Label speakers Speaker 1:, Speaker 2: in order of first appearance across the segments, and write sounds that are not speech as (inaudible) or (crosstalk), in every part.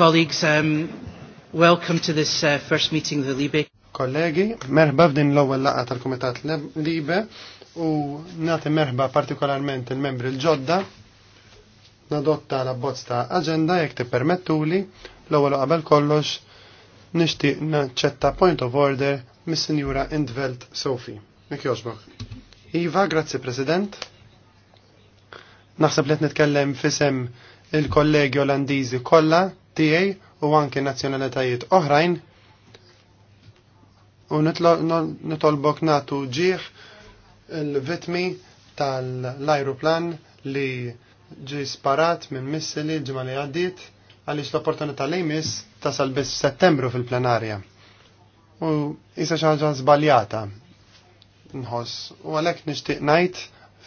Speaker 1: colleagues, um, welcome to this uh, first meeting of the Libe. Kollegi, merħba f'din l-ewwel laqgħa tal-Kumitat Libe u nagħti merħba partikolarment il-membri l-ġodda nadotta la bozz ta' aġenda jekk tippermettuli l-ewwel qabel kollox nixtieq naċċetta point of order mis-Sinjura Indvelt Sofi. Mek joġbok. Iva, grazzi President. Naħseb li nitkellem fisem il-kollegi Olandiżi kollha tijaj u anke nazzjonalitajiet oħrajn u nitolbok natu ġieħ il-vitmi tal-ajruplan li ġi sparat minn missili ġimma li għaddit għaliex l-opportunità li jmiss tasal bis settembru fil-plenarja. U jisa xaġa zbaljata nħoss. U għalek nishtiq najt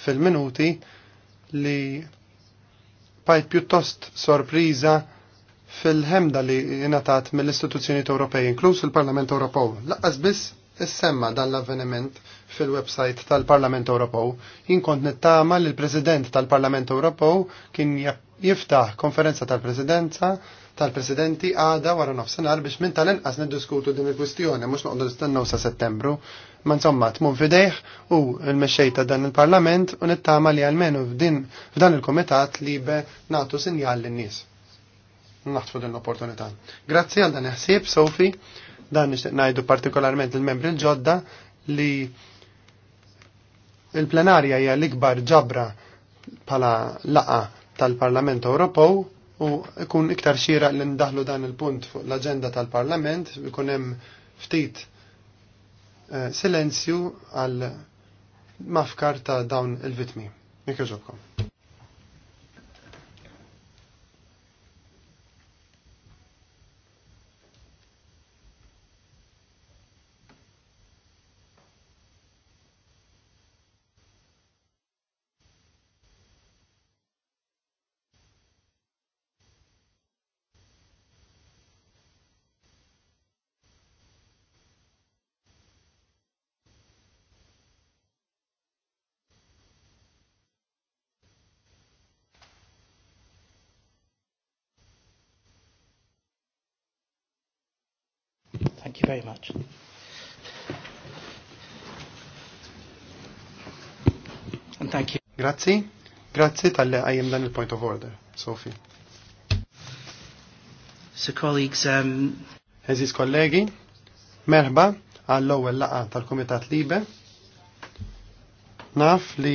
Speaker 1: fil-minuti li pajt pjuttost sorpriza fil-ħemda li jenatat mill-istituzzjonijiet Ewropej, inkluż il-Parlament Ewropew. Laqqas biss issemma dan l-avveniment fil-website tal-Parlament Ewropew. Inkont nittama li l-President tal-Parlament Ewropew kien jiftaħ konferenza tal-Presidenza tal-Presidenti għada wara nofsinhar biex minn tal-inqas niddiskutu din il-kwistjoni mhux noqgħdu nistennew sa Settembru. Ma insomma tmun fidejh u l-mexxej ta' dan il-Parlament u nittama li għalmenu f'dan il-Kumitat libe nagħtu sinjal lin-nies naħtfu din l-opportunità. Grazzi għal dan ħsieb, Sofi, dan nixtieq ngħidu partikolarment il-membri l-ġodda li il-plenarja hija l-ikbar ġabra bħala laqa tal-Parlament Ewropew u ikun iktar xira li ndaħlu dan il-punt fuq l-aġenda tal-Parlament, ikun hemm ftit eh, silenzju għal mafkar ta' dawn il-vitmi. Mikroġobkom. Grazzi, grazzi tal-li għajem dan il-point of order, Sofi. So colleagues, um... Eżis kollegi, merba għall-ewwel laqa tal-Kumitat Libe. Naf li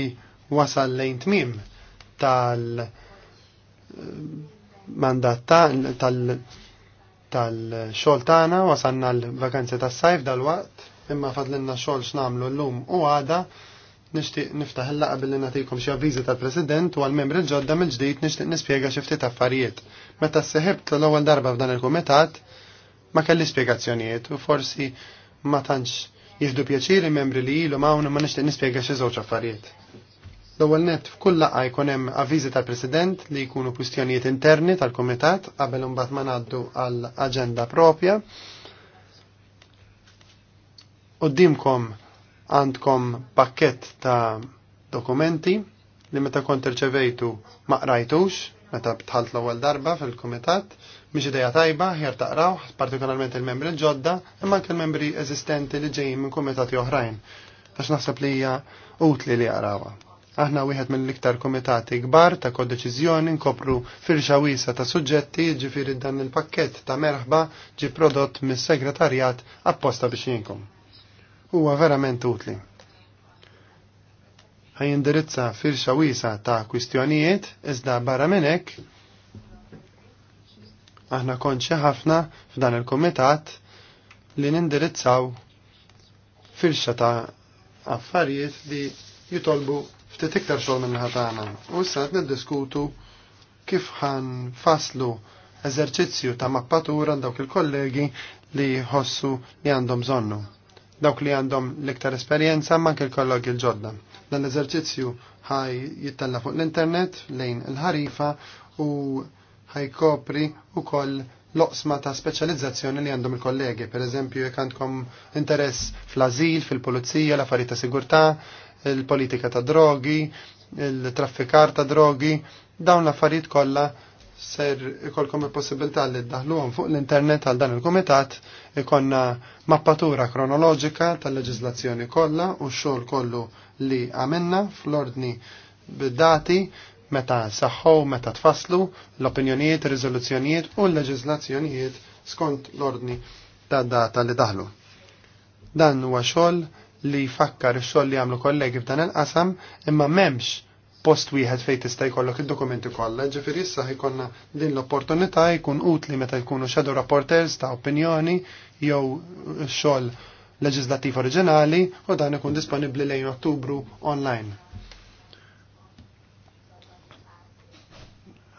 Speaker 1: wasal lejn tmim tal-mandat tal- eh, tal-xol tagħna wasalna l-vakanzi tas-sajf dal-waqt imma fadlinna xogħol x'namlu llum u għada nixtieq niftaħ il-laqa billi nagħtikom xi avviżi tal-President u għall-membri ġodda mill-ġdid nixtieq nispjega xi ftit affarijiet. Meta seħibt l-ewwel darba f'dan il-kumitat ma kelli spjegazzjonijiet u forsi ma tantx jieħdu pjaċiri membri li ilu hawn ma nixtieq nispjega xi żewġ affarijiet. L-ewwel nett f'kull laqgħa jkun hemm avviżi tal-President li jkunu kwistjonijiet interni tal-Kumitat qabel imbagħad ma ngħaddu għall aġenda propja. Qudiemkom għandkom pakket ta' dokumenti li meta kont irċevejtu ma qrajtux meta btħalt l-ewwel darba fil-kumitat biex idea tajba ħjar taqraw partikolarment il-membri l-ġodda imma anke l-membri eżistenti li ġejjin minn kumitati oħrajn għax naħseb li hija utli li jaqrawha. Aħna wieħed mill-iktar kumitati kbar ta' kodeċiżjoni nkopru firxa wiesa ta' suġġetti ġifieri dan il-pakket ta' merħba ġi prodott mis-segretarjat apposta biex jinkom huwa verament utli. Ħaj indirizza firxa wisa ta' kwistjonijiet iżda barra minn hekk aħna konċi ħafna f'dan il-kumitat li nindirizzaw firxa ta' affarijiet li jitolbu ftit iktar xogħol minn ħatana. U issa qed niddiskutu kif ħan faslu eżerċizzju ta' mappatura dawk il-kollegi li jħossu li għandhom zonnu dawk li għandhom l-iktar esperjenza ma l-kollog il-ġodda. Dan l-eżerċizzju ħaj jittalla fuq l-internet lejn il-ħarifa u ħajkopri u koll loqsma ta' specializzazzjoni li għandhom il-kollegi. Per eżempju, jek għandkom interess fl-azil, fil-polizija, l-affarijiet ta' sigurtà, il-politika ta' drogi, il-traffikar ta' drogi, dawn l-affarijiet kollha ser ikolkom il-possibilità li ddaħluhom fuq l-internet għal dan il-komitat ikonna mappatura kronoloġika tal-leġizlazzjoni kollha u x-xogħol kollu li għamilna fl-ordni bid-dati meta saħħu, meta tfasslu l-opinjonijiet, riżoluzzjonijiet u l-leġizlazzjonijiet skont l-ordni ta' data li daħlu. Dan huwa xogħol li fakkar ix-xogħol li għamlu kollegi f'dan il-qasam imma m'hemmx post wieħed fejn tista' jkollok id-dokumenti kollha, ġifieri issa jkollna din l-opportunità jkun utli meta jkunu shadow rapporters ta' opinjoni jew xogħol leġislattiv oriġinali u dan ikun disponibbli lejn Ottubru online.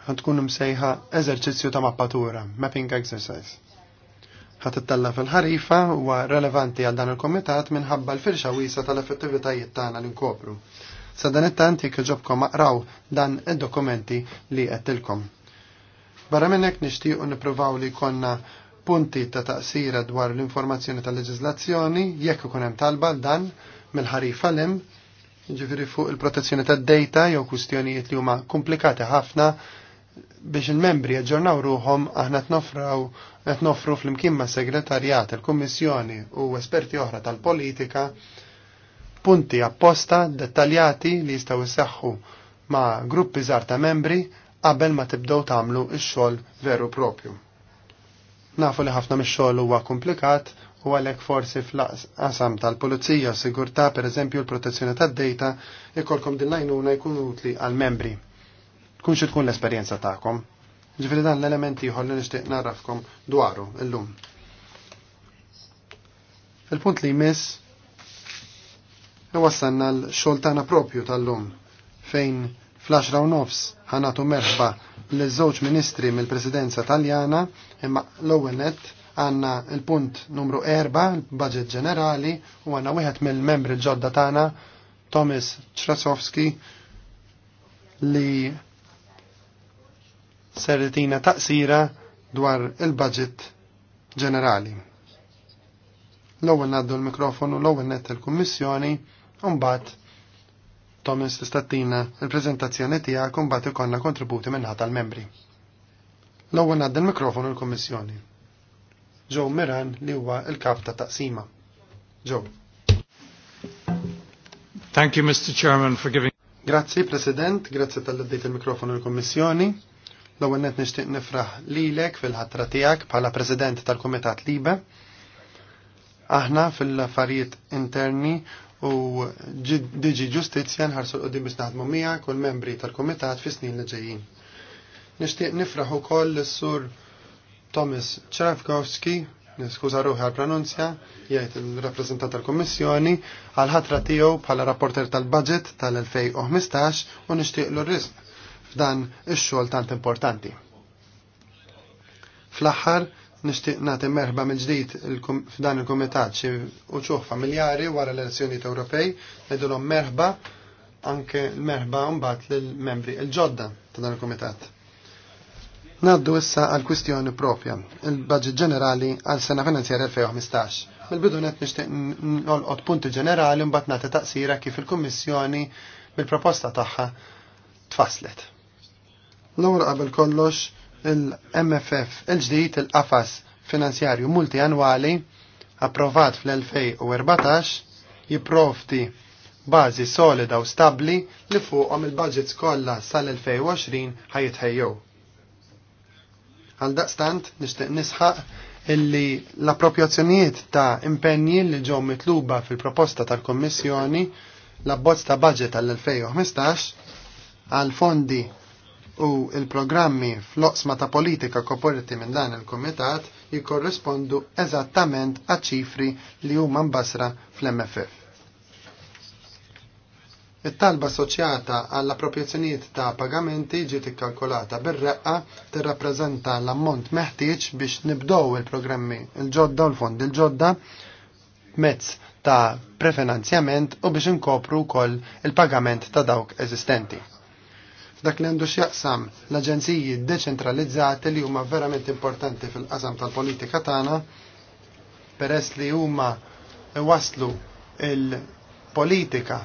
Speaker 1: tkun msejħa eżerċizzju ta' mappatura, mapping exercise. Ħat ittalla fil-ħarifa huwa relevanti għal dan il-komitat minħabba l-firxa wisa tal-effettivitajiet tagħna li nkopru. Sa dan it-tant jekk ġobkom dan id-dokumenti li għettilkom. Barra minnek nishtiqu nipruvaw li konna punti ta' taqsira dwar l-informazzjoni tal-leġizlazzjoni jekk ikun hemm talba dan mill-ħarifa falim ġifiri fuq il-protezzjoni tad data jew kwistjonijiet li huma komplikati ħafna biex il-membri jaġġornaw ruhom aħna tnofraw qed nofru flimkien ma' segretarjat il-Kummissjoni u esperti oħra tal-politika punti apposta dettaljati li jistgħu jseħħu ma' gruppi żgħar ta' membri qabel ma tibdew tagħmlu x-xogħol veru propju. Nafu li ħafna mix-xogħol huwa komplikat u għalhekk forsi fl-qasam tal-pulizija u sigurtà pereżempju l-protezzjoni tad-dejta ikolkom din l-għajnuna jkun utli għal-membri. Tkun xi tkun l-esperjenza tagħkom. Ġifieri dan l-elementi ieħor li nixtieq narrafkom dwaru llum. Il-punt li jmiss wassanna l xoltana tagħna propju tal-lum fejn fl-10 u nofs ħanatu merħba l żewġ ministri mill-Presidenza Taljana imma l-ewwel nett għandna l-punt numru 4 budget ġenerali u għandna wieħed mill-membri ġodda tagħna Thomas Trasowski li serritina taqsira dwar il-budget ġenerali. L-ewwel ngħaddu l-mikrofonu l-ewwel nett il-Kummissjoni Umbat, Thomas tistattina il-prezentazzjoni tijak umbat ikonna kontributi minna tal-membri. L-ewwel għadda l-mikrofonu l-Kommissjoni. Joe Miran li huwa l-kap ta' taqsima. Joe. Thank you, Mr. Chairman, for giving... Grazzi, President, grazzi tal-għaddejt il-mikrofonu l-Kommissjoni. L-ewwel net nixtieq nifraħ lilek fil-ħatra tiegħek bħala President tal-Kumitat Libe. Aħna fil-affarijiet interni u Digi Ġustizzja nħarsu l-qoddim biex naħdmu kull membri tal-Kumitat fi snin li ġejjin. Nixtieq nifraħu ukoll is-sur Thomas Czarkowski, niskuża ruħi għal pronunzja, jgħid il-rappreżentant tal-Kummissjoni għal ħatra tiegħu bħala rapporter tal-budget tal-2015 u nishtiq l risq f'dan ix-xogħol tant importanti. Fl-aħħar nixtieq nagħti merħba mill-ġdid f'dan il-kumitat xi uċuħ familjari wara l-elezzjonijiet Ewropej ngħidulhom merħba anke l-merħba mbagħad lill-membri il-ġodda ta' dan il-kumitat. Naddu issa għal kwistjoni propja, il-budget ġenerali għal sena finanzjarja 2015. Mill-bidu net nixtieq nolqot punti ġenerali mbagħad nagħti taqsira kif il-Kummissjoni bil-proposta tagħha tfaslet. L-ewwel qabel kollox il-MFF il-ġdijt il-qafas finanzjarju multianwali approvat fl-2014 jiprofti bażi solida u stabli li fuqhom il-budgets skolla sal-2020 ħajitħejjew. Għal daqstant nixtieq nisħaq illi l-appropjazzjonijiet ta' impenji li ġew mitluba fil-proposta tal-Kommissjoni l-abbozz ta' budget tal-2015 għal fondi u il-programmi fl-oqsma ta' politika koporti minn dan il-Komitat jikorrespondu eżattament għat ċifri li huma mbasra fl-MFF. It-talba soċjata għall appropriazzjonijiet ta' pagamenti ġiet ikkalkolata bir-reqqa tirrappreżenta l-ammont meħtieġ biex nibdow il-programmi il-ġodda u l-fondi il-ġodda mezz ta' prefinanzjament u biex inkopru wkoll il-pagament ta' dawk eżistenti. Dak li għandu x'jaqsam l-aġenziji deċentralizzati li huma verament importanti fil-qasam tal-politika tagħna peress li huma waslu il-politika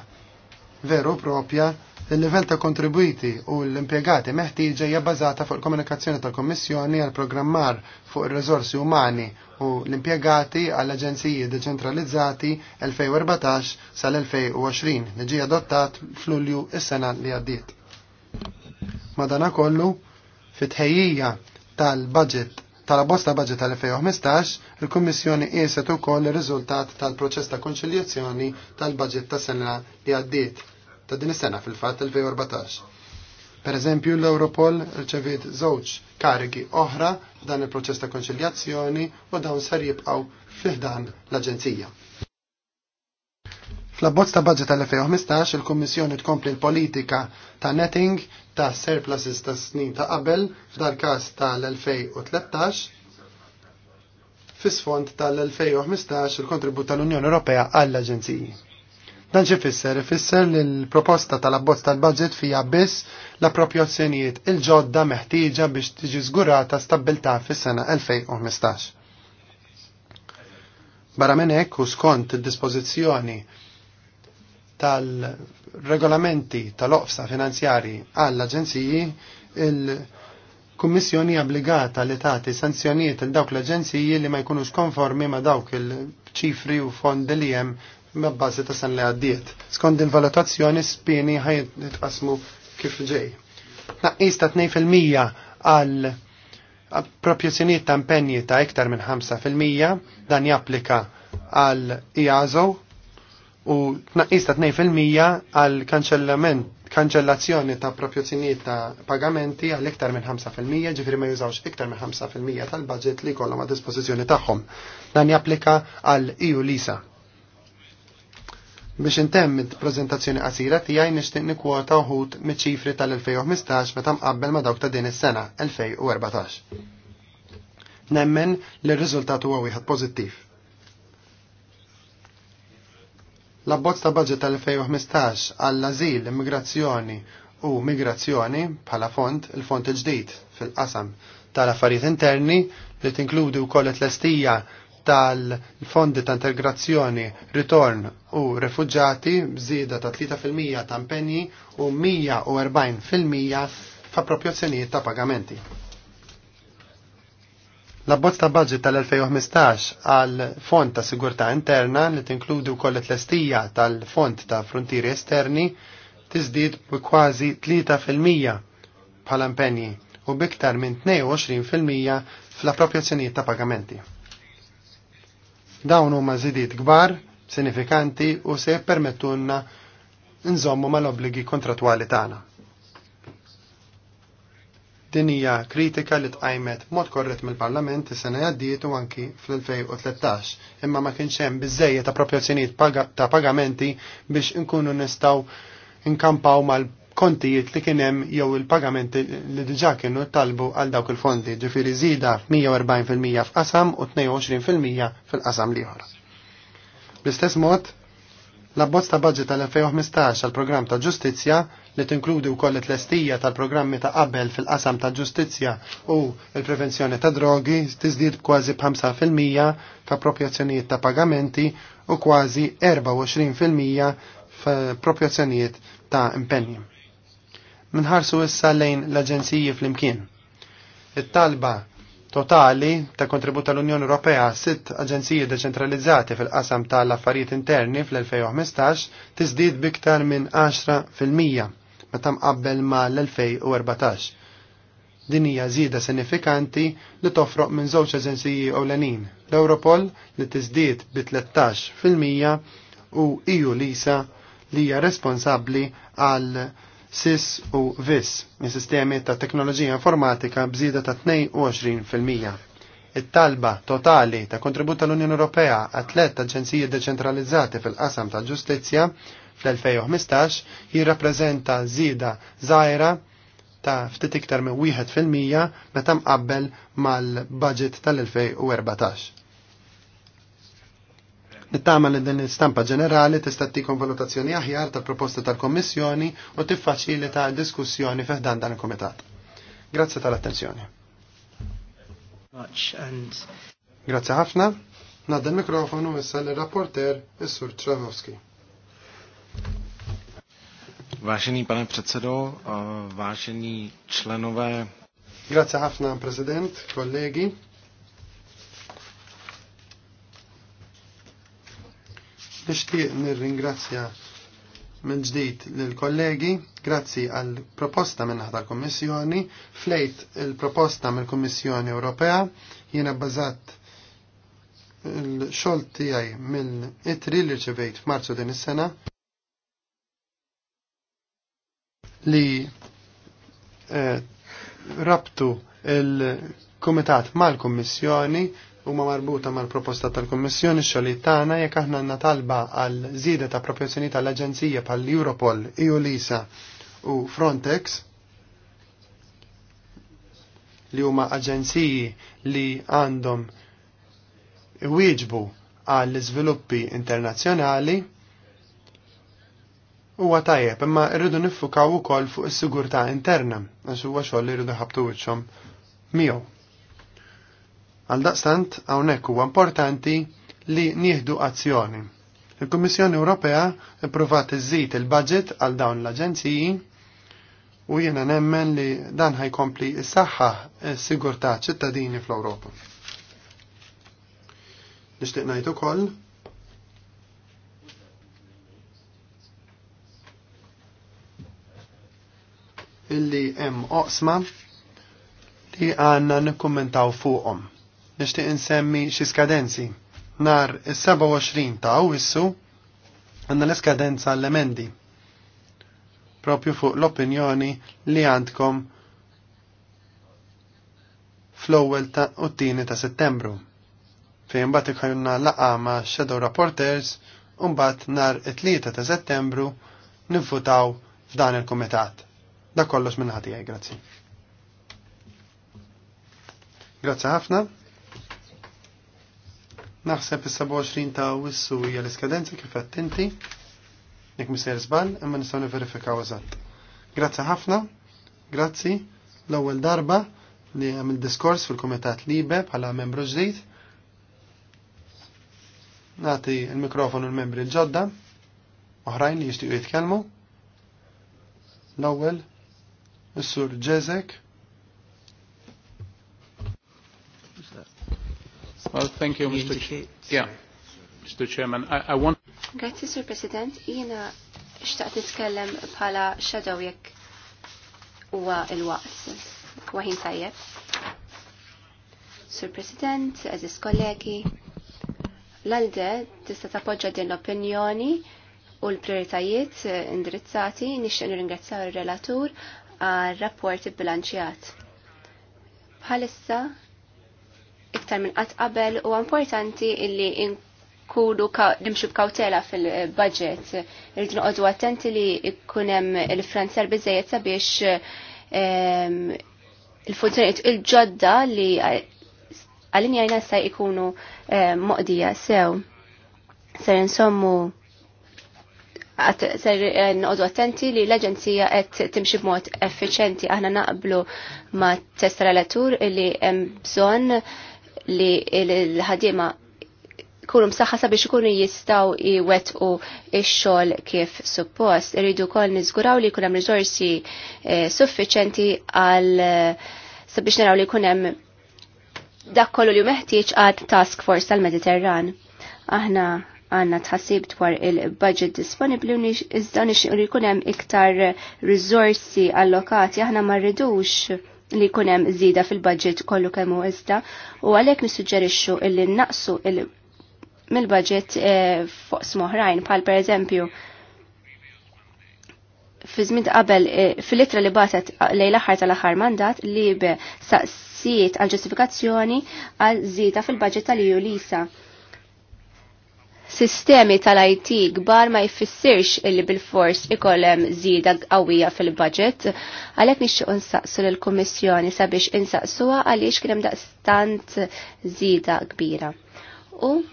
Speaker 1: veru propja il-livell ta' kontribwiti u l-impiegati meħtieġa hija bażata fuq il-komunikazzjoni tal-Kommissjoni għal programmar fuq ir-riżorsi umani u l-impjegati għall aġenziji deċentralizzati 2014 sal-2020 li ġie adottat f'Lulju is-sena li għaddiet. Madana kollu, fit-ħejjija tal-abosta budget tal-2015, il-Kommissjoni qiset ukoll ir-riżultat tal-proċess ta' konċiljazzjoni tal-budget ta' sena li għaddiet ta' din is-sena fil-fatt 2014. Per eżempju, l-Europol rċeviet żewġ karigi oħra dan il-proċess ta' konċiljazzjoni u dawn ser jibqgħu fiħdan l-Aġenzija. Fl-abbozz ta' budget tal-2015 il-Kummissjoni tkompli l-politika ta' netting ta' surpluses ta' snin ta' qabel f'dal-każ tal-2013 fis-fond tal-2015 il-kontribut tal-Unjoni Ewropea għall-Aġenziji. Dan xi fisser? Ifisser li l-proposta tal-abbozz tal-budget fija biss l-appropjazzjonijiet il-ġodda meħtieġa biex tiġi żgurata stabilta fis-sena 2015. Barra minn hekk u skont id-dispożizzjoni tal-regolamenti tal-oqsa finanzjari għall-aġenziji, il-Kummissjoni obbligata li tagħti sanzjonijiet il dawk l-aġenziji li ma jkunux konformi ma dawk il-ċifri u fondi li hemm mabbażi ta' san li għaddiet. Skont il-valutazzjoni spini ħajt nitqasmu kif ġej. Naqis ta' 2% għal propjozzjonijiet ta' impenji ta' iktar minn 5% dan japplika għal IAZO u tnaqqis 2% għal kanċellazzjoni ta' propjozzjonijiet ta' pagamenti għal iktar minn 5% ġifiri ma jużawx iktar minn 5% tal-budget li kollhom għad dispożizzjoni tagħhom. Dan japplika għal EU Lisa. Biex intemm id-preżentazzjoni qasira tiegħi nixtieq nikwota uħud miċ-ċifri tal-2015 meta mqabbel ma dawk ta' din is-sena 2014. Nemmen li r-riżultat huwa wieħed pożittiv. L-abbozz ta' budget tal-2015 għall-azil, immigrazzjoni u migrazzjoni bħala font, il-font il-ġdid fil-qasam tal-affarijiet interni li tinkludi wkoll it-lestija tal-fondi ta' integrazzjoni, ritorn u refugġati bżieda ta' 3% ta' impenji u 140% fa' propjozzjonijiet ta' pagamenti. L-abbozz ta' budget tal-2015 għal fond ta' sigurtà interna li tinkludi wkoll l-estija tal-fond ta' frontieri esterni tiżdied bi kważi 3% bħala impenji u biktar minn 22% fl-appropjazzjonijiet ta' pagamenti. Dawn huma żidiet kbar, sinifikanti u se jippermettulna nżommu mal-obbligi kontratwali tagħna. Din hija kritika li tqajmet mod korret mill-Parlament is-sena għaddiet u anki fl-2013, imma ma kienx hemm ta' proporzjonijiet ta' pagamenti biex inkunu nistgħu nkampaw mal kontijiet li kien hemm jew il-pagamenti li diġà kienu talbu għal dawk il-fondi, ġifieri żieda 140% f'qasam u 22% fil-qasam l-ieħor. Bl-istess mod, l-abbozz ta' budget tal-2015 għall programm ta' ġustizzja li tinkludi wkoll it-lestija tal-programmi ta' qabel fil-qasam ta' ġustizzja u l-prevenzjoni ta' drogi tiżdied kważi b'5% f'appropjazzjonijiet ta' pagamenti u kważi 24% f'appropjazzjonijiet ta' impenni. Minħarsu issa lejn l-aġenziji fl-imkien. It-talba totali ta' kontribut tal-Unjoni Ewropea sitt aġenziji deċentralizzati fil-qasam tal-affarijiet interni fl-2015 tiżdied biktar minn 10 fil-mija meta mqabbel ma l-2014. Din hija żieda sinifikanti li tofroq minn żewġ eżenziji ewlenin, l-Europol li tiżdied bi 13% fil-Mija u EU Lisa li hija responsabbli għal SIS u VIS, sistemi ta' teknoloġija informatika bżieda ta' 22% it-talba totali ta' kontribut tal-Unjoni Ewropea għat tlet aġenziji deċentralizzati fil-qasam tal-ġustizzja fl-2015 jirrappreżenta żieda żgħira ta' ftit iktar minn wieħed fil-mija meta mqabbel mal-budget tal-2014. Nittama li din l-istampa ġenerali tista' tiekom valutazzjoni aħjar tal-proposta tal-Kommissjoni u tiffaċilita diskussjoni fiħdan dan il-Kumitat. Grazzi tal-attenzjoni. Grazzi ħafna. Nadda l-mikrofonu issa l-rapporter, is-Sur Travowski.
Speaker 2: Vážený pane předsedo,
Speaker 1: vážení členové. Grazie ħafna, President, kollegi. Nishtiq nirringrazzja minn ġdid lill-kollegi, grazzi għal proposta minn ħata l-Kommissjoni, flejt il-proposta mill kommissjoni Ewropea, jiena bbażat l-xogħol tiegħi mill-itri li rċevejt f'Marzu din is-sena. li eh, rabtu il-Kumitat mal-Kommissjoni huma marbuta mal-proposta tal-Kommissjoni xogħli tagħna jekk aħna natalba talba għal żieda ta' proporzjoni tal-Aġenzija bħal Europol, EULISA u Frontex li huma aġenziji li għandhom wieġbu għall iżviluppi internazzjonali huwa tajjeb, imma rridu niffukaw ukoll fuq is-sigurtà interna għax huwa xogħol li rridu ħabtu wiċċhom miegħu. Għaldaqstant hawnhekk huwa importanti li nieħdu azzjoni. Il-Kummissjoni Ewropea ippruvat iżżid il-budget għal dawn l-aġenziji u jiena nemmen li dan ħajkompli s saħħa s-sigurtà ċittadini fl-Ewropa. Nixtieq ngħid ukoll illi hemm oqsma li għanna nikkommentaw fuqhom. Nixtieq insemmi xi skadenzi. Nar is-27 ta' Awwissu għandna l-iskadenza l-emendi. Propju fuq l-opinjoni li għandkom fl-ewwel ta' u t-tieni ta' Settembru. Fejn mbagħad ikħajna laqama ma' Shadow Reporters u mbagħad nar it-tlieta ta' Settembru nivvutaw f'dan il-kumitat. Da kollox minn ħati grazzi. Grazzi ħafna. Naħseb is-27 ta' wissu hija l-iskadenza kif qed inti. Jekk miser żball, imma nistgħu niverifikaw eżatt. Grazzi ħafna. Grazzi. L-ewwel darba li għamil diskors fil-Kumitat Libe bħala membru ġdid. Nati il-mikrofonu l-membri ġodda oħrajn li jixtiequ jitkellmu. L-ewwel Mr. sur Jezek. Well, thank you, Mr. Ch yeah.
Speaker 2: Mr. Chairman. I, I want...
Speaker 3: Grazie, Sir President. Ina xtaqt titkellem bħala shadow jekk huwa il-waqt. Waħin tajjeb. Sur President, eżis kollegi, l-alde tista' tappoġġa din l-opinjoni u l-prioritajiet indirizzati nixtieq nirringrazzjaw ir-relatur għal rapporti bilanċjat. Bħalissa, iktar minn qatt qabel u importanti illi inkunu nimxu b'kawtela fil-budget. Irridu noqogħdu attenti li jkun hemm il-Franzer biżejjed sabiex ehm, il-funzjonijiet il-ġodda li għalin jajna sa' ikunu eh, moqdija sew. Ser insommu għat ser eh, noqdu attenti li l-Aġenzija qed timxi b'mod effiċenti aħna naqblu ma' testra relatur li hemm bżonn li l-ħadiema kunu msaħħa sabiex ikunu jistaw jwettqu ix-xogħol kif suppost. Irridu wkoll niżguraw li jkun hemm riżorsi eh, suffiċenti għal eh, sabiex naraw li jkun hemm dak kollu li meħtieġ għad task force tal-Mediterran. Aħna għanna tħassib dwar il-budget disponibli unix iżda nixqir jkunem iktar rizorsi allokati aħna ma rridux li jkunem zida fil-budget kollu kemmu iżda u għalhekk nissuġġerixxu illi naqsu il mill-budget eh, fuq smoħrajn bħal pereżempju fi żmien qabel eh, fil litra li batet lejl aħħar tal-aħħar mandat li be saqsijiet għal ġustifikazzjoni għal zida fil-budget tal-EU Lisa sistemi tal-IT gbar ma jfissirx illi bil-fors ikollem zida qawwija fil-budget, għalhekk nix nsaqsu lill-Kummissjoni sabiex insaqsuha għaliex kien hemm daqstant zida kbira. U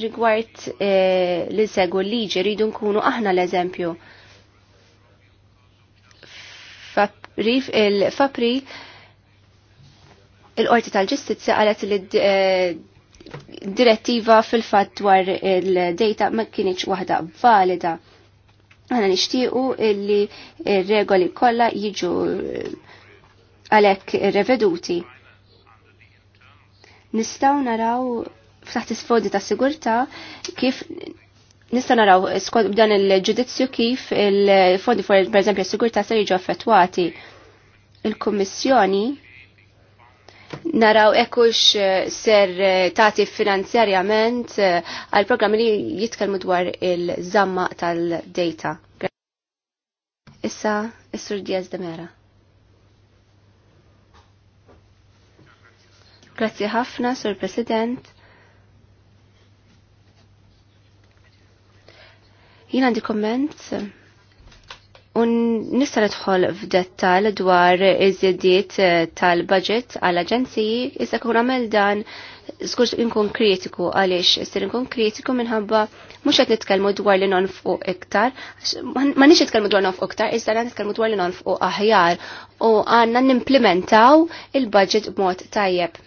Speaker 3: rigward l e, li segu liġi rridu nkunu aħna l-eżempju. Rif il-Fapri il-Qorti tal ġistizja qalet li e, direttiva fil-fat dwar il-data ma kienieċ waħda valida. Għana nishtiqu illi regoli kolla jiġu eh, għalek reveduti. Nistaw naraw f'taħt isfodi ta' sigurta kif Nista' naraw skont dan il-ġudizzju kif il-fondi for per eżempju sigurta se jiġu affettwati. Il-Kummissjoni naraw ekkux eh, ser eh, tati finanzjarjament eh, għal programmi li jitkalmu dwar il-zamma tal-data. Issa, Issur Diaz de Mera. Grazie ħafna, Sur President. Jina għandi komment Un nista nidħol f'dettal dwar iż-żiediet eh, tal-budget għall-aġenziji, issa kun għamel dan żgur inkun kritiku għaliex issir inkun kritiku minħabba mhux qed nitkellmu dwar li nonfqu iktar, ma nix nitkellmu dwar nonfqu iktar, iżda għandna nitkellmu dwar li nonfqu aħjar u għandna nimplementaw il-budget b'mod tajjeb.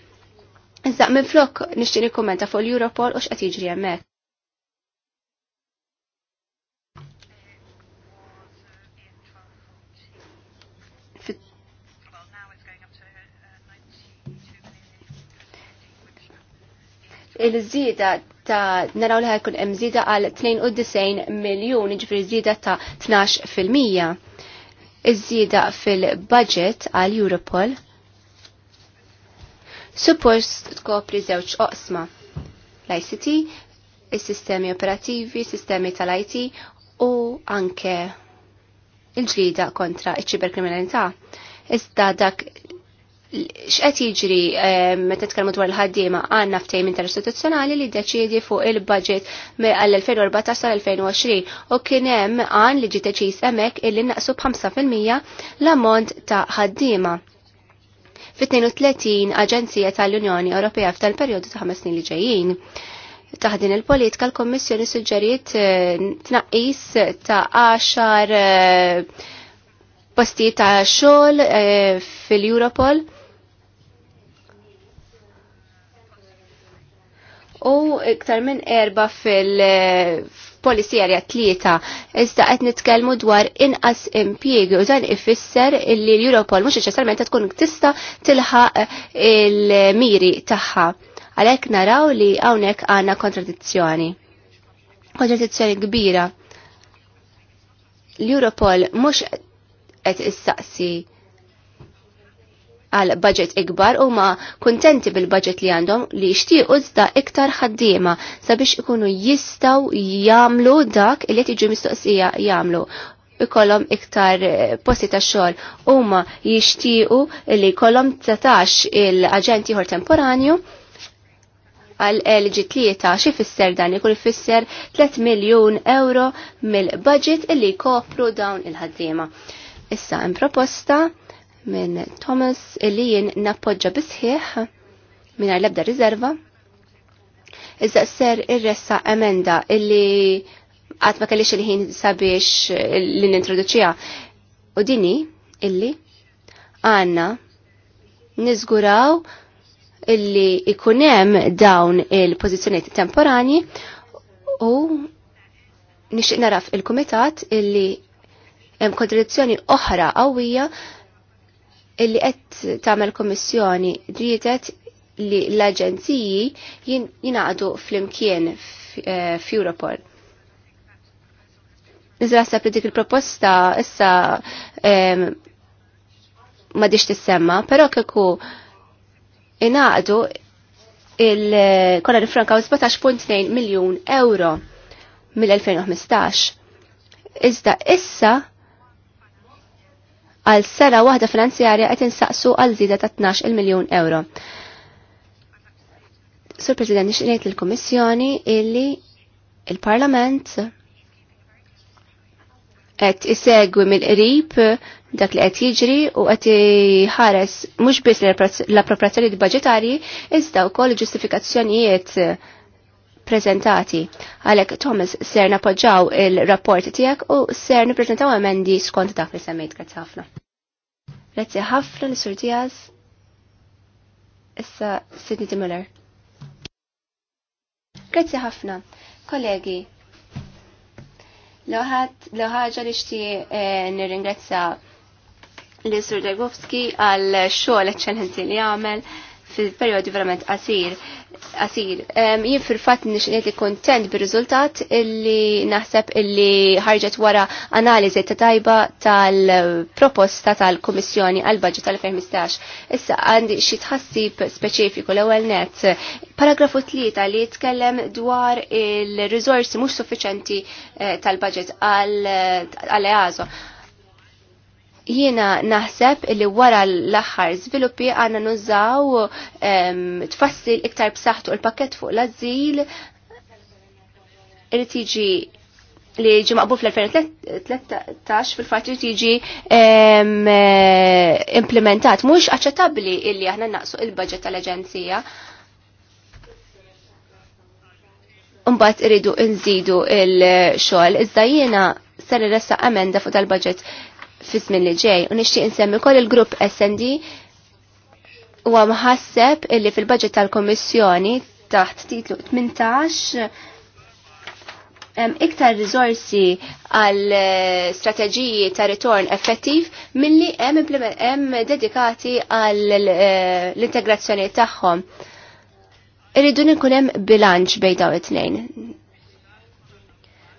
Speaker 3: Iżda minflok nixtieq nikkummenta fuq l-Europol u x'qed jiġri hemmhekk. il-żieda ta' naraw li ħajkun hemm żieda għal 92 miljun, jiġifieri żida ta' 12 fil-mija. Iż-żieda fil-budget għal Europol suppost tkopri żewġ oqsma l-ICT, is-sistemi operativi, sistemi tal-IT u anke il-ġlida kontra iċ-ċiberkriminalità. Iżda dak x'qed jiġri eh, meta tkellmu dwar il-ħaddiema għandna ftehim interistituzzjonali li ddeċiedi fuq il-budget għall-2014 sal-2020 u kien hemm għan li ġi deċiż hemmhekk illi naqsu b'5% l-ammont ta' ħaddiema fit-32 Aġenzija tal-Unjoni Ewropea f'tal perjodu ta' 5 snin li ġejjin. Taħdin il-politika l-Kommissjoni suġġeriet eh, tnaqqis ta' 10 eh, postijiet ta' xogħol fil-Europol u iktar minn erba fil-policy eh, tlieta. Iżda qed nitkellmu dwar inqas impjiegi u dan ifisser li l-Europol mhux neċessarjament tkun tista' tilħaq eh, il-miri tagħha. Għalhekk naraw li hawnhekk għandna kontradizzjoni. Kontradizzjoni kbira. L-Europol mhux qed issaqsi għal budget ikbar u ma kontenti bil-budget li għandhom li jixtiequ iżda iktar ħaddiema sabiex ikunu jistaw jagħmlu dak li qed mistoqsija jagħmlu ikollom iktar eh, posti ta' xogħol huma jixtiequ li jkollhom setax il agenti ieħor temporanju għal LG tlieta xi fisser dan ikun fisser 3 miljun euro mill-budget li jkopru dawn il-ħaddiema. Issa hemm proposta minn Thomas illi jien nappoġġa bisħieħ minn l-ebda riserva. Iżda ser irressa emenda illi għat ma kellix il-ħin sabiex li nintroduċija. U dini illi għanna nizguraw illi ikunem dawn il-pozizjoniet temporani u nixtieq naraf il kumitat illi hemm kontradizzjoni oħra qawwija illi qed tagħmel kommissjoni rietet li l-aġenziji jingħaqdu fl-imkien eh, f'Europol. Iżra li dik il-proposta issa ma dix tissemma, però kieku inaqdu il-kolla nifrankaw 17.2 miljon euro mill-2015. Iżda issa għal sena waħda finanzjarja qed insaqsu għal żieda ta' 12 miljun euro. Sur President, nixtieq il-Kummissjoni illi il-Parlament qed isegwi mill-qrib dak li qed jiġri u qed jħares mhux biss l-appropriazzjoni budġetarji iżda wkoll ġustifikazzjonijiet prezentati. Għalek, Thomas, ser napoġġaw il-rapport tijak u ser niprezentaw emendi skont dak li semmejt, grazzi ħafna. Grazzi ħafna Nisur Diaz. Issa Sidney Timmuller. Grazzi ħafna. Kollegi, Loħħaġa li xti eh, nirringrazza li Sur għal xogħol eċċellenti li għamel fil-periodi verament qasir. Qasir. Jien fil-fatt nixqiet kontent bir-riżultat illi naħseb illi ħarġet wara analiżi ta' tajba tal-proposta tal-Kummissjoni għal budget tal-2015. Issa għandi xi tħassib speċifiku l-ewwel net. Paragrafu tlieta li jitkellem dwar il-riżorsi mhux suffiċenti eh, tal-budget għal-EASO. Jiena naħseb li wara l-aħħar żviluppi għandna nużaw ehm, tfassil iktar b'saħħtu l-pakket fuq l-azzil li tiġi li ġi maqbu fl-2013 fil-fatt li tiġi ehm, implementat. Mhux aċċettabbli illi aħna naqsu il-budget tal-Aġenzija. Mbagħad iridu nżidu il-xogħol iżda jiena ser irressaq emenda fuq tal-budget fizmin li ġej. U nixtieq nsemmi ukoll il-grupp SD huwa mħasseb illi fil-budget tal komissjoni taħt titlu 18 hemm iktar rizorsi għal eh, strateġiji ta' ritorn effettiv milli hemm dedikati għal eh, l-integrazzjoni tagħhom. Irridu nkun hemm bilanċ bejn dawn it-tnejn.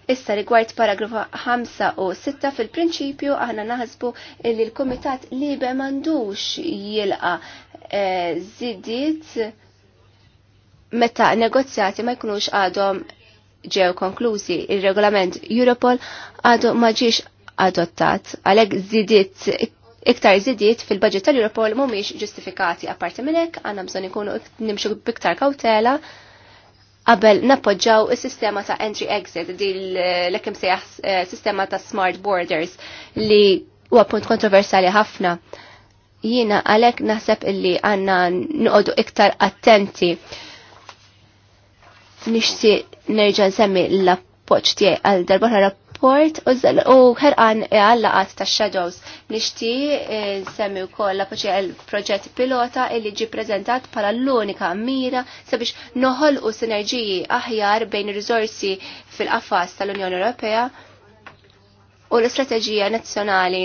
Speaker 3: Issa rigward paragrafa 5 u 6 fil-prinċipju aħna naħsbu li l-Kumitat Libe mandux jilqa e, zidiet meta negozjati ma jkunux għadhom ġew konklużi il-regolament Europol għadu ġiex adottat għalek zidiet iktar zidiet fil-budget tal-Europol mumiex ġustifikati apparti minnek għanna bżon ikunu nimxu biktar kautela qabel nappoġġaw is-sistema ta' entry-exit, di l-ekim sejaħ eh, sistema ta' smart borders li huwa punt kontroversali ħafna. Jiena għalek naħseb illi għanna nqodu iktar attenti. Nixti nerġa' nsemmi l-appoġġ tiegħi għal darba rapport u ħerqan għallaqat ta' Shadows li xti eh, semmi u koll lapoċi għal-proġett pilota illi ġi prezentat pala l-unika mira sabiex noħol u sinerġiji aħjar bejn rizorsi fil-qafas tal-Unjoni Ewropea u l-istrateġija nazzjonali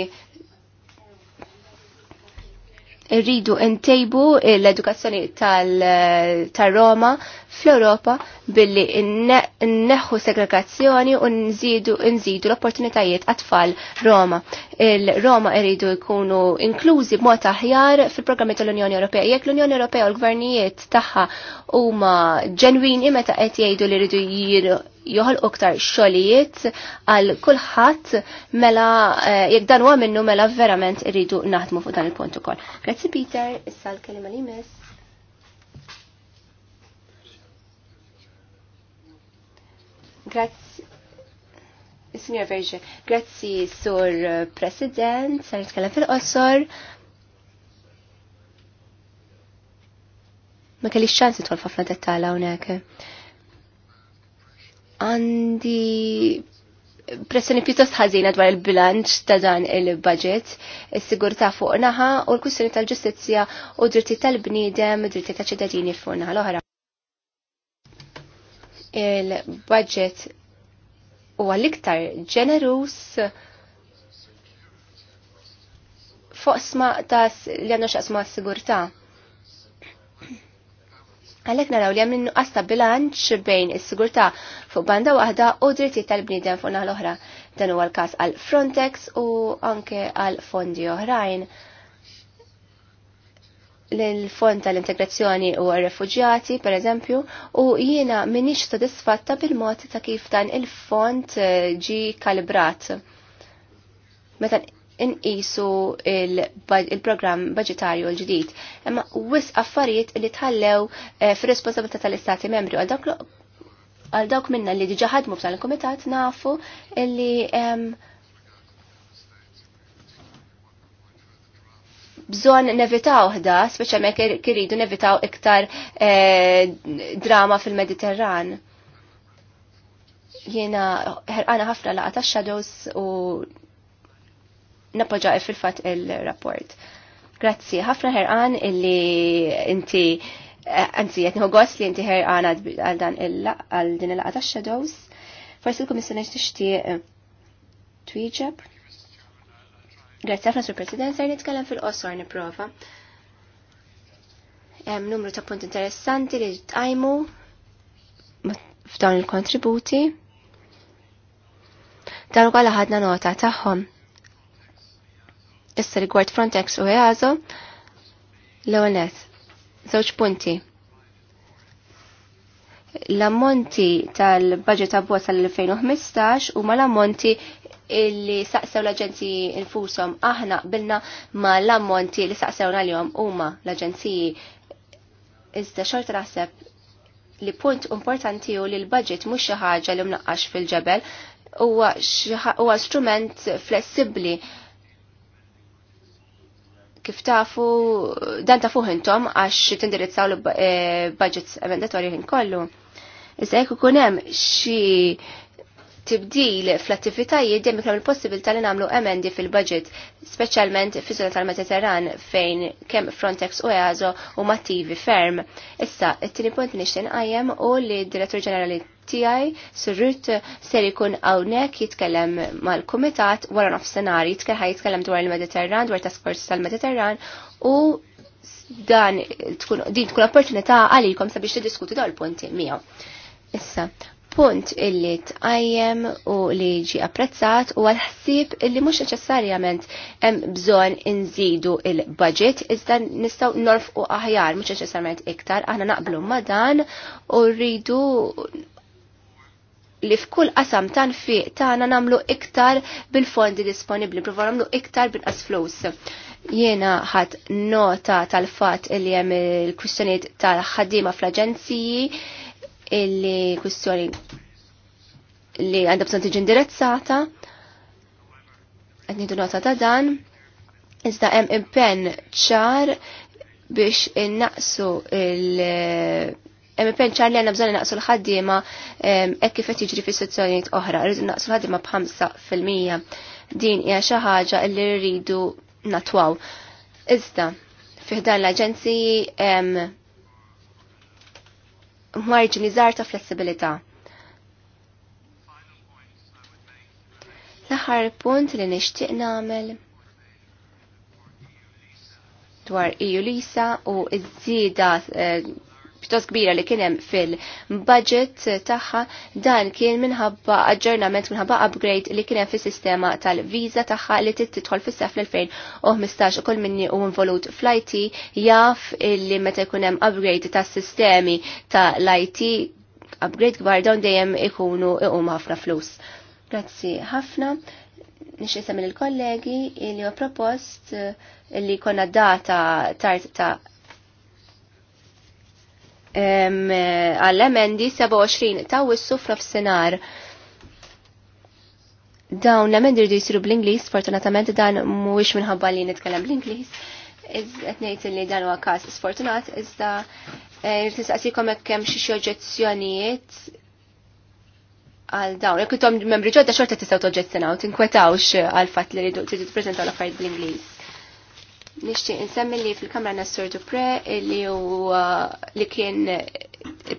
Speaker 3: irridu ntejbu l-edukazzjoni tal-Roma tal fl-Europa billi nneħħu segregazzjoni u nżidu l-opportunitajiet għat-tfal Roma. Il-Roma iridu jkunu inklużi b'mod aħjar fil-programmi tal-Unjoni Ewropea. Jekk l-Unjoni Ewropea u l-gvernijiet tagħha huma ġenwini meta qed jgħidu li jridu joħol uktar xolijiet għal kulħadd mela eh, jekk dan huwa minnu mela verament iridu naħdmu fuq dan il-punt ukoll. Grazzi Peter, issa l-kelima li miss. Grazzi. Signor Verge, grazie sur President, sa' nitkellem fil-qosor. Ma kelli xċans nitħol f'ħafna dettala hawnhekk. Għandi pressjoni pjuttost ħażina dwar il-bilanċ ta' dan il-budget, is-sigurtà fuq naħa u l-kwistjoni tal-ġustizzja u drittijiet dritti tal-bniedem, drittijiet dritti ta' ċittadini fuq naħa l-oħra il-budget u għal-iktar ġenerus foqsma ta' li għandu xaqsma s-sigurta. Għalek naraw li għamlinnu għasta bilanċ bejn is-sigurta fuq banda waħda u dritti tal-bnidem fuq naħl oħra. Dan huwa l-każ għal Frontex u anke għal fondi oħrajn l-fond tal-integrazzjoni u għal-refugjati, per eżempju, u jiena minix sodisfatta bil-mod ta' kif dan il-fond eh, ġi kalibrat. Meta inqisu il-programm budgetarju l-ġdid. Imma wis affarijiet li tħallew eh, fir-responsabilità tal-Istati membri għal dawk minna li diġa ħadmu f'dan il-komitat nafu li bżon nevitaw ħda, me kiridu nevitaw iktar eh, drama fil-Mediterran. Jiena ħerqana ħafna laqa ta' shadows u nappoġġa fil fat il-rapport. Grazzi, ħafna ħerqan illi inti eh, Anzi, jett nħu għos li inti ħerqan għal dan il-laqa, din il-laqa ta' shadows. Forsi l-komissjoni tixtieq twieġeb. Grazie ħafna sur President, ser nitkellem fil-qosor niprofa. Hemm numru ta' punti interessanti li tqajmu f'dawn il-kontributi. Dan ukoll ħadna nota tagħhom. Issa rigward Frontex u EASO l-ewwel net. Żewġ punti. L-ammonti tal-budget abbozz tal-2015 huma l-ammonti illi saqsew l-aġenziji infusom aħna qbilna ma l-ammonti li saqsewna l-jom huma l-aġenziji. Iżda xorta naħseb li punt importanti u li l-budget mhux xi ħaġa li mnaqqax fil-ġebel huwa strument flessibbli kif tafu dan tafu ħintom għax tindirizzaw l-budgets eh, emendatorji ħin kollu. Iżda jekk ikun hemm xi tibdil fl-attivitajiet dejjem ikram il-possibilità li nagħmlu emendi fil-budget, speċjalment fiż-żona tal-Mediterran fejn kemm Frontex u EASO u mattivi ferm. Issa, it-tieni punt nixtieq qajjem u li d-Direttur Ġenerali tiegħi Surrut ser ikun hawnhekk jitkellem mal-kumitat wara nofsinhar jitkellem jitkellem dwar il-Mediterran, dwar task force tal-Mediterran u dan tkun din tkun opportunità għalikom sabiex tiddiskutu dawn il-punti miegħu. Issa, punt illi tqajjem u li ġi apprezzat u għal-ħsib illi mhux neċessarjament hemm bżonn inżidu il-budget iżda nistgħu norfqu aħjar mhux neċessarjament iktar aħna naqblu ma' dan u rridu li f'kull qasam tan fiq tagħna nagħmlu iktar bil-fondi disponibbli, provaw nagħmlu iktar binqas flus. Jiena ħadd nota tal-fatt li hemm il-kwistjonijiet tal-ħaddiema fl-aġenziji, il kwistjoni li għandha bżonn tiġi indirizzata qed nieħdu nota ta' dan iżda hemm impenn ċar biex innaqsu il- hemm impenn ċar li għandna bżonn innaqsu l-ħaddiema hekk kif qed jiġri fis-sezzjonijiet oħra, rridu innaqsu l-ħaddiema b'ħamsa fil-mija. Din hija xi ħaġa li rridu natwaw. Iżda, fih dan l-aġenziji marġini żgħar ta' flessibilità. L-aħħar punt li nixtieq nagħmel dwar EU Lisa u iż-żieda eh, pjuttost kbira li kienem fil-budget tagħha dan kien minħabba aġġornament minħabba upgrade li kienem fis-sistema tal viza tagħha li tidħol fis-sef l-2015 kol minni u involut fl-IT jaf li meta jkun hemm upgrade tas-sistemi l it upgrade kbar dawn dejjem ikunu iqum ħafna flus. Grazzi ħafna nixisem il-kollegi li ho propost li konna data tart ta' għall-emendi 27 ta' wissu f'nofsinhar. Dawn l-emendi rridu jisiru bl inglis fortunatament dan mhuwiex minħabba li nitkellem bl-Ingliż. Qed ngħid li dan huwa każ sfortunat, iżda rrid eh, nistaqsikom hekk hemm xi oġezzjonijiet għal dawn. Jekk intom membri ġodda xorta tistgħu toġġezzjonaw, tinkwetawx għal fatt li rridu trid tippreżentaw l-affarijiet bl-Ingliż. Nixtieq insemmi li fil-Kamra Nassur Dupre li huwa uh, li kien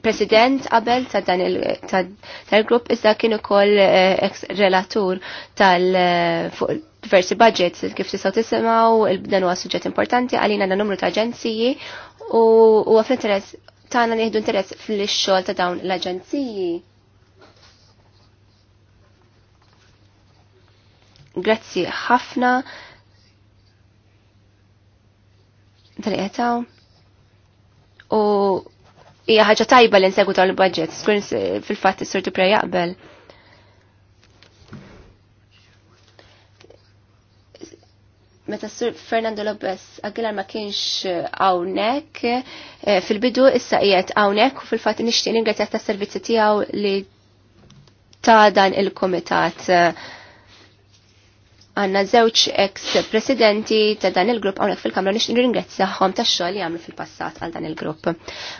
Speaker 3: president qabel ta' dan il-grupp iżda kien ukoll uh, ex relatur tal uh, fuq diversi budgets kif tistgħu tisimgħu dan huwa suġġett importanti għalina na numru ta' aġenziji u huwa fl-interess tagħna nieħdu interess fl-xogħol ta' dawn l-aġenziji. Grazzi ħafna. tal U hija ħaġa tajba li nsegwu tal budget skur fil-fatt is-sur Dupre jaqbel. Meta s-sur Fernando Lopez għagħilar ma kienx eh, hawnhekk eh, fil-bidu issa qiegħed hawnhekk u fil-fatt nixtieq ningrazzjak tas-servizzi tiegħu li ta' dan il-komitat għanna zewċ ex-presidenti ta' dan il-grupp għonek fil-kamra nix ringrazzaħħom ta' xogħol li għamlu fil-passat għal dan il-grupp.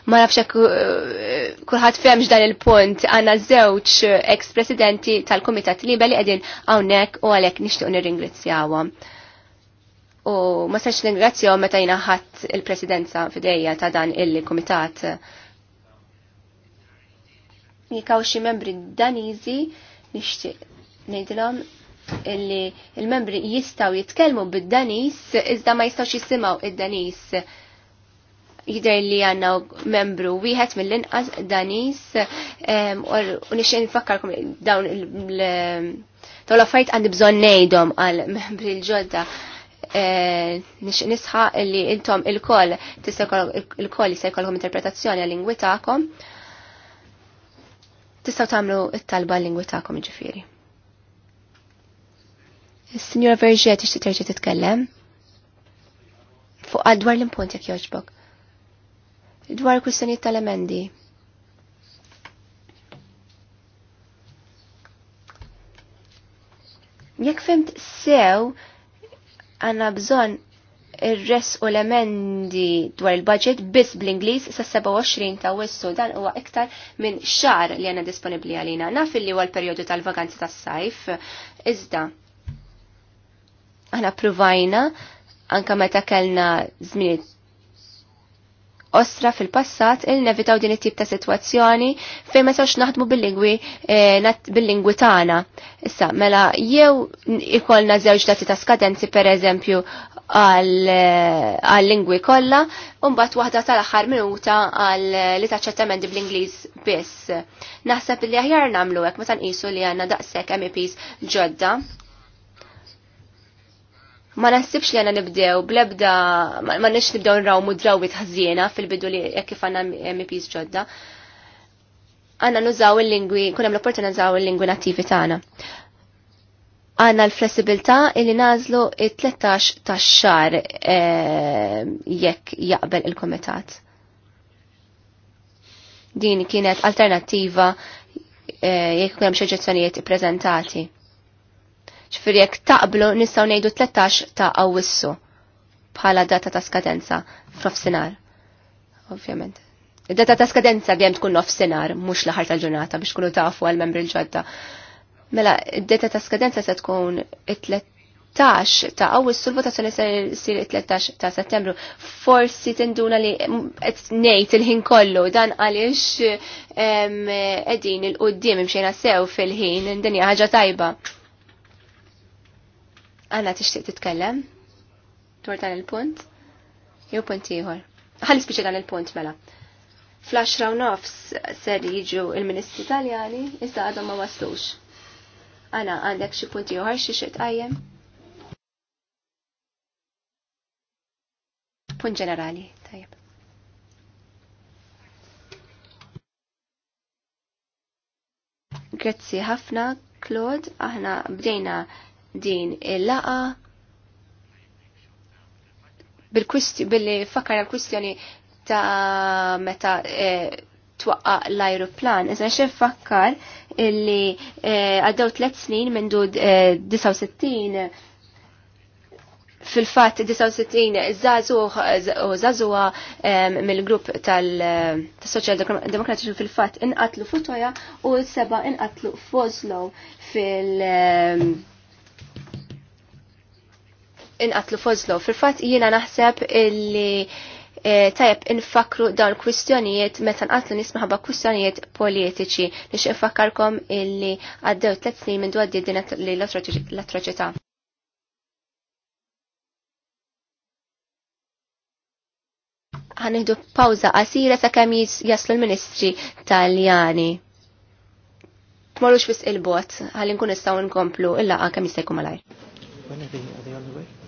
Speaker 3: Ma hekk eh, kulħadd femx dan il-punt għanna zewċ ex-presidenti tal-Kumitat Liber li qegħdin hawnhekk u għalhekk nixtieq nirringrazzjawhom. U ma sax ningrazzjahom meta jiena ħadd il-presidenza fidejja ta' dan il-kumitat. Jikaw xi membri Daniżi nixtieq ngħidilhom illi il-membri jistaw jitkelmu bid-danis iżda ma jistawx jisimaw id-danis. Jider li għanna membru wieħed mill-inqas danis u nixxie nfakkarkom dawn l affarijiet għandi bżonn ngħidhom għal membri l-ġodda. Eh, nixxie nisħa li intom il-koll il-koll jista' jkollhom interpretazzjoni għal-lingwi tagħkom. Tistgħu tagħmlu t talba l-lingwi tagħkom ġifieri. Signora Verget, ixti terġi titkellem? Fuq dwar l-impunt jek joġbok. Dwar kwistjoniet tal-emendi. Jekk fimt sew, għanna bżon il res u l-emendi dwar il-budget biss bl-Inglis sa 27 ta' wissu dan huwa iktar minn xar li għanna disponibli għalina. Naf li huwa l-perjodu tal vaganzi tas-sajf, iżda Aħna provajna anka meta kellna żmien osra fil-passat il-nevitaw din it-tip ta' sitwazzjoni fejn ma sawx naħdmu bil-lingwi eh, bil-lingwi tagħna. Issa, mela jew ikolna żewġ dati ta' skadenzi pereżempju għal-lingwi eh, kollha, u mbagħad waħda tal-aħħar minuta għal eh, li taċċettamenti bl-Ingliż biss. Naħseb li aħjar nagħmlu hekk meta nqisu li għandna daqshekk MEPs ġodda ma nasibx li għana nibdew blebda, ma nix nibdew nrawmu drawi tħazjena fil-bidu li jekk kif għanna MPs ġodda. Għanna nużaw il-lingwi, kunem l-opportunità nużaw il-lingwi nativi tagħna. Għanna l-flessibilità illi nazlu it-13 tax-xar eh, jekk jaqbel il-komitat. Din kienet alternativa eh, jekk hemm xi ġezzjonijiet ippreżentati. prezentati ċifir jek taqblu nistaw nejdu 13 ta' awissu bħala data ta' skadenza f'nofsinar. Ovvjament. Id-data ta' skadenza bjem tkun nofsinar, mhux l-aħar tal-ġurnata biex kunu tafu għal membri l-ġodda. Mela, id-data ta' skadenza se tkun it-13 ta' awissu l-votazzjoni se jsir it-13 ta' settembru. Forsi tinduna li qed ngħid il-ħin kollu dan għaliex qegħdin il-qudiem imxejna sew fil-ħin, dinja ħaġa tajba t-ixtiq tixtieq titkellem dwar dan il-punt? Jew punt ieħor. Ħalli spiċi dan il-punt mela. Flash round nofs ser jiġu il-Ministri Taljani iżda għadhom ma waslux. Anna għandek xi punti oħra xi t-għajem. Punt ġenerali, tajjeb. Grazzi ħafna, Claude, aħna bdejna din il-laqa billi fakkar għal kwistjoni ta' meta eh, twaqqa l-aeroplan. Iżda xe fakkar illi eh, għaddew tlet snin minn dud 69 eh, fil-fat 69 zazuħ mill-grupp tal-Social Demokratiċi fil-fat inqatlu futoja u seba inqatlu foslow fil- inqatlu fozlo. Fil-fatt jiena naħseb illi eh, tajab infakru dawn kwistjonijiet meta nqatlu nismaħba kwistjonijiet politiċi Nix infakarkom illi għaddew tliet snin minn dwaddi din l-atroċità. Ħanidu pawza qasira sakemm jaslu l-Ministri Taljani. Tmorrux fis il-bot, ħalli nkun nistgħu nkomplu il-laqa kemm jista' jkun malajr.
Speaker 1: are they on the way?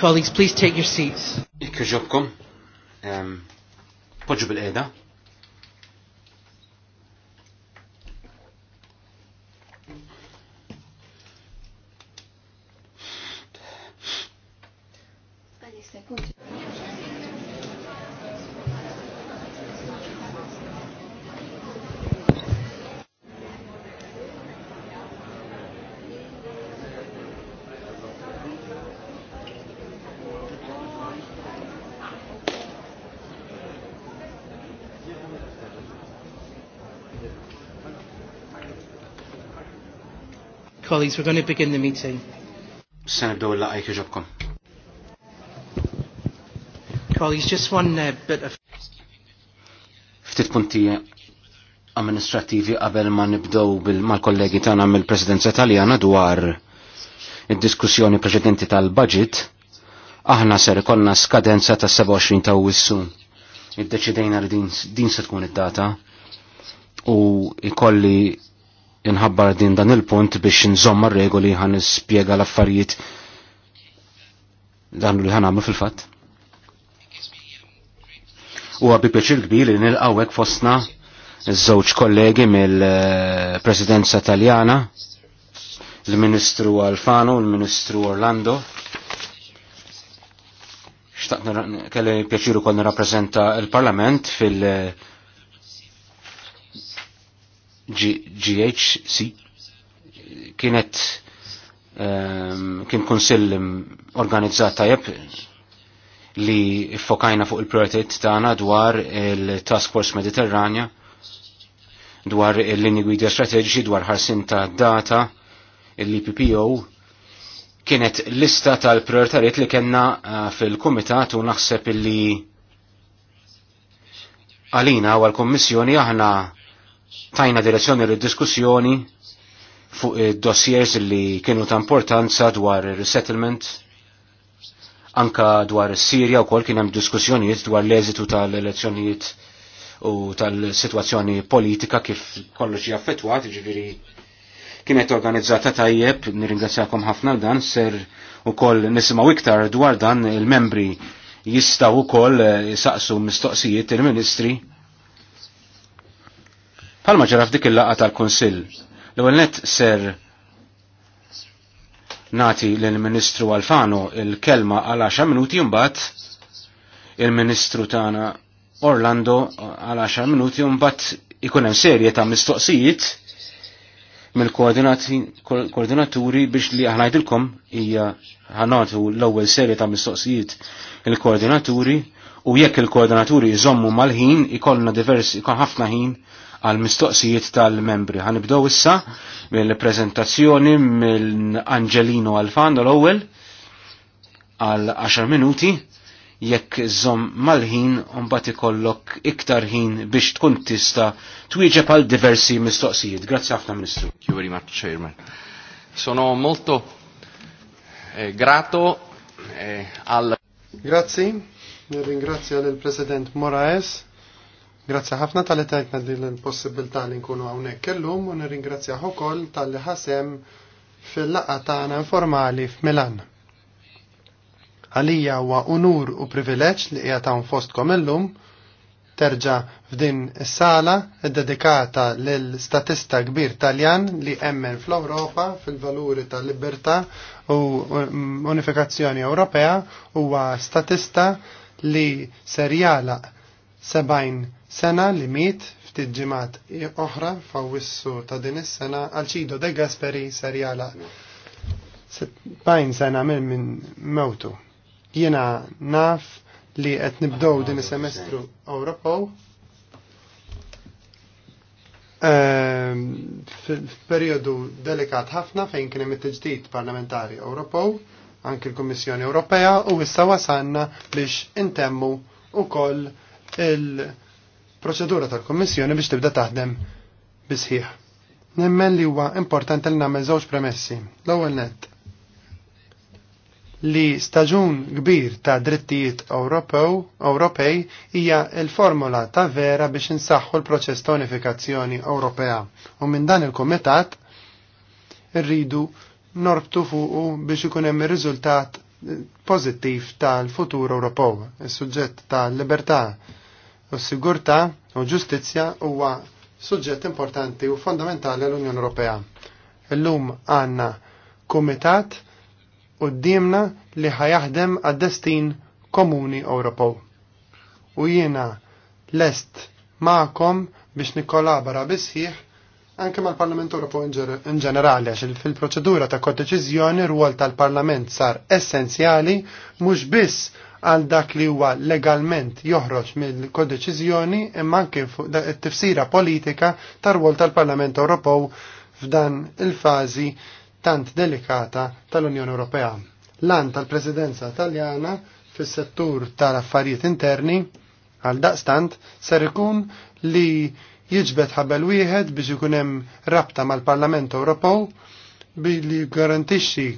Speaker 1: Colleagues, please take your seats.
Speaker 2: Ikka Poġu bil-qeda.
Speaker 1: colleagues, we're going to begin the meeting. Colleagues,
Speaker 3: just one uh, bit of...
Speaker 2: Ftit punti amministrativi qabel ma nibdow mal-kollegi tagħna mill-Presidenza Taljana dwar id-diskussjoni preċedenti tal-budget, aħna ser ikollna skadenza ta' 27 ta' wissu. Iddeċidejna li din, din se tkun id-data u ikolli inħabbar din dan il-punt biex nżomma regoli ħan nispjega l-affarijiet dan li ħan għamlu fil-fatt. U għabi pieċir kbir li nil-għawek fostna żewġ kollegi mill-presidenza taljana, l-ministru Alfano, l-ministru Orlando. Xtaqna kelli pieċiru kol nirrapprezenta il-parlament fil- GHC kienet um, kien konsill organizzat tajab li fokajna fuq il-prioritet tagħna dwar il-Task Force Mediterranja, dwar il-linji Gwidi strateġiċi dwar ħarsin ta' data, il-PPO, kienet lista tal-prioritariet li kena eh, fil-Kumitat u naħseb li għalina u għal-Kommissjoni aħna tajna direzzjoni l diskussjoni fuq eh, dossiers li kienu ta' importanza dwar resettlement anka dwar Sirja u kol kien hemm diskussjonijiet dwar l-eżitu tal-elezzjonijiet u tal-sitwazzjoni politika kif kollox jaffetwat, ġiviri kienet organizzata tajjeb, nirringrazzjakom ħafna dan, ser u koll nisimaw iktar dwar dan il-membri jistaw u koll eh, saqsu mistoqsijiet il-ministri Palma ġara f'dik il-laqa tal konsil L-ewwel net ser nati lill-Ministru Alfano il-kelma għal 10 minuti mbagħad il-Ministru tagħna Orlando għal 10 minuti mbagħad ikun hemm serje ta' mistoqsijiet mill-koordinaturi biex li ngħidilkom hija ħanatu l-ewwel serje ta' mistoqsijiet il-koordinaturi u jekk il-koordinaturi jżommu mal-ħin ikollna diversi ħafna ħin għal mistoqsijiet tal-membri. Ħanibdew issa mill-prezentazzjoni mill Angelino Alfano l-ewwel għal 10 minuti jekk żomm mal-ħin mbagħad ikollok iktar ħin biex tkun tista' twieġeb għal diversi mistoqsijiet. Grazzi ħafna Ministru. Thank you Chairman. Sono molto eh, grato eh, al
Speaker 1: Grazzi, nirringrazzja lill president Moraes Grazzi ħafna tal-li tajtna din l-possibilità li nkunu hawnhekk illum u nirringrazzjah ukoll tal-li ħasem fil-laqgħa tagħna informali f'Milan. Għalija huwa unur u privileġġ li qiegħed hawn fostkom illum terġa f'din is-sala dedikata lil statista kbir Taljan li emmen fl-Ewropa fil-valuri tal-libertà u unifikazzjoni Ewropea huwa statista li serjala 70 Sena li miet ftit ġimat oħra fawissu ta' din is-sena għal ċido de Gasperi serjala bajn sena minn minn mewtu. Jiena naf li qed nibdow din is-semestru Ewropew ehm, f'perjodu delikat ħafna fejn kien hemm it-tiġdid parlamentari Ewropew, anke l-Kummissjoni Ewropea u issa wasanna biex intemmu ukoll il- proċedura tal-Kommissjoni biex tibda taħdem bisħiħ. Nemmen li huwa importanti li nagħmel żewġ premessi. L-ewwel nett li staġun kbir ta' drittijiet Ewropej hija l-formula ta' vera biex insaħħu l-proċess ta' unifikazzjoni Ewropea u minn dan il-kumitat irridu norbtu fuqu biex ikun hemm ir-riżultat eh, pożittiv tal-futur Ewropew, is-suġġett tal-libertà, u s-sigurta u ġustizja huwa suġġett importanti u fondamentali l-Unjoni Ewropea. Illum għanna kumitat u d-dimna li ħajaħdem għad-destin komuni Ewropew. U jiena lest ma'kom biex nikkolabora bisħiħ anke mal-Parlament Ewropew in ġenerali għax fil-proċedura ta' kodeċiżjoni rwol tal-Parlament sar essenzjali mhux biss għal dak li huwa legalment joħroġ mill-kodeċiżjoni imma anke fuq it-tifsira politika tar-rwol tal-Parlament Ewropew f'dan il-fażi tant delikata tal-Unjoni Ewropea. Lan tal-Presidenza Taljana fis-settur tal-affarijiet interni għal daqstant ser ikun li jiġbed ħabel wieħed biex ikun hemm rabta mal-Parlament Ewropew billi garantixxi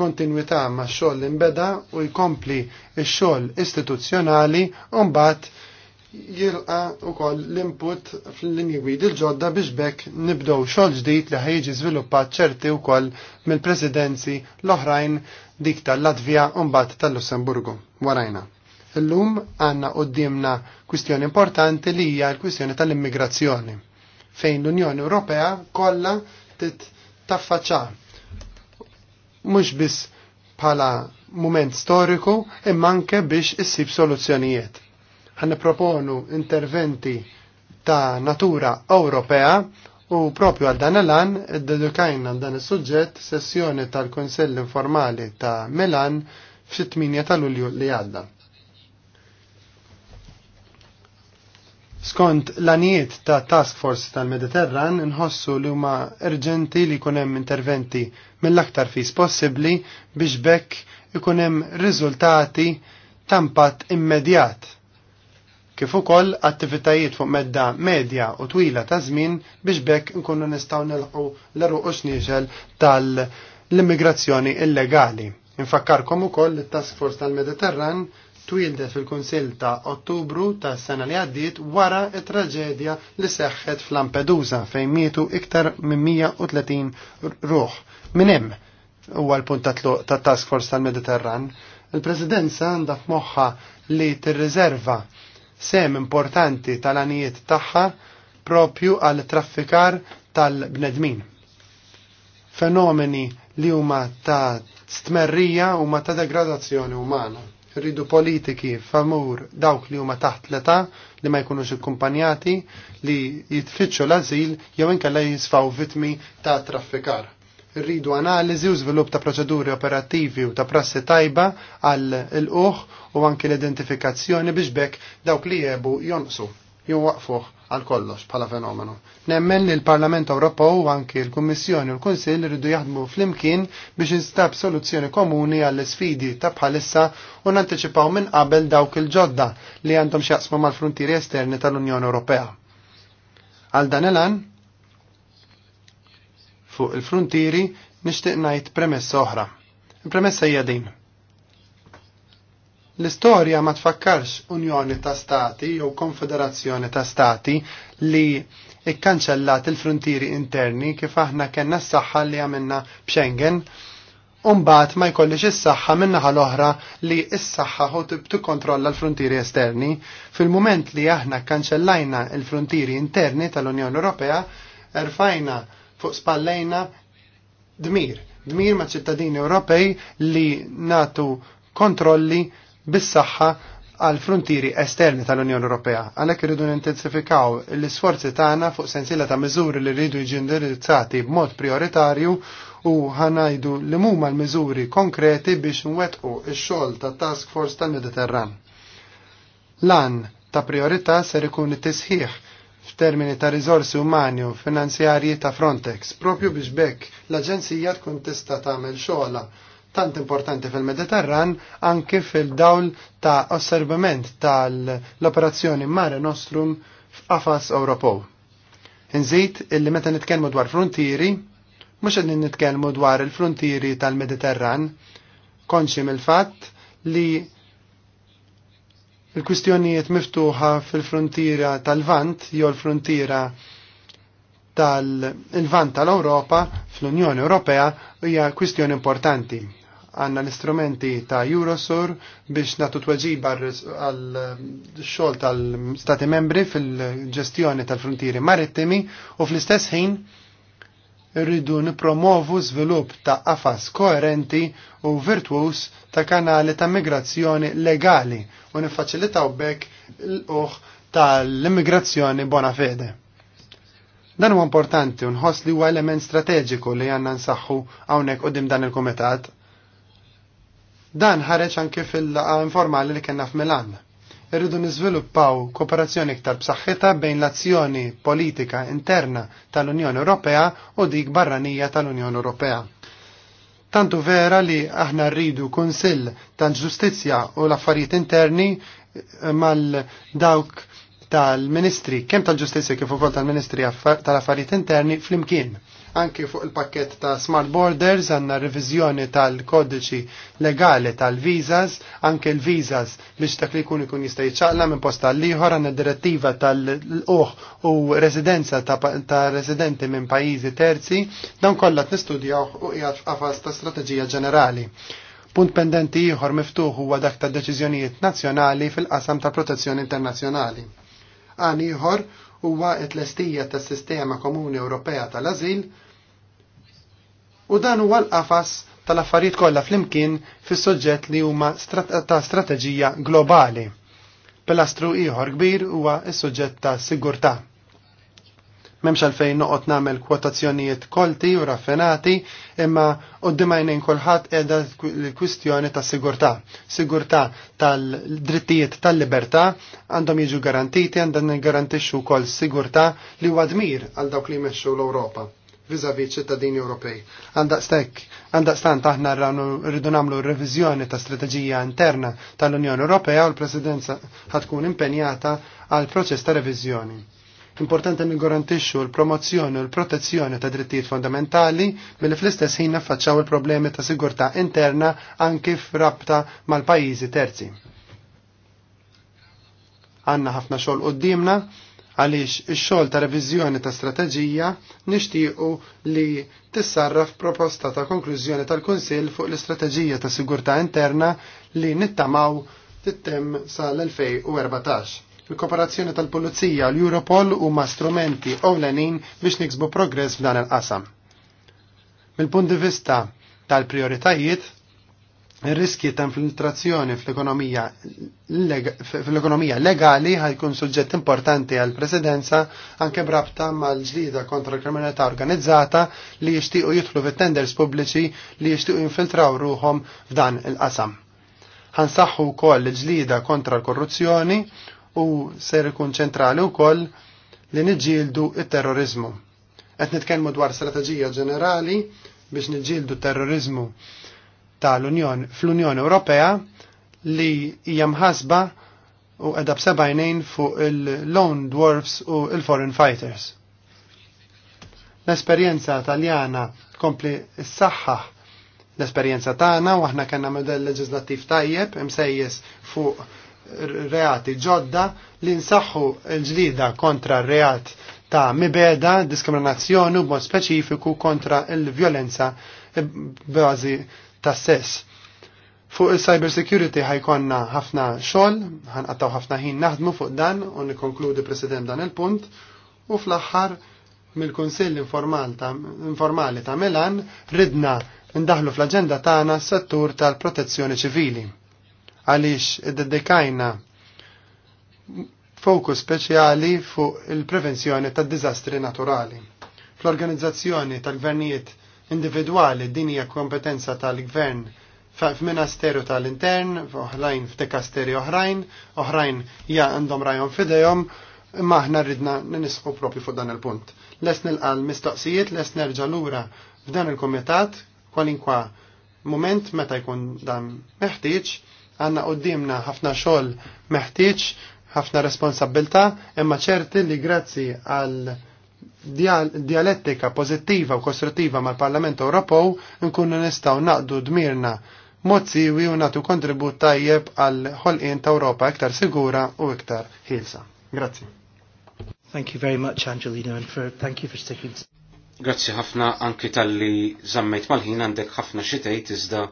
Speaker 1: kontinuità ma' xogħol imbeda u jkompli x-xogħol istituzzjonali u mbagħad jilqa wkoll l-input fl-linji gwidi l-ġodda biex bekk nibdew xogħol ġdid li ħajġi żviluppat ċerti wkoll mill-presidenzi l-oħrajn dik tal-Latvja u mbagħad tal-Lussemburgu warajna. Illum għandna dimna kwistjoni importanti li hija l-kwistjoni tal-immigrazzjoni fejn l-Unjoni Ewropea kollha tit taffaċċa mhux biss bħala moment storiku imma anke biex issib soluzzjonijiet. Għanna proponu interventi ta' natura Ewropea U propju għal dan l-an, dedukajna dan il-sujġet sessjoni tal-Konsell Informali ta' Milan fit-8 tal-Ulju li għadda. Skont l-anijiet ta' Task Force tal-Mediterran nħossu li huma urġenti li jkun hemm interventi mill-aktar fis possibbli biex bekk ikun hemm riżultati ta' impatt immedjat. Kif ukoll attivitajiet fuq medda medja u twila ta' żmien biex bekk nkunu nistgħu nilħu l nieġel tal-immigrazzjoni illegali. Infakkarkom ukoll li Task Force tal-Mediterran twieldet fil konsil ta' Ottubru ta' sena li għaddiet wara il traġedja li seħħet fl-Lampedusa fejn mietu iktar minn 130 ruħ. Minn hemm huwa l-punt ta' Task Force tal-Mediterran. Il-Presidenza għandha f'moħħa li tirriserva sem importanti tal-anijiet tagħha propju għal traffikar tal-bnedmin. Fenomeni li huma ta' stmerrija u ma ta' degradazzjoni umana rridu politiki famur dawk li huma taħt l-età li ma jkunux ikkumpanjati li jitfittxu l-azil jew inkella jisfaw vitmi ta' traffikar. Rridu analiżi u żvilupp ta' proċeduri operattivi u ta' prassi tajba għall il-uħ u anke l-identifikazzjoni biex bekk dawk li jebu jonqsu jew għal kollox bħala fenomenu. Nemmen li l-Parlament Ewropew u anki l-Kummissjoni u l-Kunsill irridu jaħdmu flimkien biex instab soluzzjoni komuni għall sfidi ta' bħalissa u nanticipaw minn qabel dawk il-ġodda li għandhom x'jaqsmu mal-frontieri esterni tal-Unjoni Ewropea. Għal dan elan, fuq il-frontieri nixtieq ngħid premessa oħra. Il-premessa hija din L-istorja ma tfakkarx Unjoni ta' Stati jew Konfederazzjoni ta' Stati li ikkanċellat il-frontieri interni kif aħna kenna s-saħħa li għamilna b'Schengen Umbat ma jkollix is-saħħa minnaħa l-oħra li is-saħħa ħu kontrolla l-frontieri esterni. Fil-mument li aħna kkanċellajna l-frontieri interni tal-Unjoni Ewropea, erfajna fuq spallejna dmir, dmir ma' ċittadini Ewropej li natu kontrolli bis-saħħa għal frontieri esterni tal-Unjoni Ewropea. Għalhekk irridu nintensifikaw l-isforzi tagħna fuq sensiela ta' miżuri li rridu jiġi indirizzati b'mod prioritarju u ħanajdu li huma l-miżuri konkreti biex nwettqu ix xogħol ta' Task Force tal-Mediterran. Lan ta' priorità ser ikun it-tisħiħ f'termini ta' riżorsi umani u finanzjarji ta' Frontex, propju biex bekk l-Aġenzija tkun tista' tagħmel xogħla tant importanti fil-Mediterran anke fil-dawl ta' osservament tal-operazzjoni Mare Nostrum f'Afas Ewropew. Inżid illi meta nitkellmu dwar frontieri, mhux qed nitkellmu dwar il-frontieri tal-Mediterran, konxi mill-fatt li il-kwistjonijiet miftuħa fil-frontiera tal-Vant jew l-frontiera tal-Vant tal-Ewropa fl-Unjoni Ewropea hija kwistjoni importanti għanna l-istrumenti ta' Eurosur biex natu tweġiba għal eh, xol tal-stati membri fil-ġestjoni tal-frontieri marittimi u fl-istess ħin rridu nipromovu żvilupp ta' qafas koerenti u virtuż ta' kanali ta' migrazzjoni legali u nifacilitaw bekk l-uħ tal-immigrazzjoni bona fede. Dan huwa importanti u nħoss li huwa element strateġiku li għandna nsaħħu hawnhekk dim dan il-kumitat Dan ħareġ anke fil-laqa informali li kena f'Milan. Irridu niżviluppaw kooperazzjoni iktar b'saħħitha bejn l-azzjoni politika interna tal-Unjoni Ewropea u dik barranija tal-Unjoni Ewropea. Tantu vera li aħna rridu kunsill tal-ġustizzja u l-affarijiet interni eh, mal-dawk tal-ministri, kemm tal-ġustizzja kif ukoll tal-ministri tal-affarijiet interni flimkien Anki fuq il-pakket ta' Smart Borders għanna revizjoni tal-kodiċi legali tal-vizas, anke l-vizas biex dak li kun ikun jista' jiċċaqla minn post tal liħor għanna direttiva tal-uħ u residenza ta' residenti minn pajjiżi terzi, dan kollha nistudjaw u qiegħed f'qafas ta' strateġija ġenerali. Punt pendenti ieħor miftuħ huwa dak ta' deċiżjonijiet nazzjonali fil-qasam ta' protezzjoni internazzjonali. Għan ieħor huwa t-lestija tas-sistema komuni Ewropea tal-Azil U dan huwa l-qafas tal-affarijiet kollha flimkien fis-soġġett li huma ta' strateġija globali. Pilastru ieħor kbir huwa s-soġġett ta' sigurtà. Memx għalfejn noqgħod nagħmel kwotazzjonijiet kolti u raffinati, imma qudiem għajnejn kulħadd qiegħda l-kwistjoni ta' sigurtà. Sigurtà tal-drittijiet tal-libertà għandhom jiġu garantiti għandhom garantixxu wkoll sigurtà li huwa dmir għal dawk li jmexxu l-Ewropa vizavi ċittadini Ewropej. Għandaqstek, stant aħna rridu namlu revizjoni ta' strategija interna tal-Unjoni Ewropea u l-Presidenza ħatkun impenjata għal proċess ta' revizjoni. Importanti nigorantixxu l-promozzjoni u l-protezzjoni ta' drittijiet fondamentali billi fl-istess ħin naffaċċaw il-problemi ta' sigurtà interna anki f'rabta mal-pajjiżi terzi. Għanna ħafna xogħol quddiemna għaliex ix-xogħol ta' reviżjoni ta' strateġija nixtiequ li tissarraf proposta ta' konklużjoni tal-Kunsill fuq l-istrateġija ta' sigurtà interna li nittamaw tittem sal-2014. Il-kooperazzjoni tal-Pulizija l europol huma strumenti ewlenin biex niksbu progress f'dan il-qasam. Mill-punt di vista tal-prioritajiet, riski ta' infiltrazzjoni fl-ekonomija legali ħajkun suġġett importanti għal presidenza anke brabta mal ġdida kontra l kriminalità organizzata li jixtiequ jidħlu fit-tenders pubbliċi li jixtiequ jinfiltraw ruhom f'dan il-qasam. Ħansaħħu wkoll il-ġlida kontra l-korruzzjoni u ser ikun ċentrali wkoll li niġġieldu it-terrorizmu. Qed nitkellmu dwar strateġija ġenerali biex niġġieldu terrorizmu tal-Unjon fl-Unjoni Ewropea li hija mħasba u qiegħda b'sebajnejn fuq il-Lone Dwarfs u il-Foreign Fighters. L-esperjenza taljana kompli s-saħħa l-esperjenza tagħna u aħna kellna modell leġislattiv tajjeb imsejjes fuq reati ġodda li nsaħħu l-ġlida kontra r-reat ta' mibeda, diskriminazzjoni u mod speċifiku kontra l-vjolenza e-, bażi ta' sess. Fuq il-cyber security ħajkonna ħafna xogħol, ħanqattaw ħafna ħin naħdmu fuq dan u nikkonkludi President dan il-punt u fl-aħħar mill-Kunsill informali ta' Milan ridna ndaħlu fl-aġenda tagħna s-settur tal-protezzjoni ċivili. Għaliex iddedikajna fokus speċjali fuq il-prevenzjoni tad-diżastri naturali. Fl-organizzazzjoni tal-gvernijiet individwali din hija kompetenza tal-gvern f'Ministeru tal-intern, oħrajn f'dekasteri oħrajn, oħrajn ja għandhom rajhom f'idejhom, imma aħna rridna nisqu propju fuq dan il-punt. Les nilqa' l-mistoqsijiet, les nerġa' lura f'dan il-kumitat kwalinkwa moment meta jkun dan meħtieġ, għandna qudiemna ħafna xogħol meħtieġ, ħafna responsabilta, imma ċerti li grazzi għal dialettika pozittiva u kostruttiva mal-Parlament Ewropew nkunu nistgħu naqdu dmirna mod u nagħtu kontribut tajjeb għal ħolqien ta' Ewropa iktar sigura u iktar ħilsa. Grazzi. Thank you very much Angelina, and for thank you for sticking to
Speaker 2: Grazzi ħafna anki tal-li zammejt mal-ħin għandek ħafna xitejt iżda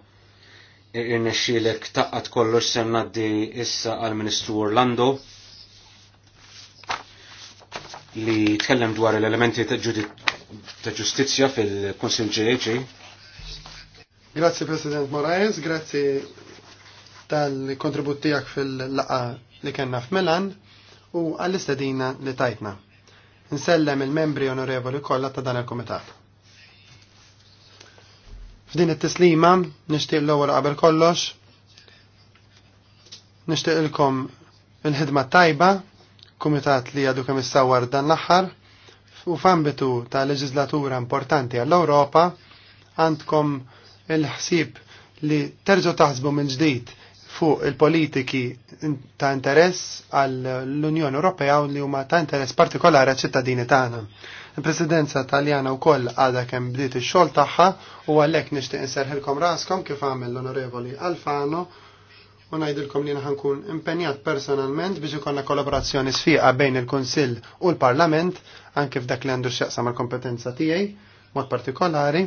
Speaker 2: irnexxielek taqqat kollox sem ngħaddi issa għal-Ministru Orlando li tkellem dwar l-elementi ta' ġustizja fil-Konsil GHA.
Speaker 1: Grazzi President Moraes, grazie tal-kontribut fil-laqa li kena f'Melan u għall-istadina li tajtna. Nsellem il-membri onorevoli kollha ta' dan il-komitat. F'din it-tislima nixtieq l-ewwel qabel kollox nixtieq ilkom il-ħidma tajba kumitat li għadu kemm issawar dan l-aħħar u f'ambitu ta' leġislatura importanti għall-Ewropa għandkom il-ħsieb li terġu taħsbu minn ġdid fuq il-politiki ta' interess għall-Unjoni Ewropea u li huma ta' interess partikolari għal-ċittadini tagħna. Il-Presidenza Taljana wkoll għadha kemm bdiet ix-xogħol tagħha u għalhekk nixtieq inserħilkom raskom kif għamel l-Onorevoli Alfano u ngħidilkom li nkun impenjat personalment biex ikollna kollaborazzjoni sfiqa bejn il-Kunsill u l-Parlament anke f'dak li għandu x'jaqsa mal-kompetenza tiegħi mod partikolari.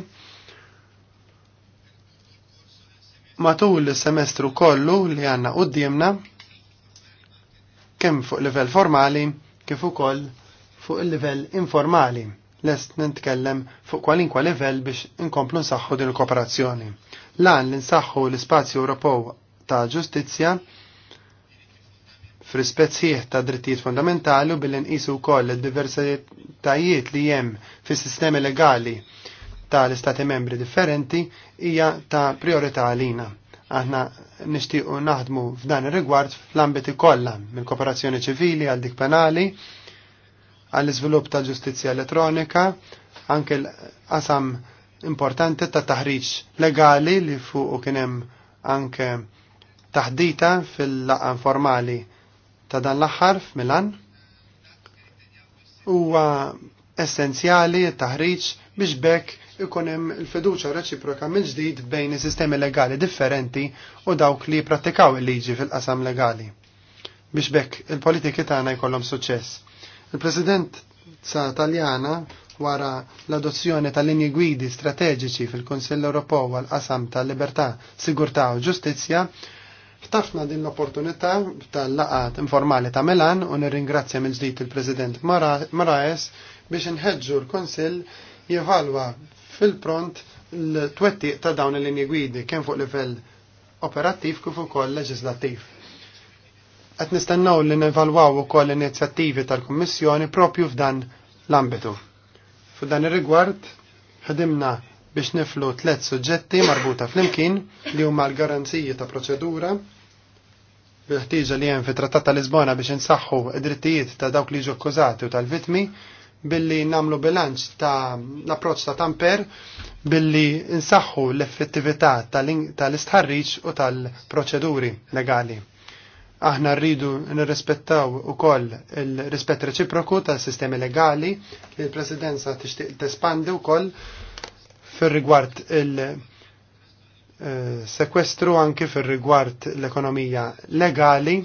Speaker 1: Matul is-semestru kollu li għandna qudiemna kemm fuq livell formali kif ukoll fuq il-livell informali. Lest nitkellem fuq kwalinkwa livell biex inkomplu nsaħħu din il-kooperazzjoni. Lan li nsaħħu l-Ispazju Ewropew ta' ġustizzja f'rispett sieħ ta' drittijiet fundamentali u billi nqisu wkoll id-diversitajiet li hemm fis-sistemi legali tal-istati membri differenti hija ta' priorità għalina. Aħna nixtiequ naħdmu f'dan ir-rigward fl-ambiti kollha minn kooperazzjoni ċivili għal dik penali, għall iżvilupp ta' ġustizzja elettronika, anke l-qasam importanti ta' taħriġ legali li fuq kien hemm anke taħdita fil-laqa informali ta' dan l-aħħar f'Milan huwa essenzjali taħriġ biex bekk ikun hemm il fiduċa reċiproka mill-ġdid bejn is-sistemi legali differenti u dawk li jippratikaw il-liġi fil-qasam legali. Biex bekk il-politiki tagħna jkollhom suċċess. Il-President sa Taljana wara l-adozzjoni tal-linji gwidi strateġiċi fil-Kunsill Ewropew għal qasam tal-libertà, sigurtà u ġustizzja ħtafna din l-opportunità tal-laqat informali ta' Melan u nirringrazzja mill ġdid il-President Maraes biex nħedġu l-Konsil jevalwa fil-pront l-twettiq ta' dawn il-linji gwidi kien fuq livell operattiv kif ukoll leġislattiv. Qed nistennew li nevalwaw ukoll l inizjattivi tal-Kummissjoni propju f'dan l-ambitu. F'dan ir-rigward ħedimna biex niflu tlet suġġetti marbuta flimkien li huma l-garanziji ta' proċedura, bil-ħtieġa li hemm fit-Trattat tal Lisbona biex insaħħu id-drittijiet ta' dawk li ġu akkużati u tal-vitmi billi namlu bilanċ ta' l-approċ ta' tamper billi insaħħu l-effettività tal-istħarriċ u tal-proċeduri legali. Aħna rridu nirrispettaw u koll il-rispett reċiproku tal-sistemi legali li l-presidenza tixtieq tespandi u koll fil-rigward il- Eh, sekwestru anki fir-rigward l-ekonomija legali,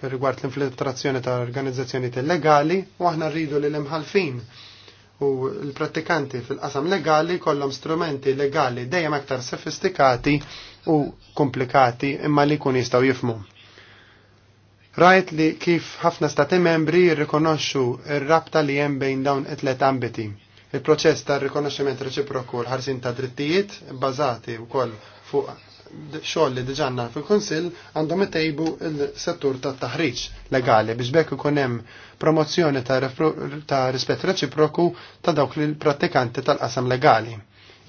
Speaker 1: fir-rigward l-infiltrazzjoni ta' organizzazzjoni illegali, u aħna rridu li l-imħalfin u l-prattikanti fil-qasam legali kollom strumenti legali dejjem aktar sofistikati u komplikati imma li kun jistgħu jifmu. Rajt li kif ħafna stati membri jirrikonoxxu ir-rabta li hemm bejn dawn it-tlet ambiti. Il-proċess tar rikonoxximent reċiproku l-ħarsin ta' drittijiet bbażati wkoll fuq xogħol li diġà fil-Kunsill għandhom itejbu il settur tat-taħriġ legali biex bekk ikun hemm promozzjoni ta' rispett reċiproku ta' dawk li prattikanti tal-qasam legali.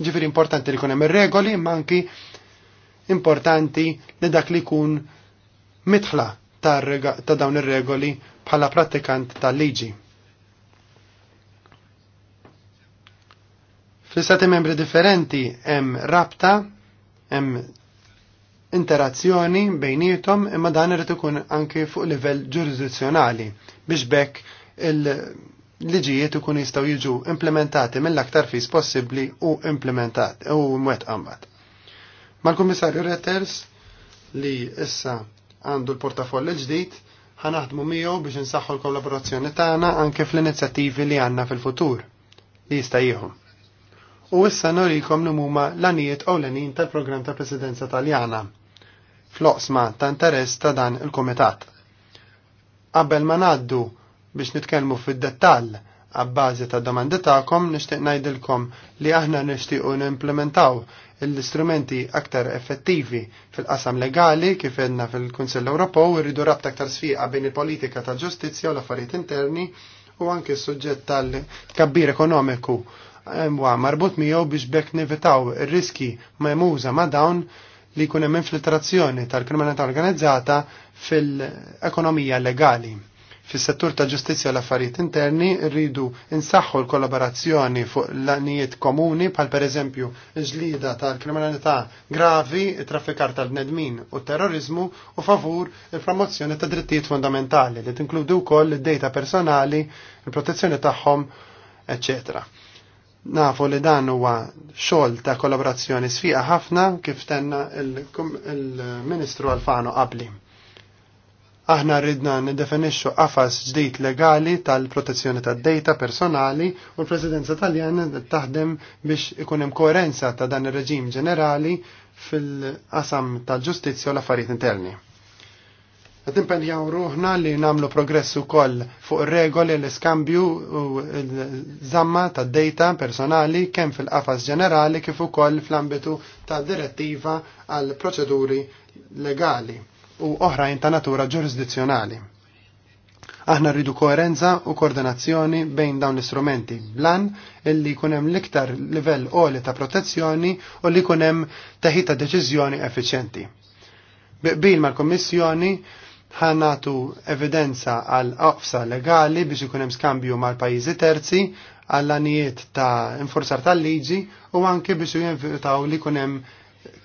Speaker 1: Ġifieri importanti li jkun hemm ir-regoli imma anki importanti li dak li jkun mitħla ta' dawn ir-regoli bħala prattikant tal-liġi. Fl-istati membri differenti hemm rabta Hemm interazzjoni bejnietom imma dan irid ikun anke fuq livell ġurisdizzjonali biex bekk il-liġijiet ikun jistgħu jiġu implementati mill-aktar fis possibbli u implementati u mwet qambad. Mal-Kummissarju Retters li issa għandu l-portafoll ġdid ħanaħdmu miegħu biex insaħħu l-kollaborazzjoni tagħna anke fl-inizjattivi li għandna fil-futur li jista' jieħu u issa norikom li huma l-anijiet ewlenin tal-programm ta' Presidenza Taljana fl-oqsma ta' interess ta' dan il-Kumitat. Qabel ma ngħaddu biex nitkellmu fid-dettall għabbażi ta' domandi tagħkom nixtieq ngħidilkom li aħna nixtiequ implementaw l-istrumenti aktar effettivi fil-qasam legali kif edna fil-Kunsill Ewropew irridu rabta aktar sfiqa bejn il-politika ta' ġustizzja u l-affarijiet interni u anke s-suġġett tal-kabbir ekonomiku wa marbut miegħu biex bekk nevitaw ir-riski memuża ma' dawn li jkun hemm infiltrazzjoni tal-kriminalità organizzata fil-ekonomija legali. Fis-settur ta' ġustizzja u l-affarijiet interni rridu insaħħu l-kollaborazzjoni fuq l-anijiet komuni bħal pereżempju ġlida tal-kriminalità gravi, traffikar tal-bnedmin u terrorizmu u favur il-promozzjoni ta' drittijiet fundamentali li tinkludu wkoll id-data personali, il-protezzjoni tagħhom, eccetera. Nafu li dan huwa xogħol ta' kollaborazzjoni sfiqa ħafna kif tenna il-Ministru Alfano qabli. Aħna rridna niddefinixxu qafas ġdid legali tal-protezzjoni tad-data personali u l-Presidenza Taljana taħdem biex ikun hemm koerenza ta' dan ir-reġim ġenerali fil-qasam tal-ġustizzja u l-affarijiet interni. Għad nimpenjaw ruħna li namlu progressu kol fuq regoli l-iskambju u l-zamma ta' data personali kemm fil-qafas ġenerali kif ukoll fl-ambitu ta' direttiva għal proċeduri legali u oħrajn ta' natura ġurisdizzjonali. Aħna rridu koerenza u koordinazzjoni bejn dawn l-istrumenti blan illi kunem l-iktar livell oli ta' protezzjoni u li kunem teħita deċiżjoni effiċjenti. Biqbil mal-Kommissjoni ħanatu evidenza għal qafsa legali biex ikun hemm skambju mal-pajjiżi terzi għall anijiet ta' infurzar tal-liġi u anke biex jinvitaw li kun hemm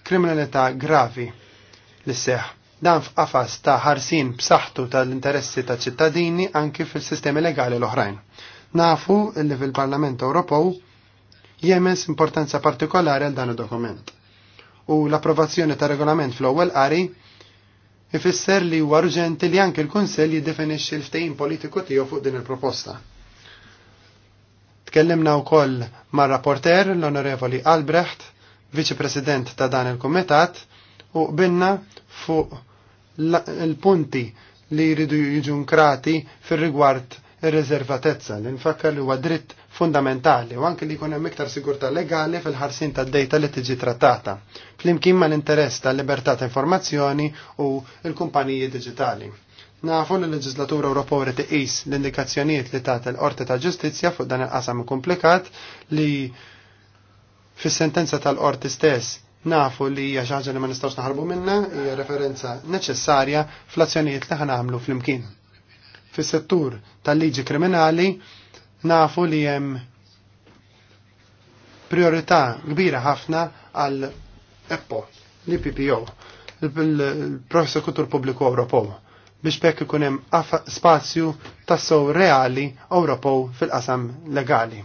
Speaker 1: kriminalità gravi li seħ. Dan f'qafas ta' ħarsin b'saħħtu tal-interessi ta' ċittadini anke fil-sistemi legali l-oħrajn. Nafu li fil-Parlament Ewropew jemes importanza partikolari għal dan id-dokument. U l-approvazzjoni ta' regolament fl-ewwel qari ifisser li huwa urġenti li anke l-Kunsell jiddefinixxi l-ftehim politiku tiegħu fuq din il-proposta. Tkellimna wkoll mar-rapporter l-Onorevoli Albrecht, Viċi President ta' dan il-Kumitat, u qbilna fuq il-punti li jridu jiġu nkrati fir-rigward ir-reservatezza li nfakkar li huwa dritt fundamentali u anke li jkun hemm iktar sigurtà legali fil-ħarsin tad-dejta li tiġi trattata, flimkien mal-interess tal-libertà ta' informazzjoni u l-kumpaniji diġitali. Nafu li l-Leġislatura Ewropew rid tiqis l-indikazzjonijiet li tagħti l-Qorti ta' Ġustizzja fuq dan il-qasam komplikat li fis-sentenza tal-qorti stess nafu li hija xi ħaġa li ma nistgħux naħarbu minnha hija referenza neċessarja fl-azzjonijiet li ħanamlu flimkien. Fis-settur tal-liġi kriminali nafu li hemm priorità kbira ħafna għal EPPO, l-PPO, il-Prosekutur Pubbliku Ewropew biex bekk ikun hemm spazju tassew reali Ewropew fil-qasam legali.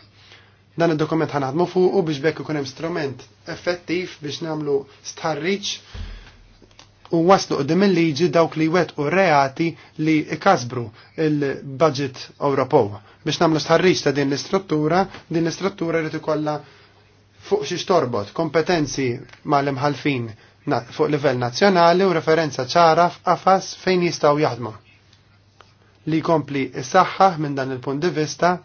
Speaker 1: Dan id-dokument ħanaħdmu fuq u biex bekk ikun hemm strument effettiv biex nagħmlu starriċ u waslu qdim il-liġi dawk li wet u reati li ikasbru il-budget Ewropew. Biex namlu sħarriġ ta' din l-istruttura, din l-istruttura li tikolla fuq xi torbot kompetenzi mal-imħalfin fuq livell nazzjonali u referenza ċara f'qafas fejn jistgħu jaħdmu. Li kompli s-saħħaħ minn dan il-punt di vista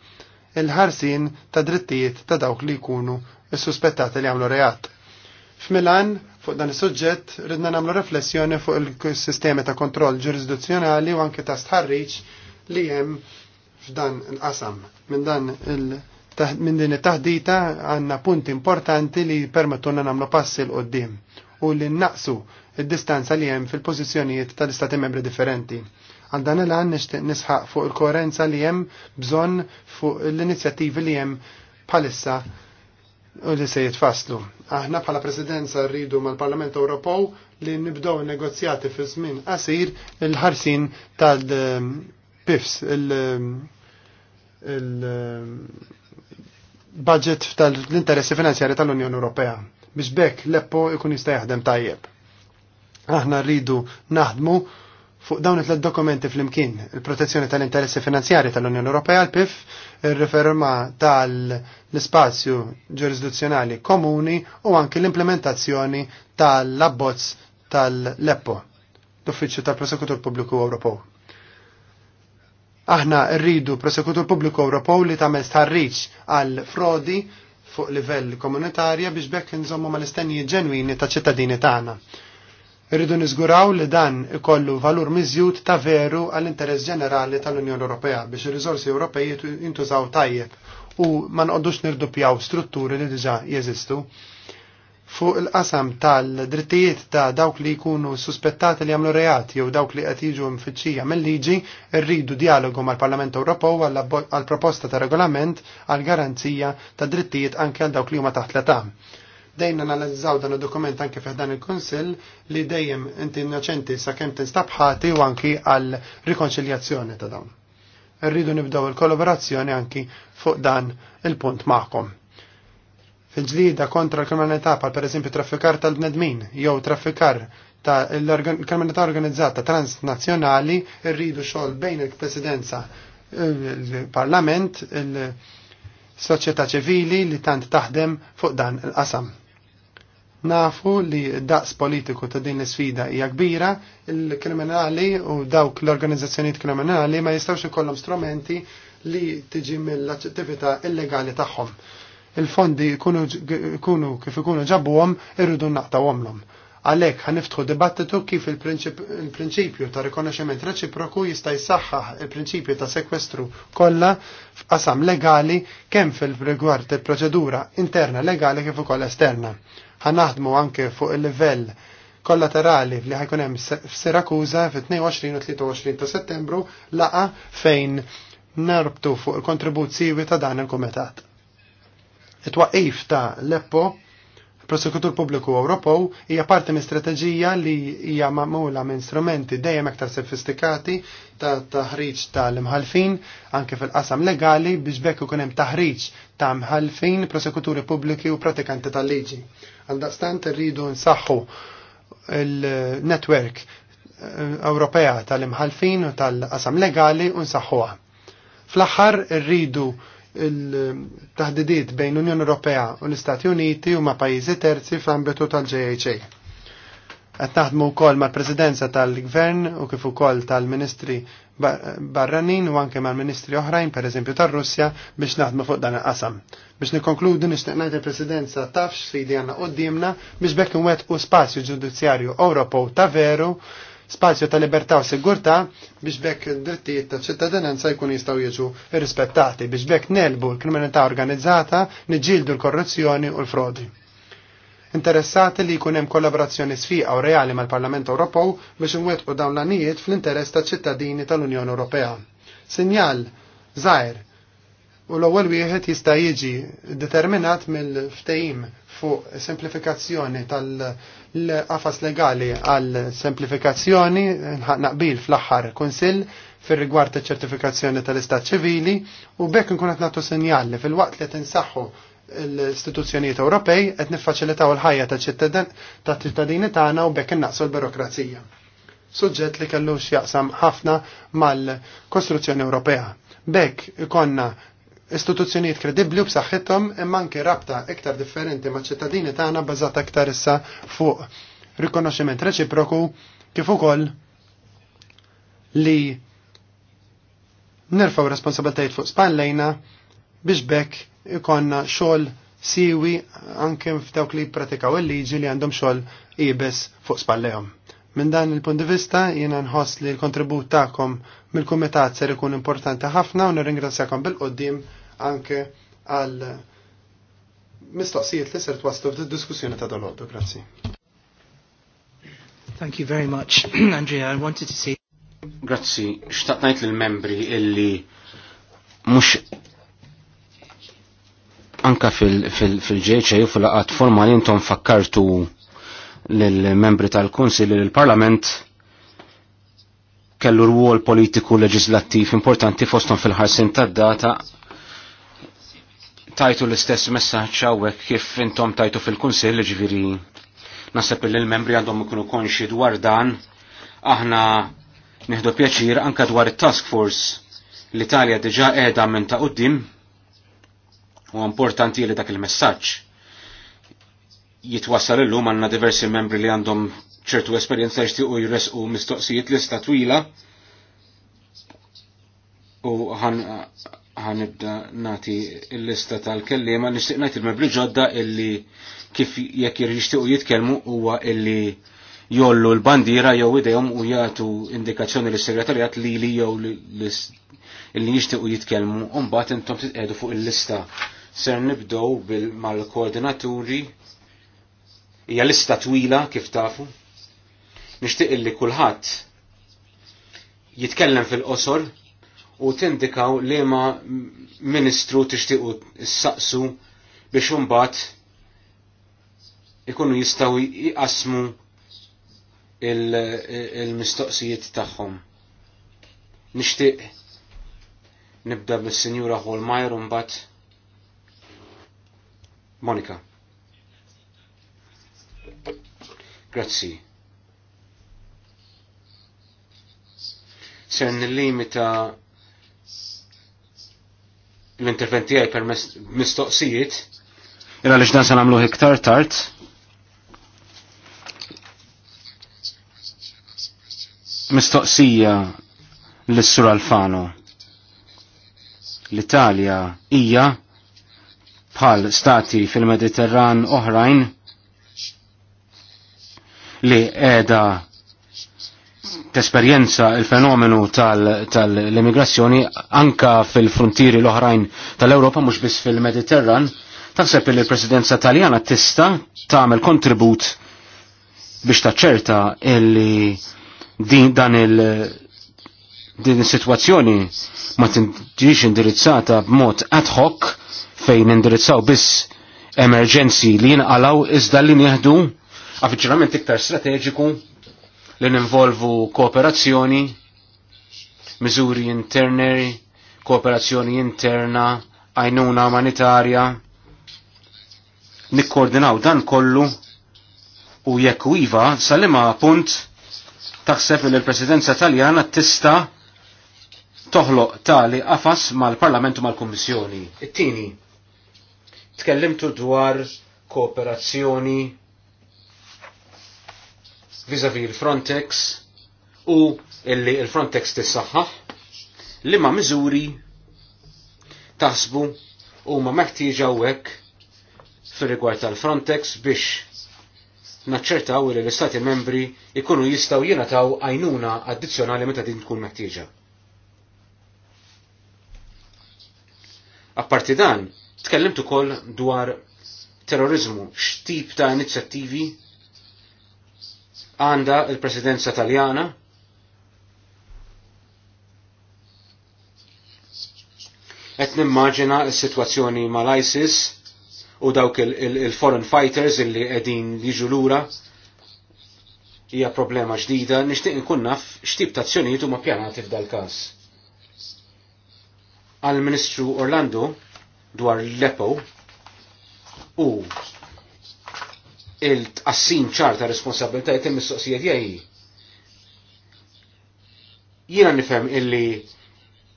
Speaker 1: il-ħarsin ta' drittijiet ta' dawk li jkunu s-suspettati li għamlu reati. F'Milan, fuq dan is-suġġett, ridna nagħmlu riflessjoni fuq il-sistemi ta' kontroll ġurisdizzjonali u anke ta' stħarriġ li hemm f'dan il-qasam. Minn dan il- minn din it-taħdita għandna punti importanti li permettuna nagħmlu passi l qoddim u li naqsu id-distanza li hemm fil-pożizzjonijiet tal-istati membri differenti. Għandan il-għan nixtieq nisħaq fuq il-koerenza li hemm bżonn fuq l-inizjattivi li hemm bħalissa u li se jitfaslu. Aħna bħala presidenza rridu mal-Parlament Ewropew li nibdow negozjati fi żmien qasir il-ħarsin tal-PIFs, il-budget tal-interessi finanzjari tal-Unjoni Ewropea biex bekk l-EPPO ikun jista' jaħdem tajjeb. Aħna rridu naħdmu fuq dawn it-tlet dokumenti fl-imkien, il-protezzjoni tal-interessi finanzjari tal-Unjoni Ewropea, l-PIF, il-riferma tal-spazju ġurisdizzjonali komuni u anki l-implementazzjoni tal-abbozz tal-LEPPO, l-Uffiċċju tal-Prosekutur Pubbliku Ewropew. Aħna rridu Prosekutur Pubbliku Ewropew li tagħmel tarriċ għal frodi fuq livell komunitarja biex bekk nżommu mal-istennijiet ġenwini ta' ċittadini tagħna Irridu niżguraw li dan ikollu valur miżjud ta' veru għall-interess ġenerali tal-Unjoni Ewropea biex ir-riżorsi Ewropej jintużaw tajjeb u ma nqoddux nirdupjaw strutturi li diġà jeżistu fuq il-qasam tal-drittijiet ta' dawk li jkunu suspettati li għamlu reati jew dawk li qed jiġu mfittxija mill-liġi, rridu dialogu mal-Parlament Ewropew għal proposta ta' regolament għal garanzija ta' drittijiet anke għal dawk li huma taħt l-età. Dejna analizzaw dan id-dokument anke fih dan il-Kunsill li dejjem inti innoċenti sakemm tinstab ħati u anki għal rikonċiljazzjoni ta' dawn. Rridu nibdew il-kollaborazzjoni anki fuq dan il-punt magħkom. Fil-ġlida kontra l-kriminalità pal pereżempju traffikar tal-bnedmin jew traffikar ta' l-kriminalità organizzata transnazzjonali rridu xogħol bejn il-Presidenza il-Parlament, il-Soċjetà ċivili li tant taħdem fuq dan il-qasam. Nafu li daqs politiku ta' din l-sfida hija kbira, il-kriminali u dawk l-organizzazzjonijiet kriminali ma jistawx ikollhom strumenti li tiġi mill-attività illegali tagħhom. Il-fondi kunu kif ikunu ġabuhom irridu naqtawhomlhom. Għalhekk ħaniftħu dibattitu kif il-prinċipju ta' rikonoxximent reċiproku jista' jsaħħaħ il-prinċipju ta' sekwestru kollha f'qasam legali kemm fil-rigward il-proċedura interna legali kif ukoll esterna ħanaħdmu anke fuq il-livell kollaterali li ħajkun hemm f'Sirakuza fit-22 u 23 ta' Settembru laqa fejn narbtu fuq il-kontribuzzivi ta' dan il-Kumitat. It-twaqif ta' Leppo, prosekutur pubbliku Ewropew hija parti minn strateġija li hija magħmula minn strumenti dejjem aktar sofistikati ta' taħriġ tal-imħalfin anke fil-qasam legali biex bekk ikun hemm taħriġ ta' mħalfin prosekuturi pubbliki u pratikanti tal-liġi. Għaldaqstant rridu nsaħħu il-network eh, Ewropea tal-imħalfin u tal-qasam legali u nsaħħuha. Fl-aħħar rridu il-taħdidiet bejn l-Unjoni Ewropea u l-Istati Uniti u ma' pajjiżi terzi fl-ambitu tal-JHA. Qed naħdmu wkoll mal-Presidenza tal-Gvern u kif ukoll tal-Ministri barranin u anke mal-ministri oħrajn, per eżempju tar-Russja, biex naħdmu fuq dan il-qasam. Biex nikonkludu nixtieq ngħid il-Presidenza taf x'sfidi għandna qudiemna biex bekk inwettqu spazju ġudizzjarju Ewropew ta' veru, spazju ta' libertà u sigurtà biex bekk drittijiet ta' ċittadinanza jkun jistgħu jiġu rispettati biex bekk nelbu l-kriminalità organizzata, niġġieldu l-korruzzjoni u l-frodi interessati li jkun hemm kollaborazzjoni sfiqa u reali mal-Parlament Ewropew biex inwettqu dawn l-anijiet fl-interess tal-ċittadini tal-Unjoni Ewropea. Sinjal żgħir u l-ewwel wieħed jista' jiġi determinat mill-ftehim fuq semplifikazzjoni tal-qafas legali għal semplifikazzjoni naqbil qbil fl-aħħar kunsill fir rigward iċ ċertifikazzjoni tal-istat ċivili u bekk inkun qed nagħtu sinjal li fil-waqt li tinsaħħu l-istituzzjonijiet Ewropej qed niffaċilitaw il-ħajja taċ ċittadini tagħna u bekk innaqsu l-birokrazija. Suġġett li kellu x'jaqsam ħafna mal-Kostruzzjoni Ewropea. Bekk ikonna istituzzjonijiet kredibbli u b'saħħithom imma anke rabta iktar differenti maċ ċittadini tagħna bażata iktar issa fuq rikonoxximent reċiproku kif ukoll li nirfaw responsabiltajiet fuq spallejna biex bekk ikonna xogħol siwi anke f'dawk li jippratikaw il-liġi li għandhom xogħol ibes fuq spallejhom. Minn dan il-punt di vista jiena nħoss li l-kontribut tagħkom mill-kumitat ser ikun importanti ħafna u nirringrazzjakom bil-qoddim anke għal mistoqsijiet li ser twaslu fid-diskussjoni ta' dal Grazzi. Thank you very much, (clears throat)
Speaker 2: Andrea. I wanted to say... Grazzi, xtaqnajt l-membri illi mux anka fil-ġeċe u fil-laqat formali intom fakkartu l-membri tal-Kunsil l-Parlament kellu rwol politiku leġislattiv importanti fostom fil-ħarsin tad-data tajtu l-istess messaċ għawek kif intom tajtu fil-Kunsil ġviri nasab li l-membri għandhom ikunu konxi dwar dan aħna nieħdu pjaċir anka dwar it-task force l-Italja diġa qiegħda minn ta' qudiem U importanti li dak il-messaġġ jitwassal illum għandna diversi membri li għandhom ċertu esperjenza jres u mistoqsijiet lista twila u ħanibda nati il-lista tal-kellima nixtieq ngħid il-mebli ġodda illi kif jekk u jitkellmu huwa illi jollu l-bandira jew idejhom u jagħtu indikazzjoni lis-segretarjat li li jew li jixtiequ jitkellmu u mbagħad intom titqedu fuq il-lista ser nibdow mal-koordinaturi hija lista twila kif tafu. Nixtieq illi kulħadd jitkellem fil-qosor u tindikaw li ma ministru tixtiequ s-saqsu biex imbagħad ikunu jistgħu jqasmu il-mistoqsijiet tagħhom. Nixtieq nibda bis-Sinjura Holmajer u mbagħad Monika. Grazzi. Ser limita l-interventi għaj per mistoqsijiet. Ira li dan se namlu iktar tard. Mistoqsija l-Sur Alfano. L-Italja hija bħal stati fil-Mediterran oħrajn li edha tesperjenza il-fenomenu tal-immigrazzjoni tal anka fil-frontieri l-oħrajn tal-Europa mhux biss fil-Mediterran, taħseb li l-Presidenza Taljana tista tagħmel kontribut biex taċċerta illi din dan il din is-sitwazzjoni ma tiġix indirizzata b'mod ad hoc fejn indirizzaw biss emerġenzi li jinqalaw iżda li nieħdu affiċċinament iktar strateġiku li ninvolvu kooperazzjoni, miżuri interni, kooperazzjoni interna, għajnuna umanitarja. Nikkoordinaw dan kollu u jekk iva salima punt taħseb li l-presidenza taljana tista' toħloq tali qafas mal-Parlament u mal-Kummissjoni. It-tieni Tkellimtu dwar kooperazzjoni vis-a-vis il frontex u illi l-Frontex tissaħħaħ li ma miżuri taħsbu u ma meħtieġa hekk fir-rigward tal-Frontex biex naċċertaw li l-Istati membri ikunu jistgħu jingħataw għajnuna addizzjonali meta din tkun meħtieġa. Apparti dan, Tkellimt ukoll dwar terrorizmu, x'tip ta' inizjattivi għanda il-presidenza taljana qed nimmaġina s-sitwazzjoni mal-ISIS u dawk il-foreign fighters illi qegħdin jiġu lura hija problema ġdida, nixtieq nkun naf x'tip ta' azzjonijiet huma pjanati f'dal każ. Għal-Ministru Orlando dwar l lepo u il tqassin ċar ta' responsabiltajiet il-mistoqsijiet jgħi. Jiena nifhem illi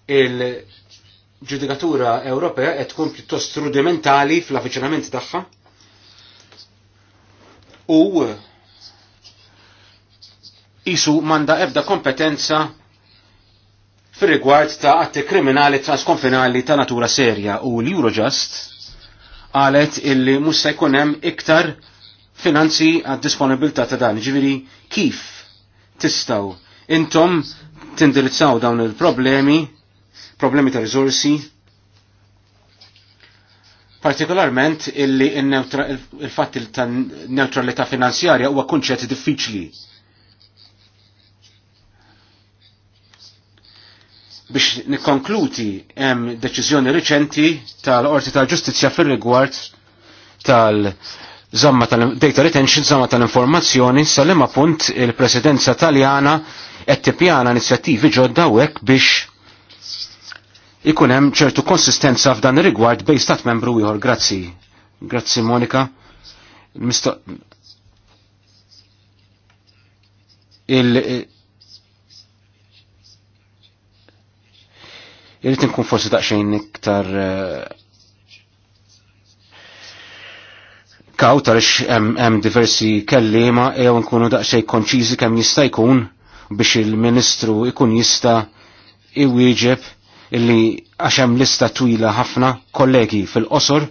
Speaker 2: il-ġudikatura Ewropea qed tkun pjuttost rudimentali fl-avviċinament tagħha. U isu manda ebda kompetenza fir-rigward ta' atti kriminali transkonfinali ta' natura serja u l-Eurojust qalet illi mhux se jkun hemm iktar finanzi għad disponibilità ta' dan. Ġiviri, kif tistaw intom tindirizzaw dawn il-problemi, problemi ta' rizorsi, partikolarment illi il-fatt il neutralita finanzjarja huwa kunċett diffiċli biex nikkonkluti hemm deċiżjoni riċenti tal-Qorti tal-Ġustizzja fir-rigward tal zamma tal-data retention, żamma tal-informazzjoni, sal-ema punt il-Presidenza Taljana qed tippjana inizjattivi ġodda hekk biex ikun hemm ċertu konsistenza f'dan ir-rigward bejn stat membru ieħor. Grazzi. Grazzi Monika. Il jirrit nkun forsi daqsxejn iktar eh, kaw tarix hemm diversi kellima jew nkunu daqsxejn konċiżi kemm jista' jkun biex il-Ministru ikun jista' iwieġeb illi għax hemm lista twila ħafna kollegi fil-qosor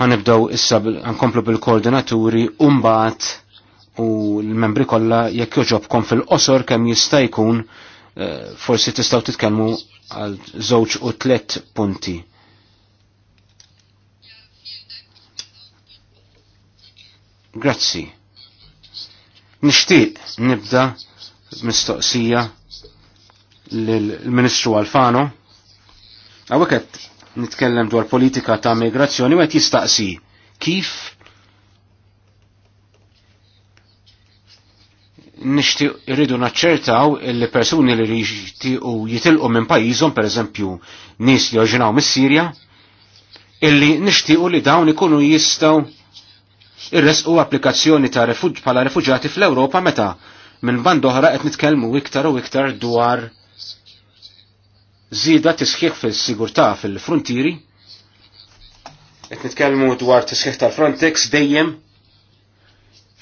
Speaker 2: ħanibdew issa nkomplu bil-koordinaturi u mbagħad u l-membri kollha jekk joġobkom fil-qosor kemm jista' jkun Eh, forsi tistaw titkellmu għal żewġ u tlet punti. Grazzi. Nixtieq nibda mistoqsija lill-Ministru Alfano. Għawek nitkellem dwar politika ta' migrazzjoni u jistaqsi kif nixtieq irridu naċċertaw li persuni li jixtiequ jitilqu minn pajjiżhom pereżempju nies li oġinaw mis-Sirja illi nixtiequ li dawn ikunu jistgħu irresqu applikazzjoni ta' refug bħala refuġati fl-Ewropa meta minn band oħra qed nitkellmu iktar u iktar dwar żieda tisħiħ fis-sigurtà fil-frontieri. Qed nitkellmu dwar tisħiħ tal-Frontex dejjem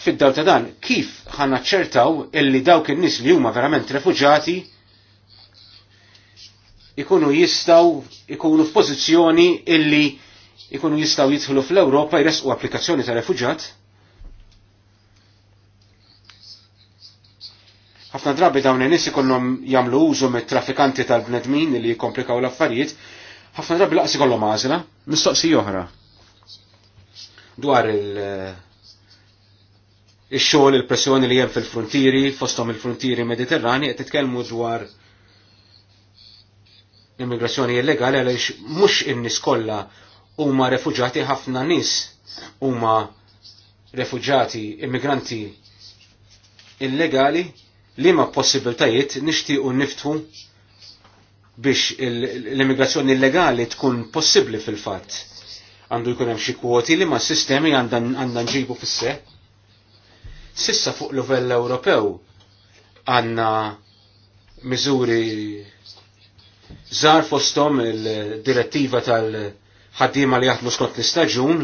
Speaker 2: fid-daw ta' dan, kif ħanna ċertaw illi dawk in-nies li huma verament refuġati ikunu jistaw ikunu f'pożizzjoni illi ikunu jistaw jidħlu fl-Ewropa jresqu applikazzjoni ta' refuġat? ħafna drabi dawn in-nies ikollhom jagħmlu użu mit-traffikanti tal-bnedmin li jikkomplikaw l-affarijiet, ħafna drabi laqsi ikollhom għażla, mistoqsi oħra. Dwar il- ix-xogħol il-pressjoni li hemm fil-frontieri fosthom il-frontieri Mediterrani qed titkellmu dwar l immigrazzjoni illegali għaliex mhux in-nies kollha huma refuġati ħafna nies huma refuġati immigranti illegali li ma possibiltajiet nixtiequ niftu biex l-immigrazzjoni illegali tkun possibbli fil-fatt. Għandu jkun hemm xi kwoti li ma' sistemi għandan ġibu fis-seħ Sissa fuq livell Ewropew għanna miżuri żar fostom il-direttiva tal-ħaddiema li jaħdmu skont l-istaġun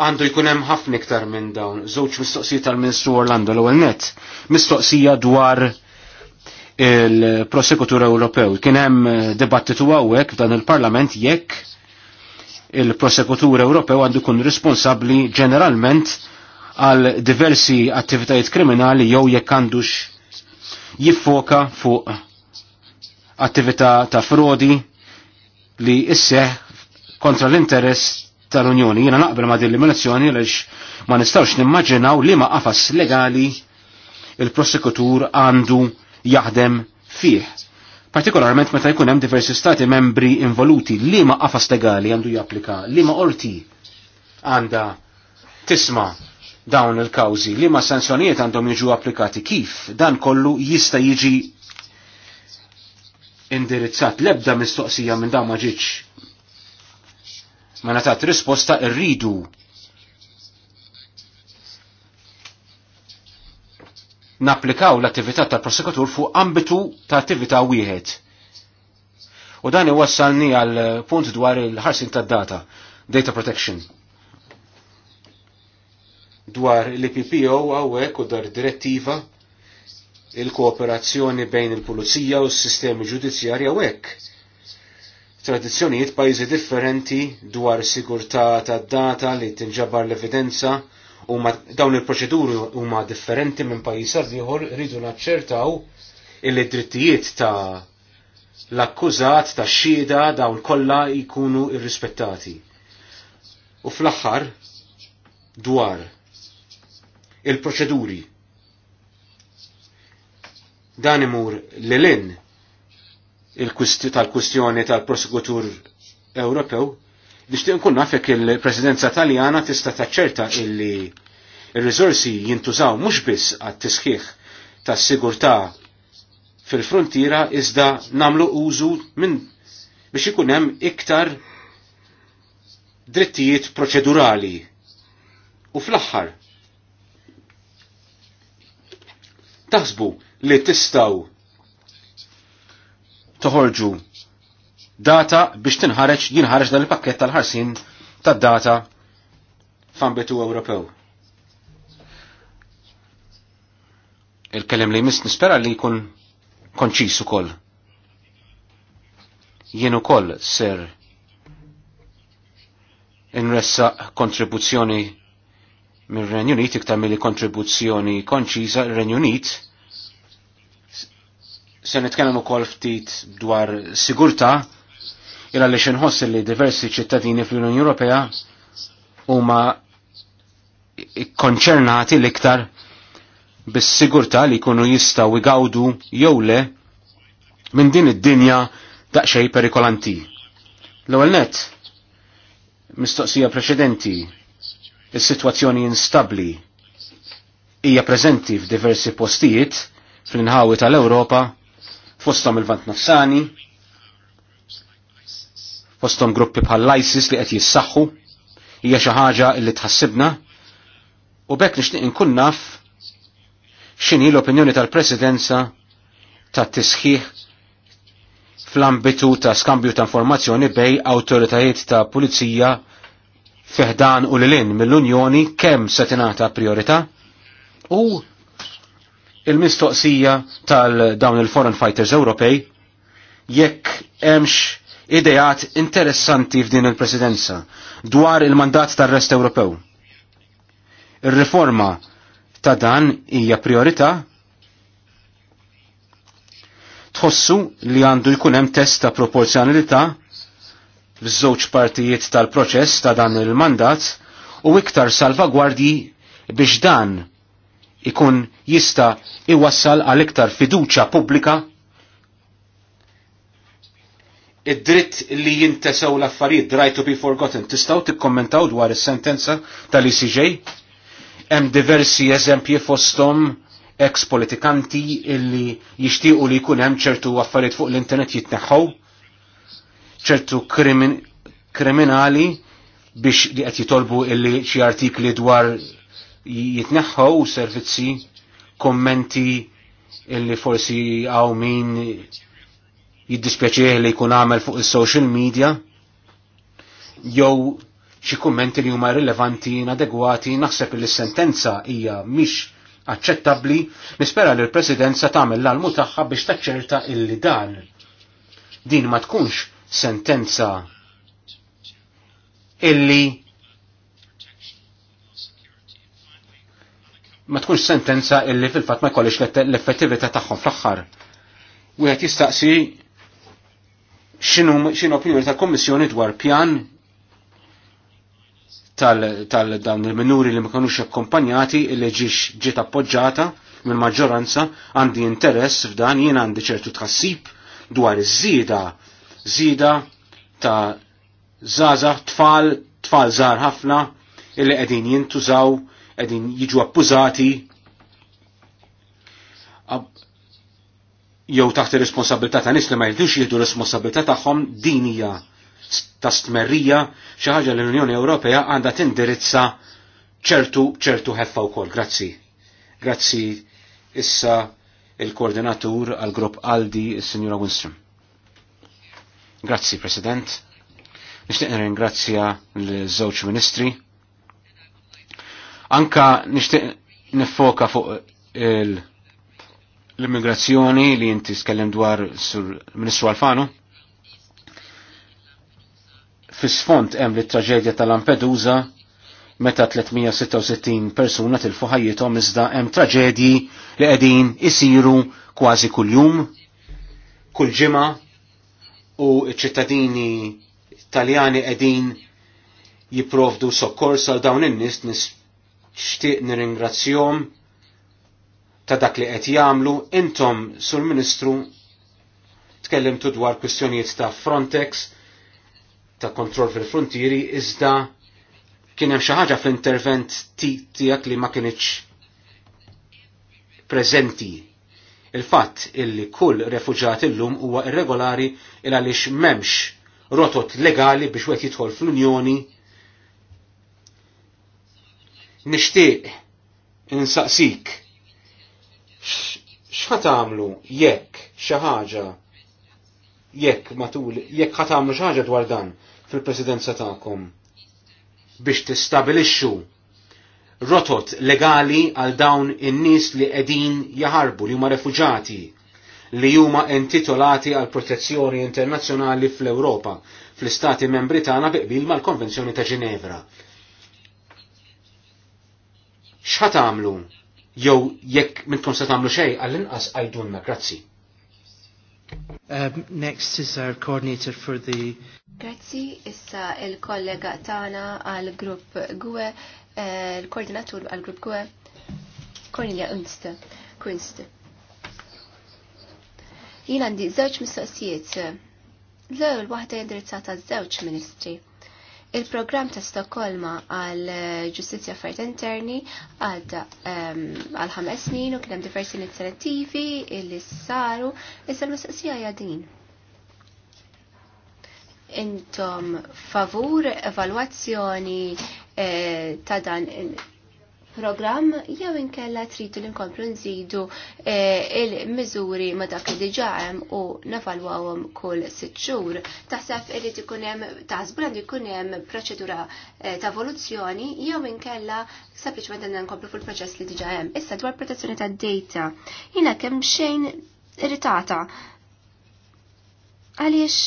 Speaker 2: għandu jkun hemm ħafna iktar minn dawn. Żewġ mistoqsija tal-Ministru Orlando l-ewwel nett. Mistoqsija dwar il-prosekutur Ewropew. Kien hemm dibattitu hawnhekk f'dan il-Parlament jekk Il-prosekutur Ewropew għandu jkun responsabbli ġeneralment għal diversi attivitajiet kriminali jew jekk għandux jiffoka fuq attività ta' frodi li isseħ kontra l-interess tal-Unjoni. Jiena naqbel ma' din l-eliminazzjoni għaliex ma nistgħux nimmaġinaw li ma' qafas legali il-prosekutur għandu jaħdem fih partikolarment meta jkun hemm diversi stati membri involuti li ma qafas legali għandu japplika, li ma orti għanda tisma' dawn il-kawzi, li ma sanzjonijiet għandhom jiġu applikati kif dan kollu jista jiġi indirizzat lebda mistoqsija minn dawn ma ġiġ. Ma natat risposta rridu napplikaw l-attività tal-prosekutur fuq ambitu ta' attività wieħed. U dan iwassalni għal punt dwar il-ħarsin tad-data, data protection. Dwar l-IPPO għawek u dar direttiva il-kooperazzjoni bejn il-pulizija u s-sistemi ġudizzjarja għawek tradizzjonijiet pajjiżi differenti dwar sigurtà tad-data li tinġabar l-evidenza huma dawn il-proċeduri huma differenti minn pajjiż għal ieħor rridu naċċertaw il-drittijiet ta' l-akkużat ta' xieda dawn kollha jkunu irrispettati. U fl-aħħar dwar il-proċeduri dan imur l-lin tal kwistjoni tal-prosekutur Ewropew Nixtieq nkun naf jekk il-Presidenza Taljana tista' taċċerta illi il riżorsi jintużaw mhux biss għat-tisħiħ tas-sigurtà fil-frontiera iżda namlu użu minn biex ikun hemm iktar drittijiet proċedurali. U fl-aħħar taħsbu li tistaw toħorġu data biex tinħareġ jinħareġ dan il-pakket tal-ħarsin tad-data f'ambitu Ewropew. Il-kelem li jmiss nispera li jkun konċis ukoll. Jien ukoll ser inressa kontribuzzjoni mir-Renju Unit iktar milli kontribuzzjoni konċiża ir-Renju Unit se nitkellem ukoll ftit dwar sigurtà il li inħoss li diversi ċittadini fl-Unjoni Ewropea huma konċernati l-iktar bis-sigurtà li jkunu jistgħu igawdu jew le minn din id-dinja daqsxej perikolanti. L-ewwel net, mistoqsija preċedenti, is-sitwazzjoni instabbli hija preżenti f'diversi postijiet fl-inħawi tal-Ewropa, fostom il-Vant Nofsani, fostom gruppi bħal ISIS li qed jissaħħu hija xi ħaġa li tħassibna u bekk nixtieq inkun naf x'inhi l-opinjoni tal-Presidenza ta' tisħiħ fl-ambitu ta' skambju ta' informazzjoni bej awtoritajiet ta' pulizija feħdan u l-lin mill-Unjoni kemm se tingħata priorità u il-mistoqsija tal-dawn il-Foreign Fighters Ewropej jekk hemmx ideat interessanti f'din il-presidenza dwar il-mandat tar-rest Ewropew. Ir-riforma ta' dan hija priorità tħossu li għandu jkun hemm test ta' proporzjonalità f'żewġ partijiet tal-proċess ta' dan il-mandat u iktar salvagwardji biex dan ikun jista iwassal għal iktar fiduċa pubblika id-dritt li jintesew l-affarijiet, right to be forgotten, tistaw tikkommentaw dwar is-sentenza tal-ICJ? Hemm diversi eżempji fosthom ex politikanti illi jixtiequ li jkun hemm ċertu affarijiet fuq l-internet jitneħħu, ċertu krimin kriminali biex li qed jitolbu illi xi artikli dwar jitneħħu servizzi, kommenti illi forsi għaw min jiddispjaċieħ li jkun għamel fuq is-social media jew xi kummenti li huma rilevanti inadegwati naħseb li s-sentenza hija mhix aċċettabbli, nispera li l-Presidenza tagħmel l-almu tagħha biex taċċerta illi dan. Din ma tkunx sentenza illi ma tkunx sentenza illi fil-fatt ma jkollix l-effettività tagħhom fl-aħħar. Wieħed jistaqsi xinu opinjoni tal-Kommissjoni dwar pjan tal-dawn il-minuri li ma konux akkompanjati li ġiet appoġġata mill-maġġoranza għandi interess f'dan jien għandi ċertu tħassib dwar iż-żieda żieda ta' żgħażagħ tfal tfal żgħar ħafna illi qegħdin jintużaw qegħdin jiġu appużati jew taħt ir-responsabilità ta' nies li ma jridux jieħdu responsabilità tagħhom din hija ta' stmerrija xi ħaġa li l-Unjoni Ewropea għandha tindirizza ċertu ċertu ħeffa wkoll. Grazzi. Grazzi issa il-koordinatur għal grupp Aldi is-Sinjura Winstrom. Grazzi, President. Nixtieq ringrazzja l-żewġ ministri. Anka nixtieq nifoka fuq il- l-immigrazzjoni li inti skellem dwar sur Ministru Alfano. fis hemm li traġedja tal-Lampedusa meta 366 persuna tilfu ħajjithom iżda hemm traġedji li qegħdin isiru kważi kuljum, kull ġimgħa u ċ-ċittadini Taljani qegħdin jipprovdu sokkors għal dawn in-nies nixtieq nirringrazzjahom ta' dak li qed jagħmlu intom sur Ministru tkellimtu dwar kwistjonijiet ta' Frontex ta' kontroll fil-frontieri iżda kien hemm xi ħaġa fl-intervent tiegħek li ma kienx preżenti. Il-fatt illi kull refuġat illum huwa irregolari il għaliex memx rotot legali biex wieħed jidħol fl-Unjoni. Nixtieq insaqsik xħat għamlu jekk xaħġa jekk matul, jekk ħat għamlu xaħġa dwar dan fil-presidenza ta'kom biex tistabilixxu rotot legali għal dawn in-nies li qegħdin jaħarbu li huma refuġati li huma intitolati għal protezzjoni internazzjonali fl-Ewropa fl-Istati Membri tagħna biqbil mal-Konvenzjoni ta' Ġinevra. X'ħat għamlu jew jekk minnkom se tagħmlu xejn għall-inqas għajdunna grazzi. Um, next is our coordinator for the
Speaker 3: Grazzi, issa il-kollega tagħna għall grupp GUE, eh, il-koordinatur għall grupp GUE, Cornelia Unst, Kunst. Jien għandi żewġ mistoqsijiet. L-ewwel wahda indirizzata żewġ ministri. Il-programm ta' Stokkolma għal eh, ġustizzja affarijiet interni għadda ehm, għal ħames snin u kien hemm diversi inizjattivi li saru issa l-mistoqsija hija din. Intom favur evalwazzjoni eh, ta' dan program jew inkella tridu li nkomplu nżidu eh, il-miżuri ma dak li diġa hemm u nevalwawhom kull sitt xhur. Taħseb irid ikun hemm taħsbu għandu jkun hemm proċedura eh, ta' evoluzzjoni jew inkella sempliċement għandna nkomplu il proċess li diġa hemm. Issa dwar protezzjoni tad-data. Jiena kemm xejn irritata għaliex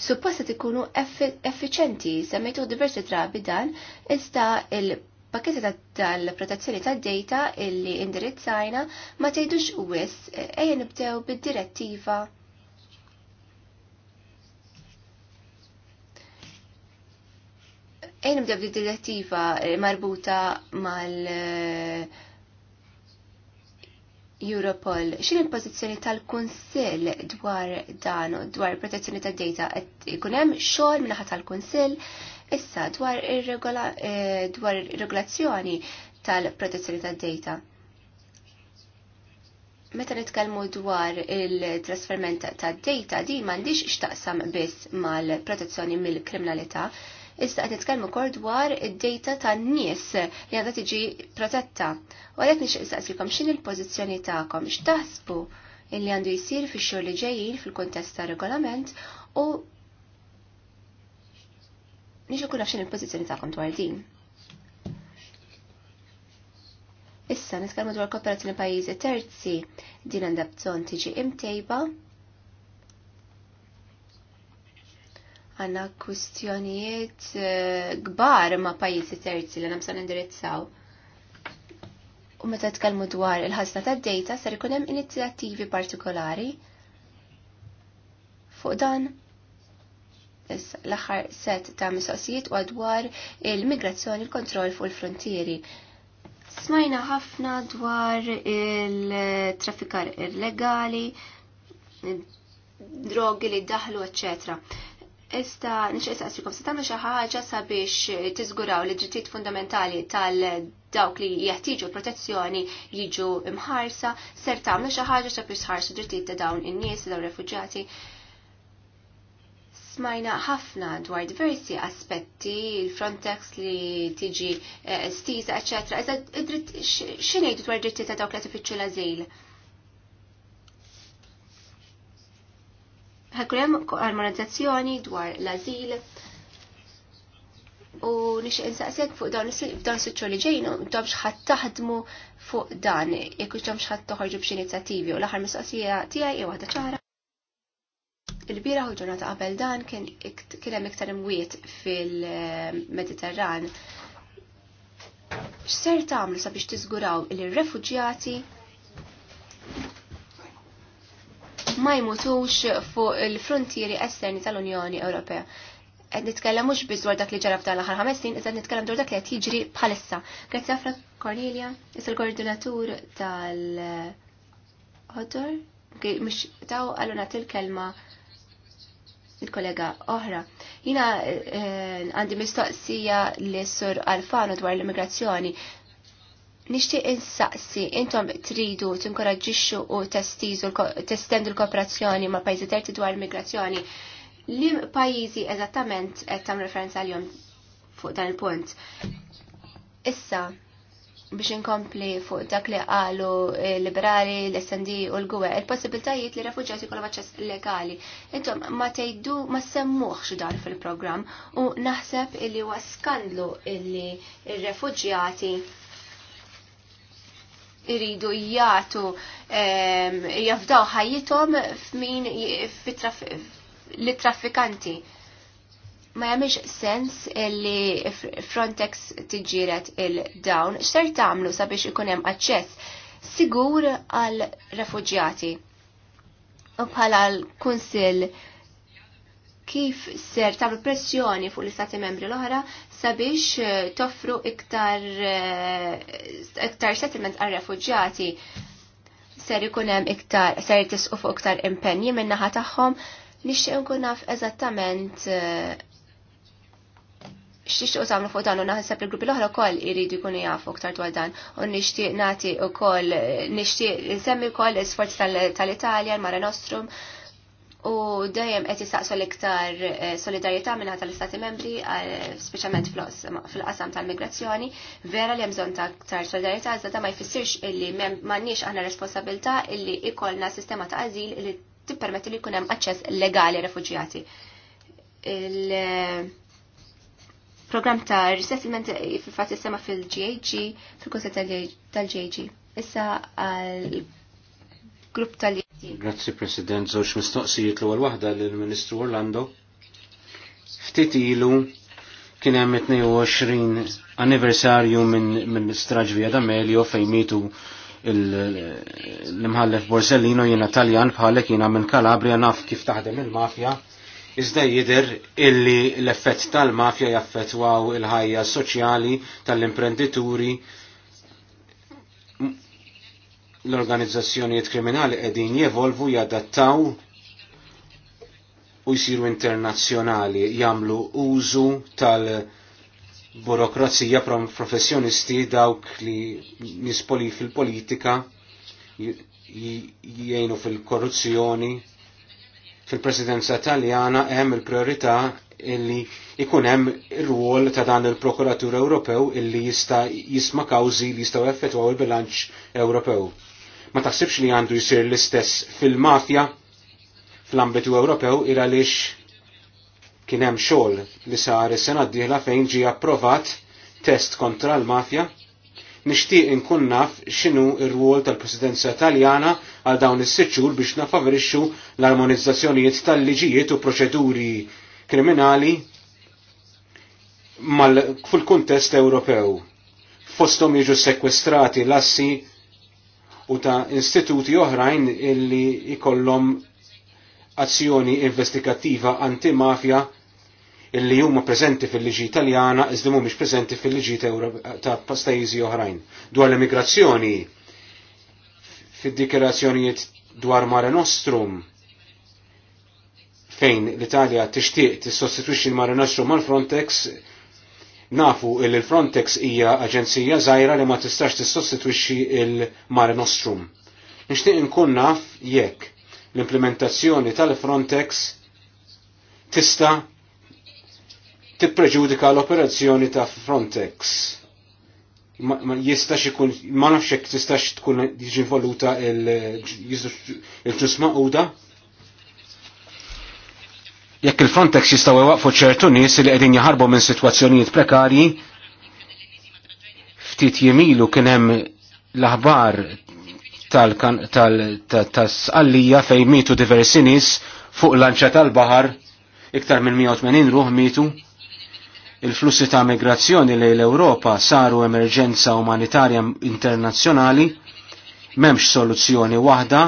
Speaker 3: supposta tikunu effiċenti, semmejtu diversi drabi dan, iżda il-pakketti tal-protezzjoni tad-data illi indirizzajna ma tgħidux wis ejja nibdew bid-direttiva Ejn nibdew bid-direttiva marbuta mal- uh, Europol. Xin il-pozizjoni tal-Kunsill dwar dan, dwar protezzjoni tad data qed ikun hemm xogħol minnaħa tal-Kunsill issa dwar il eh, regolazzjoni tal-protezzjoni tad data. Meta nitkellmu dwar il-trasferment tad data di m'għandix x'taqsam biss mal-protezzjoni mill-kriminalità, Issa qed nitkellmu kol dwar id-data tan-nies li għandha tiġi protetta. U għalhekk nixtieq x'inhi x'in il-pożizzjoni tagħkom x'taħsbu illi għandu jisir fix-xogħol li ġejjin fil-kuntest ta' regolament u nixu kuna xin il-pozizjoni ta'kom dwar din. Issa, niskalmu dwar kooperazzjoni pajizi terzi, din għandha bżonn tiġi imtejba għanna kustjonijiet eh, gbar ma' pajjiżi terzi li namsan indirizzaw. U meta tkellmu dwar il-ħazna ta' data ser ikun hemm inizjattivi partikolari fuq dan l-aħħar set ta' mistoqsijiet u dwar il-migrazzjoni l-kontroll fuq il-frontieri. Smajna ħafna dwar il-traffikar illegali, drogi li daħlu, eccetera Ista nixqis għasikom, se tagħmlu xi ħaġa sabiex tiżguraw li drittijiet fundamentali tal dawk li jahtiġu protezzjoni jiġu imħarsa, ser tagħmlu xi ħaġa sabiex ħarsu drittijiet ta' dawn in-nies dawn refugġati. Smajna ħafna dwar diversi aspetti, il-Frontex li tiġi eh, stiza, eccetera. iżda x'inejdu dwar drittijiet ta' dawk li tifittxu l-azil. ħakrem armonizzazzjoni dwar l-azil u nixtieq insaqsek fuq dawn f'dawn is-suċċoli ġejnu domx ħadd taħdmu fuq dan jekk hux xħat toħorġu bċi inizjattivi u l-aħħar mistoqsija tiegħi hija waħda ċara. Il-bira u ġurnata qabel dan kien hemm iktar imwiet fil-Mediterran. X'ser tagħmlu sabiex tiżguraw il-refuġjati ma jmutux fuq il-frontieri esterni tal-Unjoni Ewropea. Qed nitkellem mhux biż dwar dak li ġara f'dan l-aħħar ħames iżda nitkellem dwar dak li qed jiġri bħalissa. Grazzi ħafna Cornelia, issa il koordinatur tal odor mhux taw għallu nagħti l-kelma il-kollega oħra. Jina eh, għandi mistoqsija li sur Alfano dwar l-immigrazzjoni. Nixtieq insaqsi intom tridu tinkoraġġixxu u testiżu testendu l-kooperazzjoni ma' pajjiżi terzi dwar immigrazzjoni. Li pajjiżi eżattament qed tagħmel referenza għalhom fuq dan il-punt. Issa, biex inkompli fuq dak li qalu liberali, l-SND u l-gwe, il-possibiltajiet li refuġjati kollu maċċess legali. Intom ma tgħidu ma semmuħx dan fil-programm u naħseb illi huwa skandlu illi ir-refuġjati il iridu jgħatu ehm, jafdaw ħajjitom f'min li traffikanti. Ma jamiex sens li Frontex tiġġieret il-dawn. X'ser tagħmlu sabiex ikun hemm aċċess sigur għal refuġjati. U bħala l kunsil kif ser tagħmlu pressjoni fuq l-istati membri l-oħra sabiex eh, toffru iktar eh, iktar settlement għal refuġjati ser ikun hemm iktar ser tisqu fuq iktar impenji minn naħa tagħhom nixtieq nkun naf eżattament eh, xtixtiq tagħmlu fuq dan u naħseb il-gruppi l-oħra wkoll iridu jkunu jafu aktar dwar dan u nixtieq nagħti wkoll nixtieq insemmi wkoll l-isforz tal-Italja, l-Mare Nostrum U dejjem qed jistaqsu l-iktar eh, solidarjetà minn tal-Istati Membri, eh, speċjalment fil-qasam tal-migrazzjoni, vera li hemm bżonn ta' aktar solidarjetà iżda ma jfissirx illi m'għandniex aħna responsabilta illi ikollna sistema ta' illi li tippermetti li jkun hemm aċċess legali refuġjati. Il-programm eh, ta' resettlement fil-fatt sistema fil-GAG, fil-konsett tal-GAG. Issa għal grupp tal
Speaker 2: Grazzi President, zoċ mistoqsijiet l għal waħda lill-Ministru Orlando. Ftit ilu kien hemm 22 anniversarju minn min via d'Amelio fejn mitu l-imħallef Borsellino jiena Taljan bħalek jiena minn Kalabria naf kif taħdem il-mafja. Iżda jidher illi l-effett tal-mafja jaffettwaw il-ħajja soċjali tal-imprendituri l-organizzazzjonijiet kriminali qegħdin jevolvu jadattaw u jsiru internazzjonali jagħmlu użu tal-burokrazija professjonisti dawk li nispoli fil-politika jgħinu fil-korruzzjoni fil-presidenza taljana hemm il-priorità illi ikun hemm ir-rwol ta' dan il-Prokuratur Ewropew illi jista' jisma' kawżi li jistgħu effettwaw il-bilanċ Ewropew ma taħsibx li għandu jisir l-istess fil-mafja fl-ambitu Ewropew ira lix kien hemm xogħol li sar is-sena d-dieħla fejn ġie approvat test kontra l-mafja. Nixtieq inkun naf x'inhu r-rwol tal-Presidenza Taljana għal dawn is-sitt xhur biex nafavorixxu l-armonizzazzjonijiet tal-liġijiet u proċeduri kriminali mal fil kuntest Ewropew. Fostom jiġu sekwestrati lassi u ta' istituti oħrajn illi ikollhom azzjoni investigattiva antimafja illi huma preżenti fil-liġi Taljana iżda mhumiex preżenti fil-liġi ta' pajjiżi oħrajn. Dwar l-immigrazzjoni fid-dikjerazzjonijiet dwar Mare Nostrum fejn l-Italja tixtieq tissostitwixxi l-Mare Nostrum mal-Frontex Nafu il l-Frontex hija aġenzija żgħira li ma tistax tissostitwixxi il-Mare Nostrum. Nixtieq inkun naf jekk l-implementazzjoni tal-Frontex tista' tippreġudika l-operazzjoni ta' Frontex. Ma jistax ikun, ma nafx jekk tistax tkun jiġi involuta il-ġusma il jekk il-Frontex jistgħu iwaqfu ċertu nies li qegħdin jaħarbu minn sitwazzjonijiet prekarji, ftit jemilu kien hemm l-aħbar tal-sqallija fejn mitu diversi nies fuq lanċa tal-baħar iktar minn 180 ruħ mitu il-flussi ta' migrazzjoni lejn l-Ewropa saru emerġenza umanitarja internazzjonali, m'hemmx soluzzjoni waħda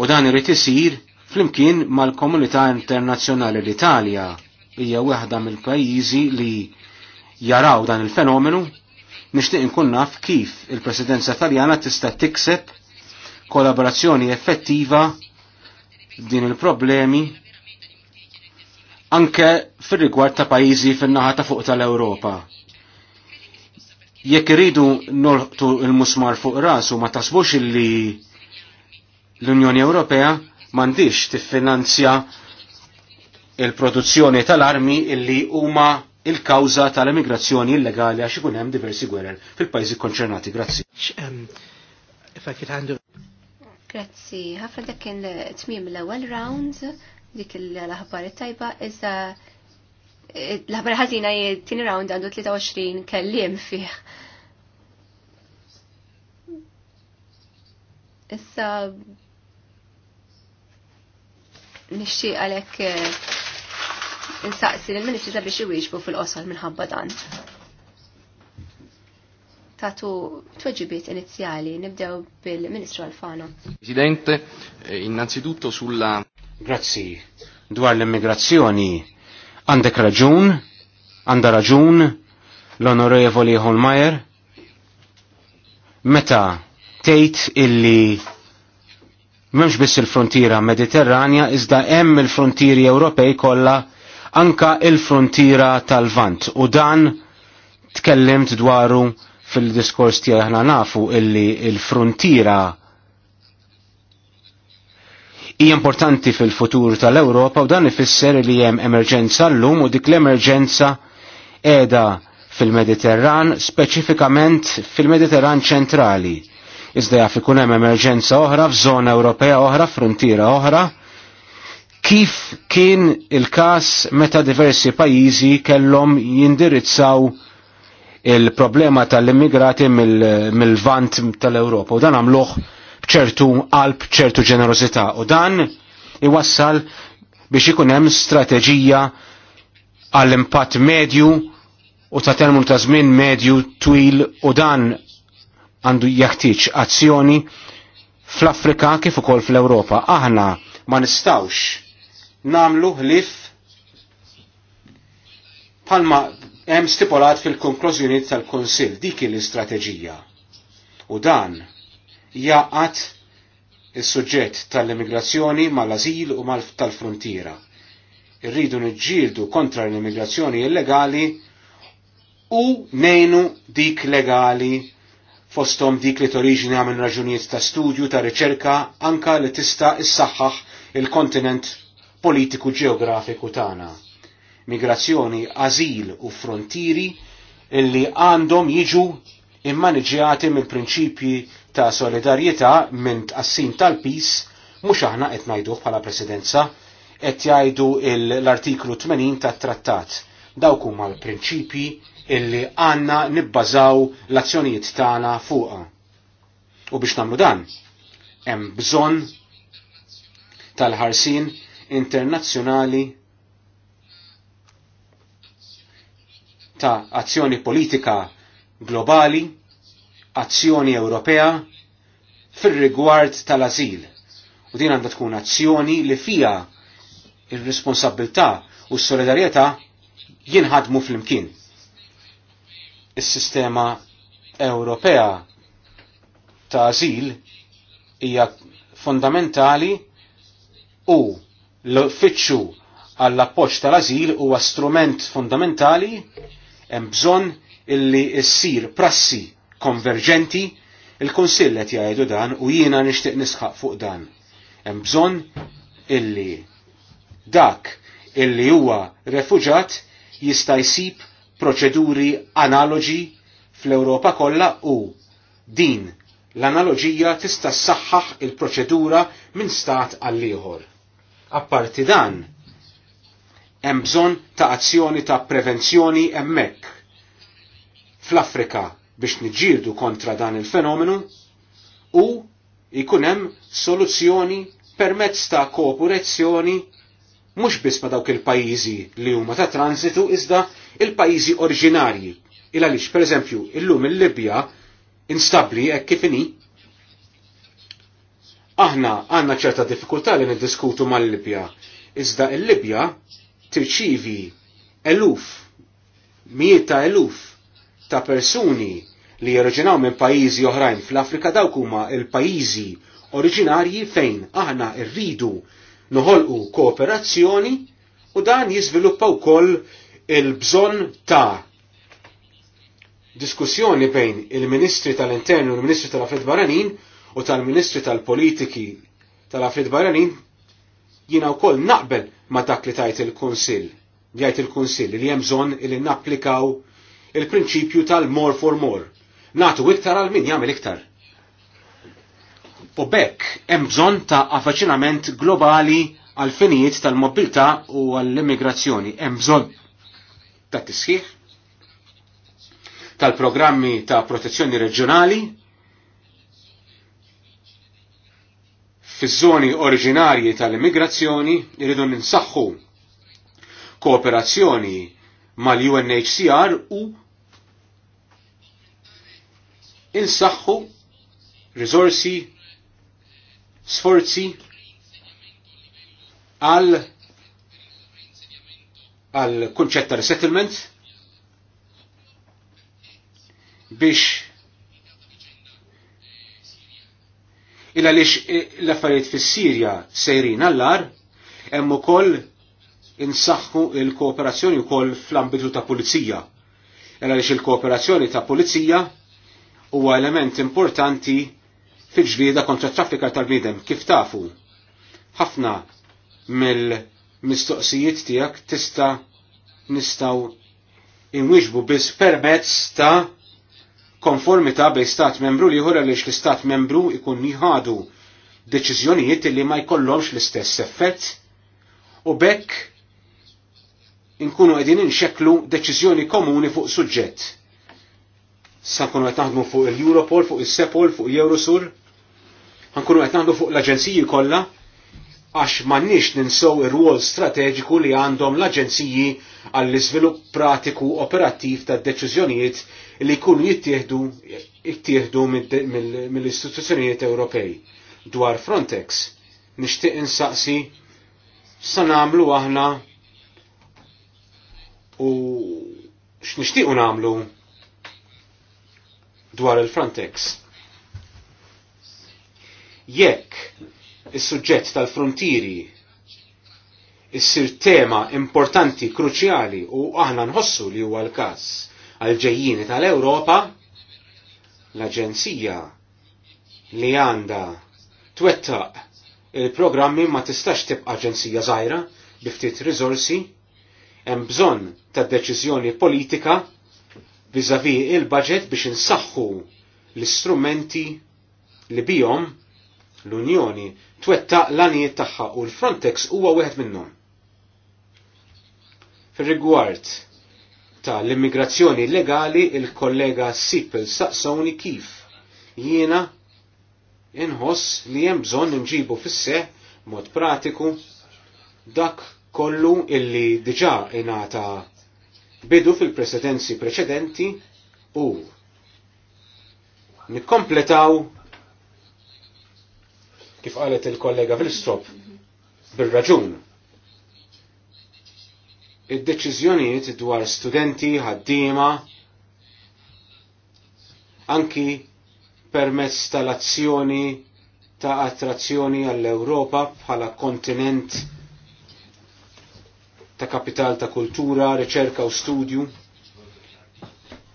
Speaker 2: u dan irid isir flimkien mal-komunità internazzjonali l-Italja hija waħda mill-pajjiżi li jaraw dan il-fenomenu nixtieq inkun naf kif il-Presidenza Taljana tista' tikseb kollaborazzjoni effettiva din il-problemi anke fir-rigward ta' pajjiżi fin-naħa ta' fuq tal-Ewropa jekk iridu nortu il-musmar fuq rasu ma tasbux illi l-Unjoni Ewropea mandiċ tiffinanzja il-produzzjoni tal-armi illi huma il-kawza tal emigrazzjoni illegali għax ikun hemm diversi gwerer fil-pajjiżi konċernati. Grazzi.
Speaker 3: Um, Grazzi, ħafna dak kien tmiem l-ewwel round dik l-aħbar tajba iżda l-aħbar ħażina tieni round għandu 23 kelliem fih. Issa nixtieq għalhekk eh, insaqsi lill ministri sabiex iwieġbu fil-qosor minħabba dan. Tatu tweġibiet inizjali nibdew bil-Ministru Alfano.
Speaker 2: Presidente, eh, innanzitutto sulla Grazzi. Dwar l-immigrazzjoni għandek raġun, għanda raġun l-onorevoli Holmeyer, meta tgħid illi Memx biss il-frontiera mediterranja iżda hemm il-frontieri Ewropej kollha anka il frontira tal-Vant u dan tkellimt dwaru fil-diskors tiegħi aħna nafu illi il frontira hija importanti fil-futur tal-Ewropa u dan ifisser li hemm emerġenza llum u dik l-emerġenza qiegħda fil-Mediterran, speċifikament fil-Mediterran ċentrali. Iżda jaf ikun hemm emerġenza oħra f'żona Ewropea oħra, frontiera oħra, kif kien il-każ meta diversi pajjiżi kellhom jindirizzaw il-problema tal-immigrati mill-vant mil tal-Ewropa u dan għamluħ bċertu qalb, ċertu ġenerosità u dan iwassal biex ikun hemm strateġija għall-impatt medju u ta' termu ta' żmien medju twil u dan għandu jaħtieġ azzjoni fl-Afrika kif ukoll fl-Ewropa. Aħna ma nistawx namlu ħlif palma hemm stipulat fil-konklużjoni tal-Konsil dik l-istrateġija. U dan jaqat is-suġġett tal-immigrazzjoni mal-azil u mal tal-frontiera. Irridu niġġieldu kontra l-immigrazzjoni illegali u nejnu dik legali fostom dik li toriġina minn raġunijiet ta' studju, ta' riċerka, anka li tista' issaħħaħ il-kontinent politiku ġeografiku tagħna. Migrazzjoni, azil u frontieri illi għandhom jiġu immaniġjati mill-prinċipji ta' solidarjetà minn tqassim tal-pis mhux aħna qed ngħiduh bħala presidenza qed jgħidu l-artiklu 80 tat-trattat. Dawk huma l-prinċipji illi għanna nibbażaw l-azzjonijiet tagħna fuqha. U biex nagħmlu dan, hemm bżonn tal-ħarsin internazzjonali ta' azzjoni politika globali, azzjoni Ewropea fir-rigward tal-azil. U din għandha tkun azzjoni li fija ir-responsabilità u s-solidarjetà jinħadmu fl-imkien is-sistema Ewropea ta' azil hija fondamentali u l-uffiċċju għall appoġġ tal-azil huwa strument fundamentali hemm bżonn illi ssir prassi konverġenti il-Kunsill qed jgħidu dan u jiena nixtieq nisħaq fuq dan. Hemm bżonn illi dak illi huwa refuġat jista' jsib proċeduri analoġi fl-Ewropa kollha u din l-analoġija tista' ssaħħaħ il-proċedura minn stat għal ieħor. Apparti dan, hemm bżonn ta' azzjoni ta' prevenzjoni hemmhekk. Fl-Afrika biex niġġieldu kontra dan il-fenomenu u jkun hemm soluzzjoni permezz ta' kooperazzjoni mhux biss ma' dawk il-pajjiżi li huma ta' transitu iżda il-pajjiżi oriġinarji. Il għaliex, pereżempju, illum il-Libja instabli hekk kif Aħna għandna ċerta diffikultà li niddiskutu mal-Libja, iżda il-Libja tirċivi eluf, mijiet ta' eluf ta' persuni li jirriġinaw minn pajjiżi oħrajn fl-Afrika dawk huma il-pajjiżi oriġinarji fejn aħna rridu noħolqu kooperazzjoni u dan jiżviluppa wkoll il-bżonn ta' diskussjoni bejn il-Ministri tal-Intern u l-Ministri tal afrit Barranin u tal-Ministri tal-Politiki tal afrit Barranin jina wkoll naqbel ma dak li tajt il-Kunsill. Jgħid il-Kunsill li hemm bżonn li napplikaw il-prinċipju tal-more for more. Natu iktar għal min jagħmel iktar. U bekk hemm bżonn ta' affaċinament globali għal finijiet tal-mobilità u għall-immigrazzjoni. Hemm bżonn ta' tisħiħ tal-programmi ta' protezzjoni reġjonali fiż-żoni oriġinarji tal-immigrazzjoni irridu ninsaħħu kooperazzjoni mal-UNHCR u insaħħu risorsi, sforzi għal għal kunċett ta' resettlement biex illa lix l-affarijiet fis-Sirja sejrin għallar hemm ukoll insaħħu il-kooperazzjoni wkoll fl-ambitu ta' pulizija. lix il-kooperazzjoni ta' pulizija huwa element importanti fil-ġlieda kontra traffika tal-bniedem kif tafu. Ħafna mill- mistoqsijiet tiegħek tista' nistgħu inwiġbu biss permezz ta' konformità bej stat membru li jħur għaliex l-istat membru ikun jħadu deċiżjonijiet li ma jkollhomx l-istess effett u bekk inkunu qegħdin inxeklu deċiżjoni komuni fuq suġġett. Sa nkunu qed naħdmu fuq il-Europol, fuq is-Sepol, fuq Eurosur, għankunu qed naħdmu fuq l-aġenziji kollha għax mannix ninsow ir-rwol strateġiku li għandhom l-aġenziji għall iżvilupp pratiku operattiv ta' deċiżjonijiet li jkunu jittieħdu jittieħdu mill-istituzzjonijiet Ewropej. Dwar Frontex, nixtieq insaqsi sa nagħmlu aħna u x'nixtiequ nagħmlu dwar il-Frontex. Jekk is-suġġett tal-frontieri issir tema importanti, kruċjali u aħna nħossu li huwa l-każ għal-ġejjini tal-Ewropa l-Aġenzija li għanda twettaq il-programmi ma tistax tibqa' aġenzija żgħira bi ftit riżorsi hemm bżonn ta' deċiżjoni politika viżavi il-budget biex insaħħu l-istrumenti li bijom l-Unjoni twettaq l għanijiet tagħha u l-Frontex huwa wieħed minnhom. Fir-rigward ta' l-immigrazzjoni legali il-kollega Sipel saqsawni kif jiena inħoss li hemm bżonn nġibu fis-seħ mod pratiku dak kollu illi diġà ingħata bidu fil-presidenzi preċedenti u nikkompletaw kif qalet il-kollega Vilstrop, bil-raġun. Id-deċiżjonijiet dwar studenti, ħaddiema, anki permezz tal-azzjoni ta' attrazzjoni għall-Europa bħala kontinent ta' kapital ta' kultura, riċerka u studju.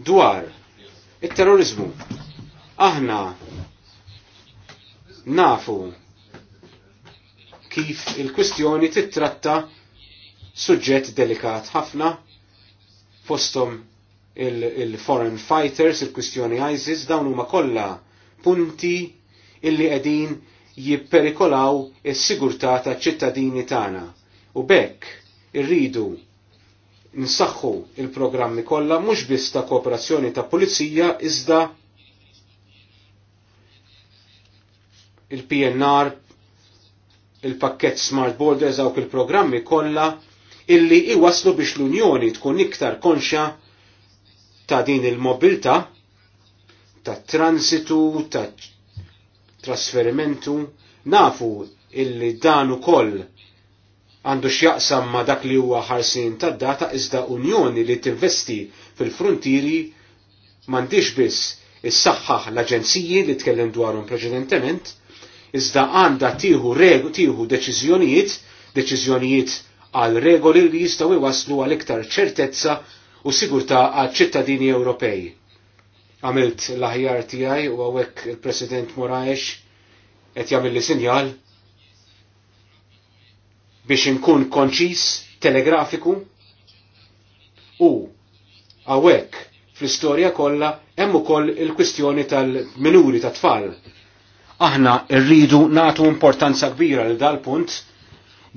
Speaker 2: Dwar it-terrorizmu. Aħna nafu kif il-kwistjoni titratta suġġett delikat ħafna fostom il-foreign fighters, il-kwistjoni ISIS, dawn huma kollha punti illi qegħdin jipperikolaw is-sigurtà taċ-ċittadini tagħna. U bekk irridu nsaħħu il-programmi kollha mhux biss ta' kooperazzjoni ta' pulizija iżda il-PNR, il-pakket Smart Borders dawk il-programmi kollha illi iwaslu biex l-Unjoni tkun iktar konxa ta' din il-mobilta, ta' transitu, ta' trasferimentu, nafu illi dan ukoll għandu x'jaqsam ma' dak li huwa ħarsin tad-data iżda Unjoni li tinvesti fil-frontieri m'għandix biss is-saħħaħ l-aġenziji li tkellem dwarhom preċedentement, iżda għandha tieħu regu tiħu deċiżjonijiet, deċiżjonijiet għal regoli li jistgħu iwaslu għal iktar ċertezza u sigurtà għal ċittadini Ewropej. Għamilt l-aħjar tiegħi u għawek il-President Moraes qed jagħmel li sinjal biex inkun konċis, telegrafiku u għawek fl-istorja kollha hemm ukoll il-kwistjoni tal-minuri tat-tfal Aħna rridu natu importanza kbira li dal-punt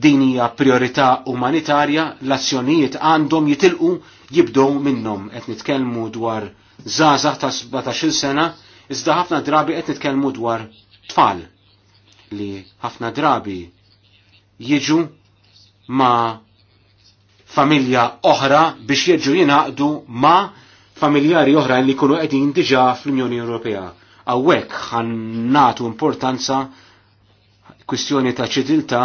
Speaker 2: din hija priorità umanitarja, l-azzjonijiet għandhom jitilqu jibdow minnhom qed nitkellmu dwar żgħażagħ ta' 17-il sena, iżda ħafna drabi qed nitkellmu dwar tfal li ħafna drabi jiġu ma' familja oħra biex jiġu jinaqdu ma' familjari oħra li jkunu qegħdin diġà fl-Unjoni Ewropea għawek ħannatu importanza kwistjoni ta' ċidilta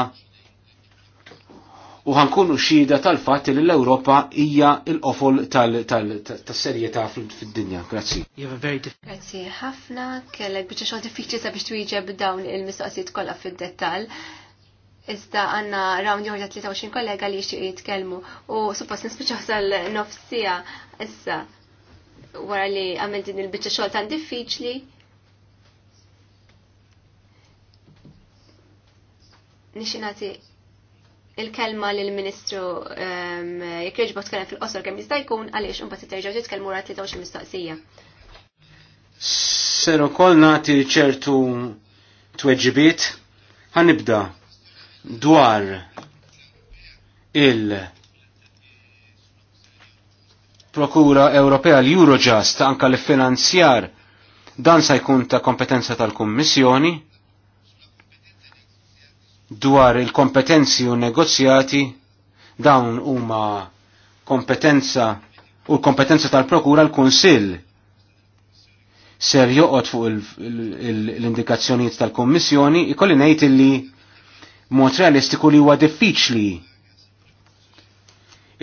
Speaker 2: u ħankunu xida tal-fat li l-Europa hija l-qofol tal-serjetà fid-dinja. Grazzi.
Speaker 3: Grazzi ħafna, kellek biex xogħol diffiċli sabiex twieġeb dawn il-mistoqsijiet kollha fid-dettall. Iżda għanna rawn ħorġa 23 kollega li xie jitkelmu u suppost nispiċaw sal-nofsija issa wara li għamil din il-bicċa xogħol tan diffiċli nixinati il-kelma lill-Ministru ehm, t kellem fil-qosor kemm jista' jkun għaliex imbagħad titerġgħu li wara 23 mistoqsija.
Speaker 2: Ser kol nagħti ċertu tweġibiet nibda, dwar il- Prokura Ewropea l-Eurojust anka l-finanzjar dan sa jkun ta' kompetenza tal-Kummissjoni dwar il-kompetenzi u negozjati dawn huma kompetenza u l-kompetenza tal-prokura l-Kunsill ser joqgħod fuq l-indikazzjonijiet tal-Kommissjoni ikolli ngħid illi mod realistiku li huwa diffiċli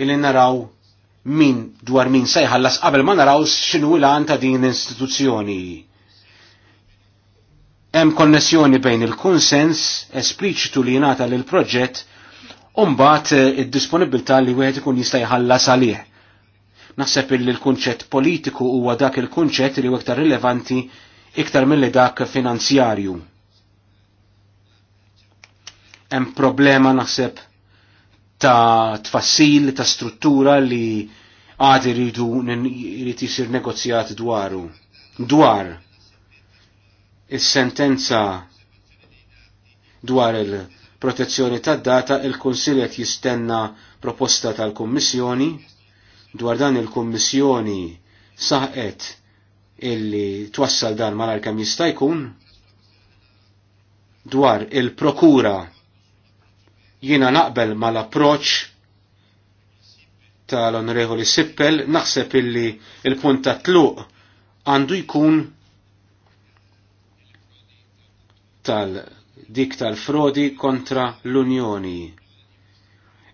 Speaker 2: illi naraw min dwar min se jħallas qabel ma naraw x'inhu l-għan ta' din l-istituzzjoni Hemm konnessjoni bejn il-kunsens espliċitu li jingħata lil proġett u mbagħad eh, id-disponibilità li wieħed ikun jista' jħallas għalih. Naħseb illi l-kunċett politiku huwa dak il-kunċett li huwa iktar rilevanti iktar milli dak finanzjarju. Hemm problema naħseb ta' tfassil, ta' struttura li għadi rridu jrid jisir negozjat dwaru. Dwar is-sentenza dwar il-protezzjoni tad-data il-Kunsill jistenna proposta tal-Kummissjoni dwar dan il-Kummissjoni saħqet illi twassal dan malar kemm jista' jkun dwar il-prokura jiena naqbel mal-approċ tal-Onorevoli Sippel naħseb illi il-punt ta' tluq għandu jkun tal-dik tal-frodi kontra l-Unjoni.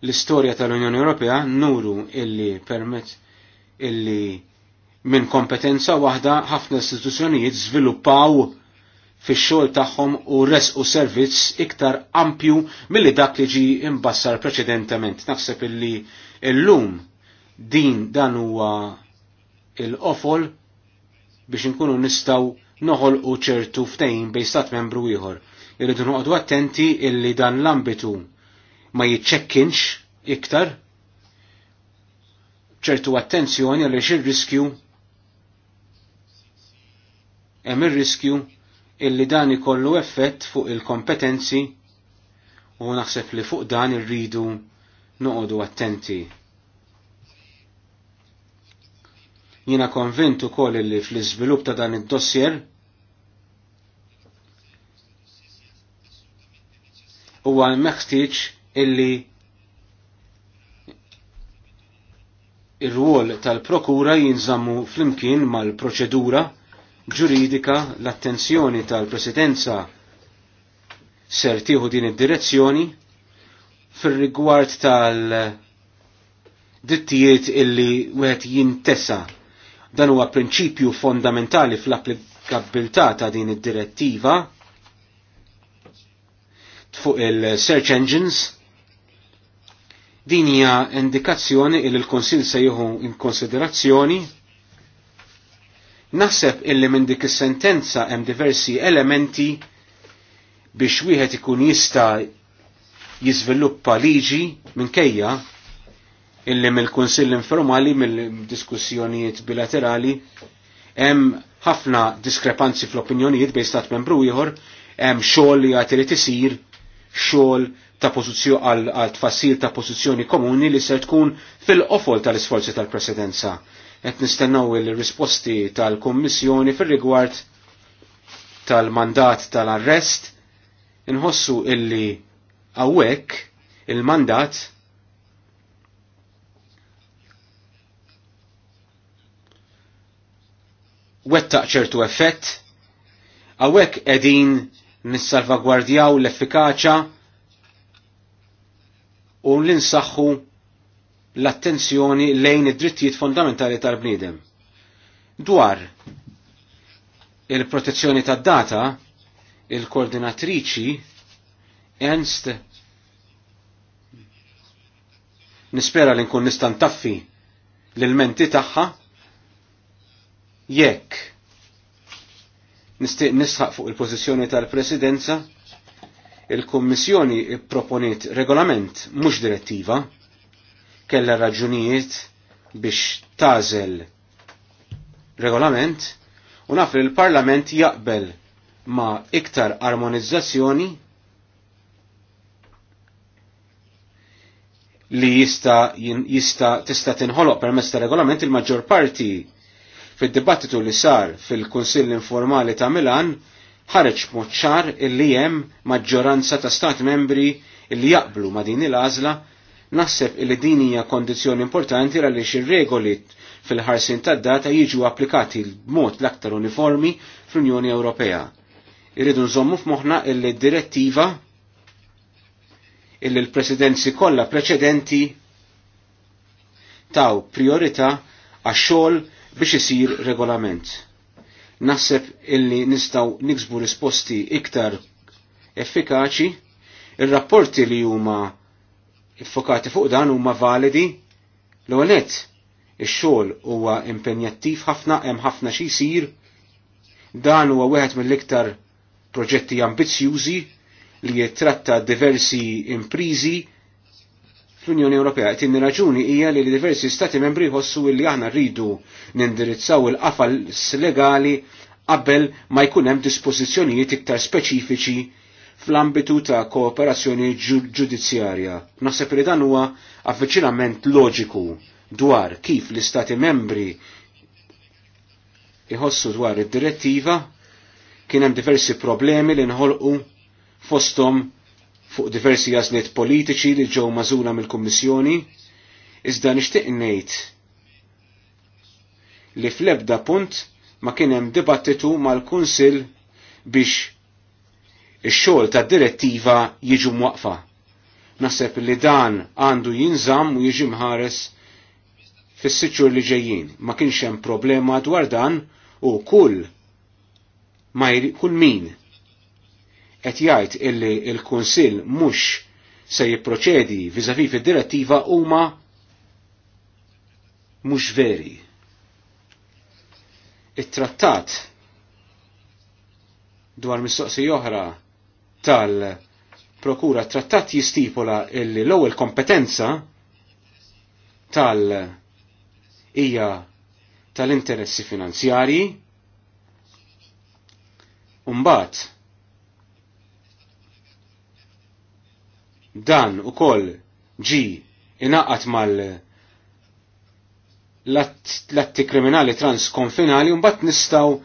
Speaker 2: L-istorja tal-Unjoni Ewropea nuru illi permet illi minn kompetenza waħda ħafna istituzzjonijiet żviluppaw fix-xogħol tagħhom u resqu servizz iktar ampju milli dak li ġi imbassar preċedentement. Naħseb illi illum din dan huwa il-qofol biex inkunu nistgħu noħol u ċertu ftejn bej stat membru ieħor. Irridu noqgħodu attenti illi dan l-ambitu ma jiċċekkinx iktar ċertu attenzjoni għaliex ir-riskju hemm ir-riskju illi dan ikollu effett fuq il-kompetenzi u naħseb li fuq dan irridu noqogħdu attenti. Jina konvintu kol li fl-izvilup ta' dan id-dossier huwa meħtieġ illi ir-rwol tal-prokura jinżammu flimkien mal-proċedura ġuridika l-attenzjoni tal-presidenza ser tieħu din id-direzzjoni fir-rigward tal-dittijiet illi wieħed jintesa' Dan huwa prinċipju fondamentali fl-applikabilità ta' din id-direttiva fuq il-search engines. Din hija indikazzjoni il l konsil se jieħu in konsiderazzjoni. Naħseb illi minn dik is-sentenza hemm diversi elementi biex wieħed ikun jista' jiżviluppa liġi minkejja illi mill-Kunsill informali mill-diskussjonijiet bilaterali hemm ħafna diskrepanzi fl-opinjonijiet bejn stat membru ieħor, hemm xogħol li għati li tisir xogħol ta' pożizzjoni għal, għal tfassir ta' pożizzjoni komuni li ser tkun fil-qofol tal-isforzi tal-presidenza. Qed nistennew il-risposti tal-Kummissjoni fir-rigward tal-mandat tal-arrest, inħossu illi għawek il-mandat wettaq ċertu effett, għawek edin nissalvagwardjaw l-effikaċa u l-insaxħu l-attenzjoni lejn id-drittijiet fondamentali tal-bniedem. Dwar il-protezzjoni tad data il-koordinatriċi Ernst nispera li nkun nistan taffi l-menti tagħha Jekk nistiq nisħaq fuq il-pożizzjoni tal-Presidenza, il-Kommissjoni proponiet regolament mhux direttiva, kella raġunijiet biex tażel regolament u naf li l-Parlament jaqbel ma iktar armonizzazzjoni li jista, jista tista tinħoloq permezz ta' regolament il-maġġor parti Fid-dibattitu li sar fil-Kunsill Informali ta' Milan ħareġ moċċar illi hemm maġġoranza ta' stat membri illi jaqblu ma' din il-għażla naħseb illi din hija kondizzjoni importanti għaliex ir-regoli fil-ħarsin tad-data jiġu applikati b'mod l-aktar uniformi fl-Unjoni Ewropea. Irridu nżommu f'moħħna illi d-direttiva illi l-presidenzi kollha preċedenti taw priorità għax xogħol biex isir regolament. Naħseb illi nistaw niksbu risposti iktar effikaċi, il-rapporti li huma iffokati fuq dan huma validi, l għonet il xogħol huwa impenjattiv ħafna hemm ħafna xi jsir, dan huwa wieħed mill-iktar proġetti ambizzjużi li jittratta diversi imprizi fl-Unjoni Ewropea. Tinni raġuni hija li diversi stati membri jħossu li aħna rridu nindirizzaw il qafal legali qabel ma jkun hemm dispożizzjonijiet iktar speċifiċi fl-ambitu ta' kooperazzjoni ġudizzjarja. Naħseb li dan huwa avviċinament loġiku dwar kif l-istati membri iħossu dwar id-direttiva kien hemm diversi problemi li nħolqu fostom fuq diversi jażliet politiċi li ġew mażuna mill-Kummissjoni, iżda nixtieq ngħid li fl-ebda punt ma kien hemm dibattitu mal-Kunsill biex ix-xogħol tad-direttiva jiġu mwaqfa. Naħseb li dan għandu jinżamm u jiġi mħares fis-siċur li ġejjin. Ma kienx hemm problema dwar dan u kull ma kull min qed jgħid illi l-Kunsill mhux se jipproċedi viżavi fid-direttiva huma mhux veri. It-trattat dwar mistoqsi oħra tal-Prokura trattat jistipula illi l-ewwel kompetenza tal- hija tal-interessi finanzjarji u mbagħad Dan u koll ġi inaqat mal l-atti kriminali transkonfinali un bat nistaw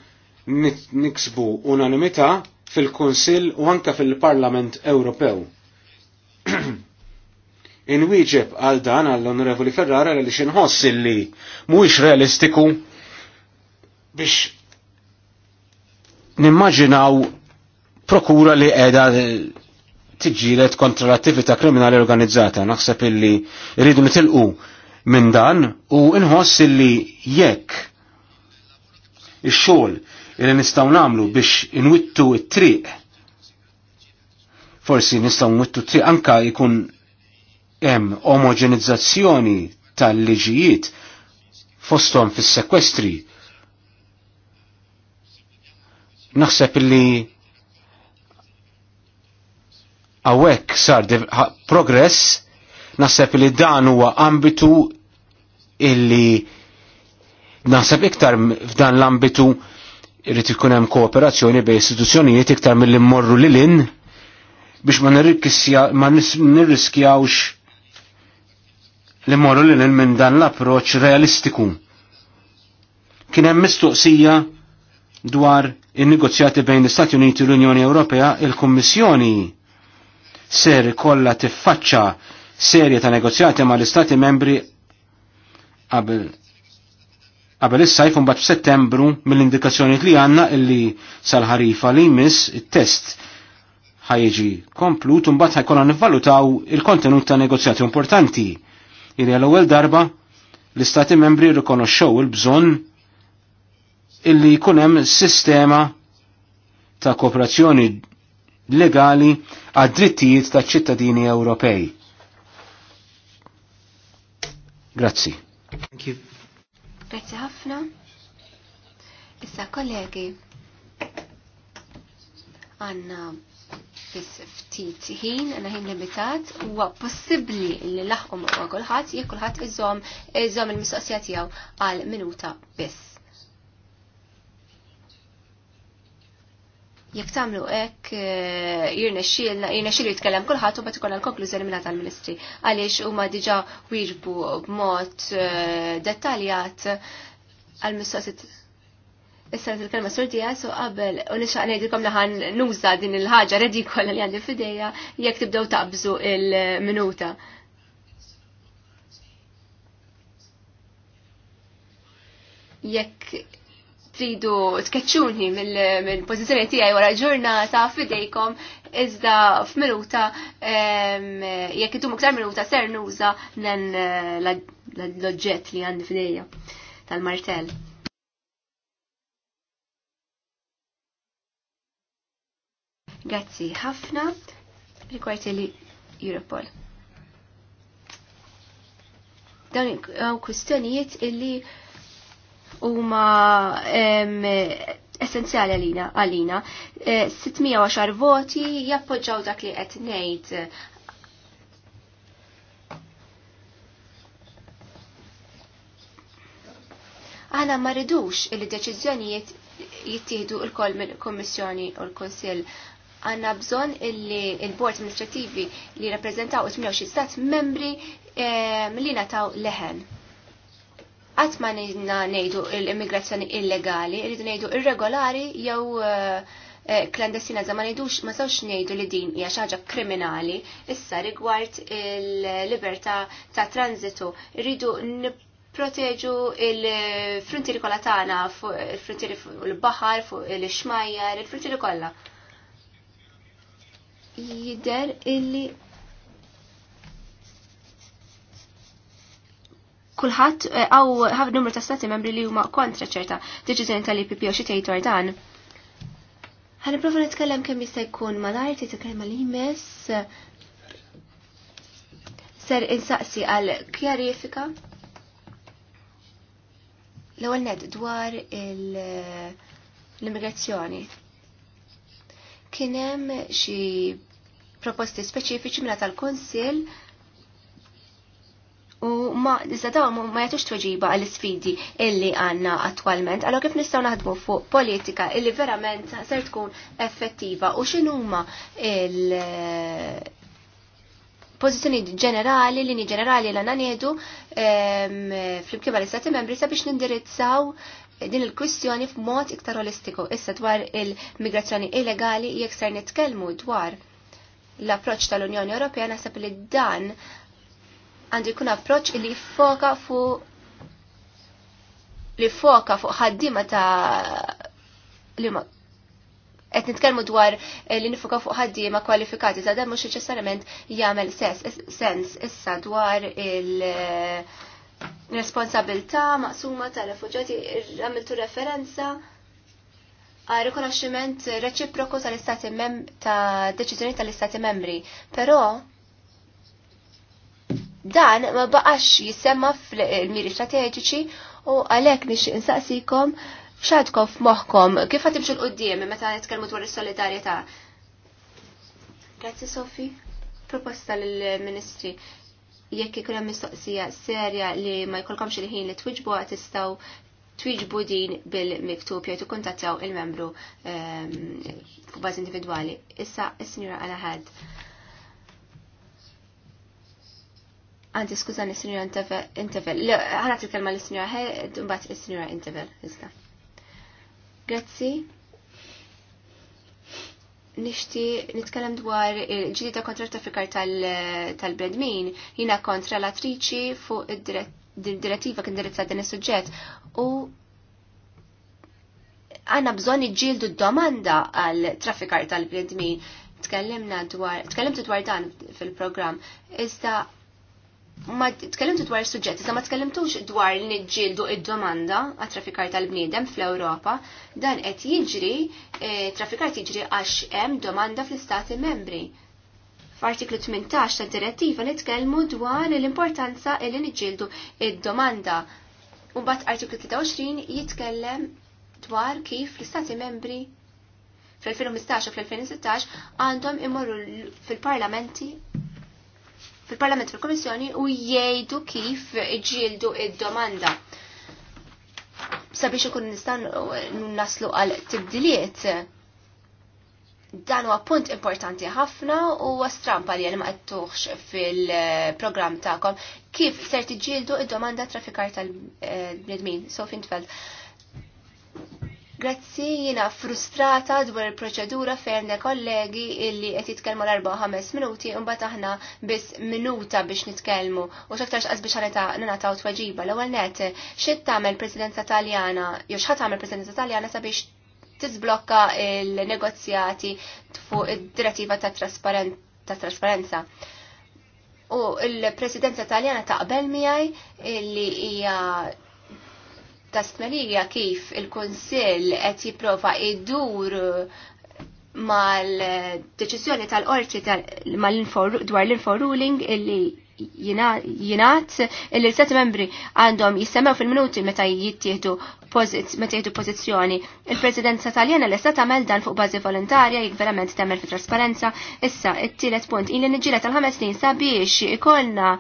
Speaker 2: niksbu unanimità fil-Konsil u anka fil-Parlament Ewropew. (clears throat) Inwieġeb għal dan għall onorevoli Ferrara li xinħoss illi mhuwiex realistiku biex nimmaġinaw prokura li qiegħda tiġġielet kontra l-attività kriminali organizzata. Naħseb illi rridu nitilqu minn dan u inħoss illi jekk ix-xogħol illi nistgħu nagħmlu biex inwittu t-triq forsi nistgħu nwittu triq anka jkun hemm omogenizzazzjoni tal-liġijiet fosthom fis-sekwestri. Naħseb illi Awek sar progress, naħseb li dan huwa ambitu illi naħseb iktar f'dan l-ambitu irrid ikun hemm kooperazzjoni bejn istituzzjonijiet iktar milli mmorru lil in biex ma nirriskjawx li mmorru lil in minn dan l-approċċ realistiku. Kien hemm mistoqsija dwar in-negozjati bejn l-Istati Uniti u l-Unjoni Ewropea, il-Kummissjoni ser kollha tiffaċċa serje ta' negozjati ma' l-Istati membri qabel qabel is-sajf mbagħad f'Settembru mill-indikazzjoni li għandna illi sal-ħarifa li jmiss it-test ħajġi komplut mbagħad ħajkollna nivvalutaw il-kontenut ta' negozjati importanti. Iri għal-ewwel darba l-Istati membri rikonoxxew il-bżonn illi jkun hemm sistema ta' kooperazzjoni legali għad-drittijiet ta' ċittadini Ewropej. Grazzi.
Speaker 3: Grazzi ħafna. Issa kollegi, għanna bis ftit ħin, għanna ħin limitat, huwa possibli li laħqom l kulħadd jekk kulħadd iżom il-mistoqsija tiegħu għal minuta biss. Jek tamlu ek, eh, jirna xilna, jirna xil jitkellem kullħat u bat ikon għal-konklużjoni minna tal-ministri. Għaliex u ma diġa wirbu b'mod eh, dettaljat għal-mistoqsit. Issa il-kelma sur Dias u qabel, u nixaq nejdilkom naħan nuża din il-ħagġa redikola li għandi fideja, jek tibdew taqbżu il-minuta. Jek tridu tkeċċuni mill-pozizjoni tiegħi wara ġurnata fidejkom iżda f'minuta jekk idum iktar minuta ser nuża nen l-oġġett li għandi f'idejja tal-martell. Grazzi ħafna rikwajti li Europol. Dan kwistjonijiet illi huma essenzjali għalina, għalina. 610 e, voti jappoġġaw dak li qed ngħid Aħna ma ridux il-deċiżjonijiet jittieħdu lkoll koll mill-Kommissjoni u l-Konsil għanna bżon illi il-bord amministrativi li rappresentaw 28 stat membri e, li nataw leħen. Qatt ma ngħidu l-immigrazzjoni illegali, irridu ngħidu irregolari jew eh, eh, klandestina za ma ngħidux ma sawx ngħidu li din hija xi ħaġa kriminali issa rigward il-libertà ta' transitu. Irridu proteġu il-frontieri kollha tagħna fuq il-frontieri fuq il-baħar, fuq il-xmajjar, il-frontieri kollha. Jider illi kulħadd eh, għaw ħaf numru ta' stati membri li huma kontra ċerta deċiżjoni tal-IPP u xi tgħid dan. Ħan nipprova nitkellem kemm jista' jkun malajr tgħid kelma li ser insaqsi għal kjarifika l-ewwel ned dwar l-immigrazzjoni. Kien hemm xi proposti speċifiċi mela tal-Konsil u ma iżda ma jagħtux tweġiba għall sfidi illi għandna attualment, Allora kif nistgħu naħdmu fuq politika illi verament ser tkun effettiva u x'inhuma il eh, pozizjoni ġenerali, lini ġenerali l għanna nieħdu ehm, fl-imkiba l-istati membri sabiex nindirizzaw din il-kwistjoni f'mod iktar holistiku. Issa dwar il-migrazzjoni illegali jek ser nitkellmu dwar l-approċċ tal-Unjoni Ewropea nasab li dan għandu jkun approċ li foka fu li foka fuq ħaddima ta' li ma qed nitkellmu dwar eh, li nifoka fuq ħaddiema kwalifikati ta' dan mhux neċessarjament jagħmel sens issa dwar il eh, responsabilità maqsuma tal-refuġjati għamiltu referenza għal rikonoxximent reċiproku tal-istati mem ta' deċiżjoni tal-istati membri, però dan ma baqax jisemma fil-miri strateġiċi u għalek nix insaqsikom xadkom f'moħkom kif għatibġu l-qoddim meta nitkellmu dwar is-solidarjetà. Grazzi Sofi, proposta lill-Ministri jekk ikun hemm mistoqsija serja li ma jkollkomx il-ħin li twiġbu tistgħu twiġbu din bil-miktub jew tikkuntattjaw il-membru f'baż ehm, individwali. Issa is-sinjura għal ħadd. Għanti skużani s-sinjora Intevel. għanat il kelma l-sinjora d mbatt s-sinjora intervel. Iżda. Grazzi. Nishti nitkellem dwar il-ġdida kontra traffikar tal-bredmin. Jina kontra l-attriċi fuq id-direttiva kien dirizza din is-suġġett u għanna bżon d domanda għal traffikar tal-bredmin. Tkellimna dwar, tkellimtu dwar dan fil-programm. Iżda ma tkellimtu dwar is-suġġett, sa ma tkellimtux dwar li niġġieldu id-domanda għat traffikar tal-bniedem fl-Ewropa, dan qed jiġri e, traffikar jiġri għax hemm domanda fl-istati membri. F'artiklu 18 tad direttiva nitkellmu dwar l-importanza li niġġieldu id-domanda. U mbagħad artiklu 23 jitkellem dwar kif l-istati membri fl-2015 u fl-2016 għandhom imorru fil-parlamenti fil-Parlament fil-Komissjoni u jgħidu kif ġildu id-domanda. Sabiex ikun nistan eh, naslu għal tibdiliet. Dan huwa punt importanti ħafna u strampa li ma qedtuħx fil-programm tagħkom kif ser tiġġieldu id-domanda trafikar tal-bnedmin. Eh, so fintfeld. Grazzi jina frustrata dwar il-proċedura fejn kollegi illi qed jitkellmu l-4 ħames minuti u mbagħad aħna biss minuta biex nitkellmu u x'aktarx qas biex ħaneta nagħtaw tweġiba. L-ewwel net x'id tagħmel Presidenza Taljana jew x'ħad tagħmel Presidenza Taljana sabiex tizblokka il-negozjati fuq id-direttiva ta' trasparenza. U il-presidenza taljana taqbel miegħi illi hija ta' kif il-Kunsill qed jipprova idur mal-deċiżjoni tal-qorti dwar l-info ruling illi jinaħt illi l-set membri għandhom jissemmew fil-minuti meta jittieħdu meta jieħdu pożizzjoni. Il-Presidenza Taljana l-essa tagħmel dan fuq bażi volontarja jik verament temmel fit trasparenza. Issa, it-tielet punt, Il niġġiela tal-ħames snin sabiex ikollna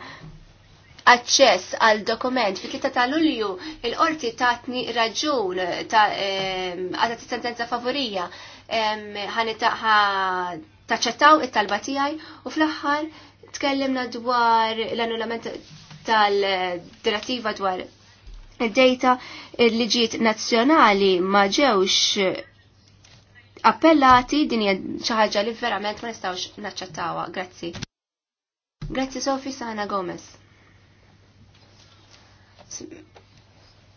Speaker 3: aċċess għal dokument fit tlieta ta' Lulju il-qorti tatni raġun ta' ehm, għatat sentenza favorija ehm, taċċettaw it-talba tiegħi u fl-aħħar tkellimna dwar l-annullament tal-direttiva dwar id-data il-liġijiet nazzjonali ma ġewx appellati din hija xi ħaġa li verament ma nistgħux naċċettawha. Grazzi. Grazzi Sofi Sana Gomez.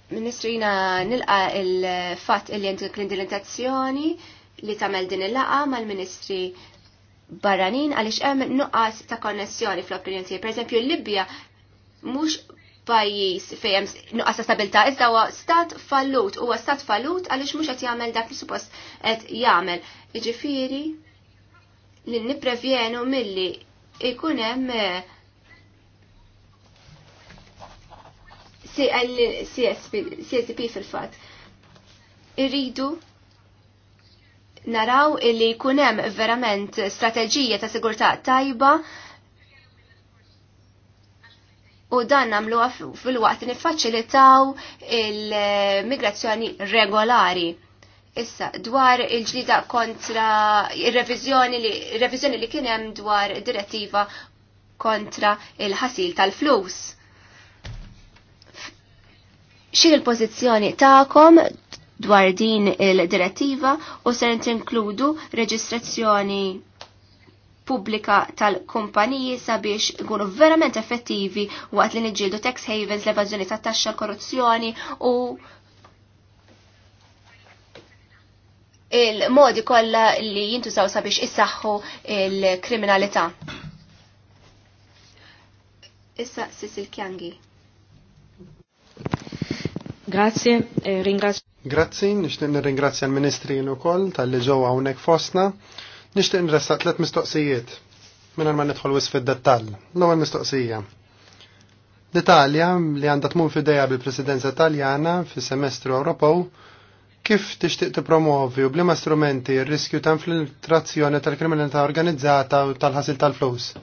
Speaker 3: Ministrina nilqa il-fat il jentu l-indirizzazzjoni li tamel din il-laqa mal-ministri barranin għalix hemm nuqqas ta' konnessjoni fl-opinjoni Per Pereżempju l-Libja mhux pajjiż fejn nuqqas ta' stabilta iżda huwa stat fallut, huwa stat fallut għaliex mhux qed jagħmel dak li suppost qed jagħmel. Jiġifieri li nipprevjenu milli ikun hemm eh, CSP fil-fat. Irridu naraw illi kunem verament strategija ta' sigurtà tajba u dan namlu fil-waqt niffaċilitaw il-migrazzjoni regolari. Issa, dwar il-ġlida kontra il-revizjoni li, li kienem dwar direttiva kontra il-ħasil tal-flus xie il-pozizjoni ta'kom dwar din il-direttiva u ser tinkludu reġistrazzjoni pubblika tal-kumpaniji sabiex ikunu verament effettivi waqt li niġġieldu tax havens, l-evażjoni ta' taxxa, korruzzjoni u il-modi kollha li jintużaw sabiex issaħħu il-kriminalità. Issa Sisil Kjangi.
Speaker 1: Grazie, eh, ringrazio. Grazzi, nishtiq nirringrazzja l-Ministri l-ukoll tal-li ġewwa hawnhekk fostna. Nixtieq nressaq tlet mistoqsijiet minn ma nidħol wis fid-dettall. L-ewwel mistoqsija. L-Italja li għandha tmur fideja bil-Presidenza Taljana fis-semestru Ewropew kif tixtieq tippromovi u bliema strumenti r-riskju ta' infiltrazzjoni tal-kriminalità organizzata u tal-ħasil tal-flus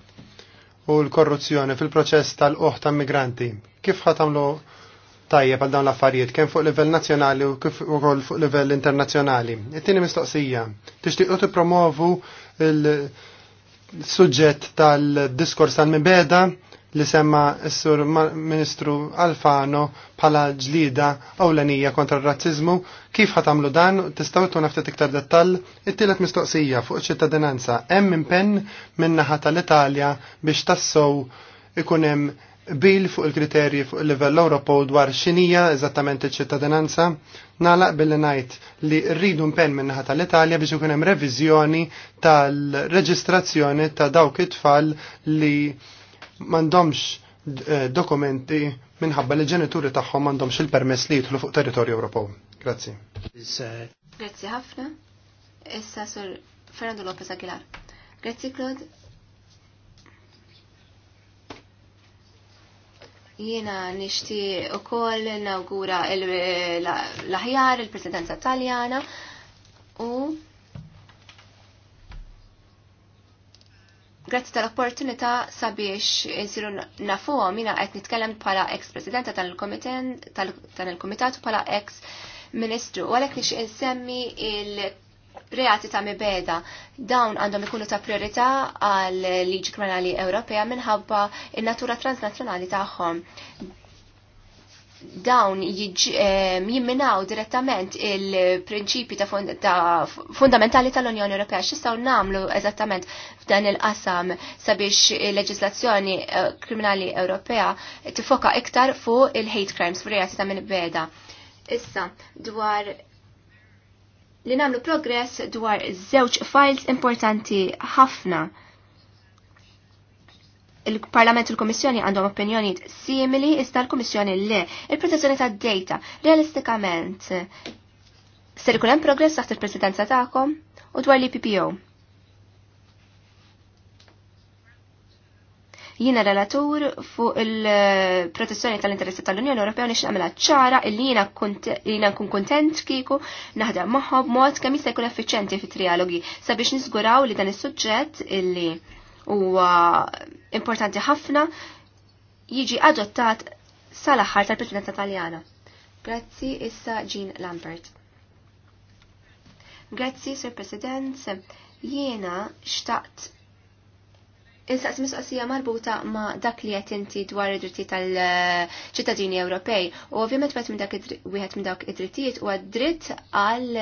Speaker 1: u l-korruzzjoni fil-proċess tal-qoħ ta' migranti. Kif ħatamlu tajjeb għal dawn l-affarijiet kemm fuq livell nazzjonali u kif ukoll fuq livell internazzjonali. It-tieni mistoqsija, tixtiequ tippromovu l suġġett tal-diskors tal-mibeda li semma s-sur Ministru Alfano bħala ġlida awlanija kontra r-razzizmu, kif ħatamlu dan, tistaw tuna ftit iktar dettall, it-tielet mistoqsija fuq ċittadinanza, hemm impenn minnaħa tal-Italja biex tassow ikunem hemm bil fuq il-kriterji fuq il-livell Europol dwar xinija eżattament il-ċittadinanza, nalaq billi najt li rridu mpen minnaħa tal-Italja biex ikun hemm reviżjoni tal-reġistrazzjoni ta' dawk it-tfal li m'għandhomx eh, dokumenti minħabba li ġenituri tagħhom m'għandhomx il-permess li jidħlu fuq territorju Ewropew. Grazzi.
Speaker 3: Grazzi ħafna. Issa sur Fernando Lopez Aguilar. Grazzi Claude Jiena nixti u koll nawgura l-aħjar, il-presidenza taljana u grazzi tal-opportunità sabiex insiru nafuhom jiena qed nitkellem bħala ex-presidenta tal-komitat tal u bħala ex-ministru u għalhekk insemmi il- reati ta' mibeda. Dawn għandhom ikunu ta' priorità għal liġi kriminali Ewropea minħabba il-natura transnazzjonali tagħhom. Dawn jimminaw direttament il-prinċipi ta', fund ta fundamentali tal-Unjoni Ewropea x'istgħu namlu eżattament f'dan il-qasam sabiex il-leġislazzjoni eh, kriminali Ewropea tifoka iktar fuq il-hate crimes, f'rejati ta' minn beda. Issa, dwar li namlu progress dwar żewġ files importanti ħafna. Il-Parlament u l-Komissjoni għandhom opinjoni simili iżda l-Komissjoni le. Il-protezzjoni ta' data realistikament ser ikun hemm progress taħt il-presidenza tagħkom u dwar l-PPO. Jiena relatur fuq il-protezzjoni tal-interessi tal-Unjoni Ewropea nix namela ċara illi jiena nkun kuntent kieku naħdem magħha b'mod kemm jista' jkun effiċenti fit-trialogi sabiex niżguraw li dan is-suġġett illi huwa importanti ħafna jiġi adottat sal-aħħar tal-Presidenza Taljana. Grazzi issa Jean Lambert. Grazzi, Sir President, jiena xtaqt Insaqs mistoqsija marbuta ma dak li qed inti dwar id-dritti tal-ċittadini Ewropej. U ovvjament wieħed minn dak wieħed minn dak id-drittijiet huwa dritt għal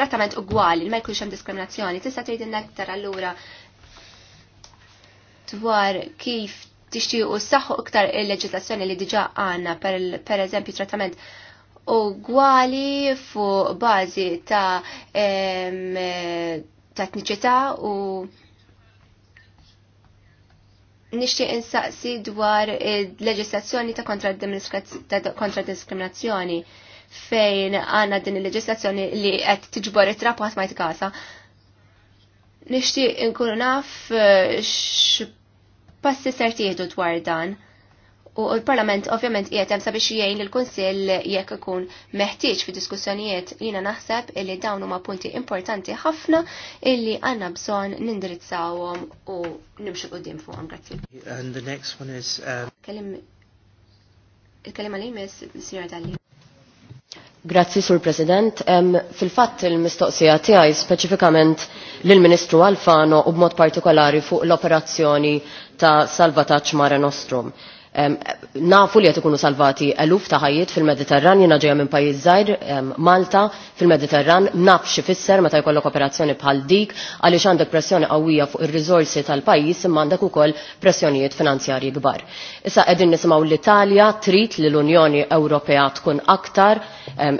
Speaker 3: trattament ugwali, ma jkunx hemm diskriminazzjoni. Tista' tgħidilna aktar allura dwar kif tixtiequ saħħu iktar il-leġislazzjoni li diġà għandna per eżempju trattament ugwali fuq bażi ta' ta' etniċità u nixtieq insaqsi dwar il-leġislazzjoni ta' kontra diskriminazzjoni fejn għanna din il-leġislazzjoni li qed tiġbor it trapat ma jitkasa. Nixtieq inkunu naf eh, x'passi ser tieħdu dwar dan. U l-Parlament ovvjament qiegħed hemm sabiex jgħin l kunsill jekk ikun meħtieġ fi diskussjonijiet jiena naħseb illi dawn huma punti importanti ħafna illi għandna bżonn nindirizzawhom u nimxu quddiem fuqhom. Grazzi.
Speaker 1: And the next one is
Speaker 3: il għalim is-Sinjor Dalli.
Speaker 4: Grazzi, Sur President. Fil-fatt il-mistoqsija tiegħi speċifikament lill-Ministru Alfano u b'mod partikolari fuq l-operazzjoni ta' salvataġġ Mare Nostrum Nafu li qed ikunu salvati eluf ta' ħajjiet fil-Mediterran, jina ġeja minn pajjiż żgħir Malta fil-Mediterran, naf xi fisser meta jkollok operazzjoni bħal dik għaliex għandek pressjoni qawwija fuq ir-riżorsi tal-pajjiż imma għandek ukoll pressjonijiet finanzjarji kbar. Issa qegħdin nisimgħu l-Italja trid li l-Unjoni Ewropea tkun aktar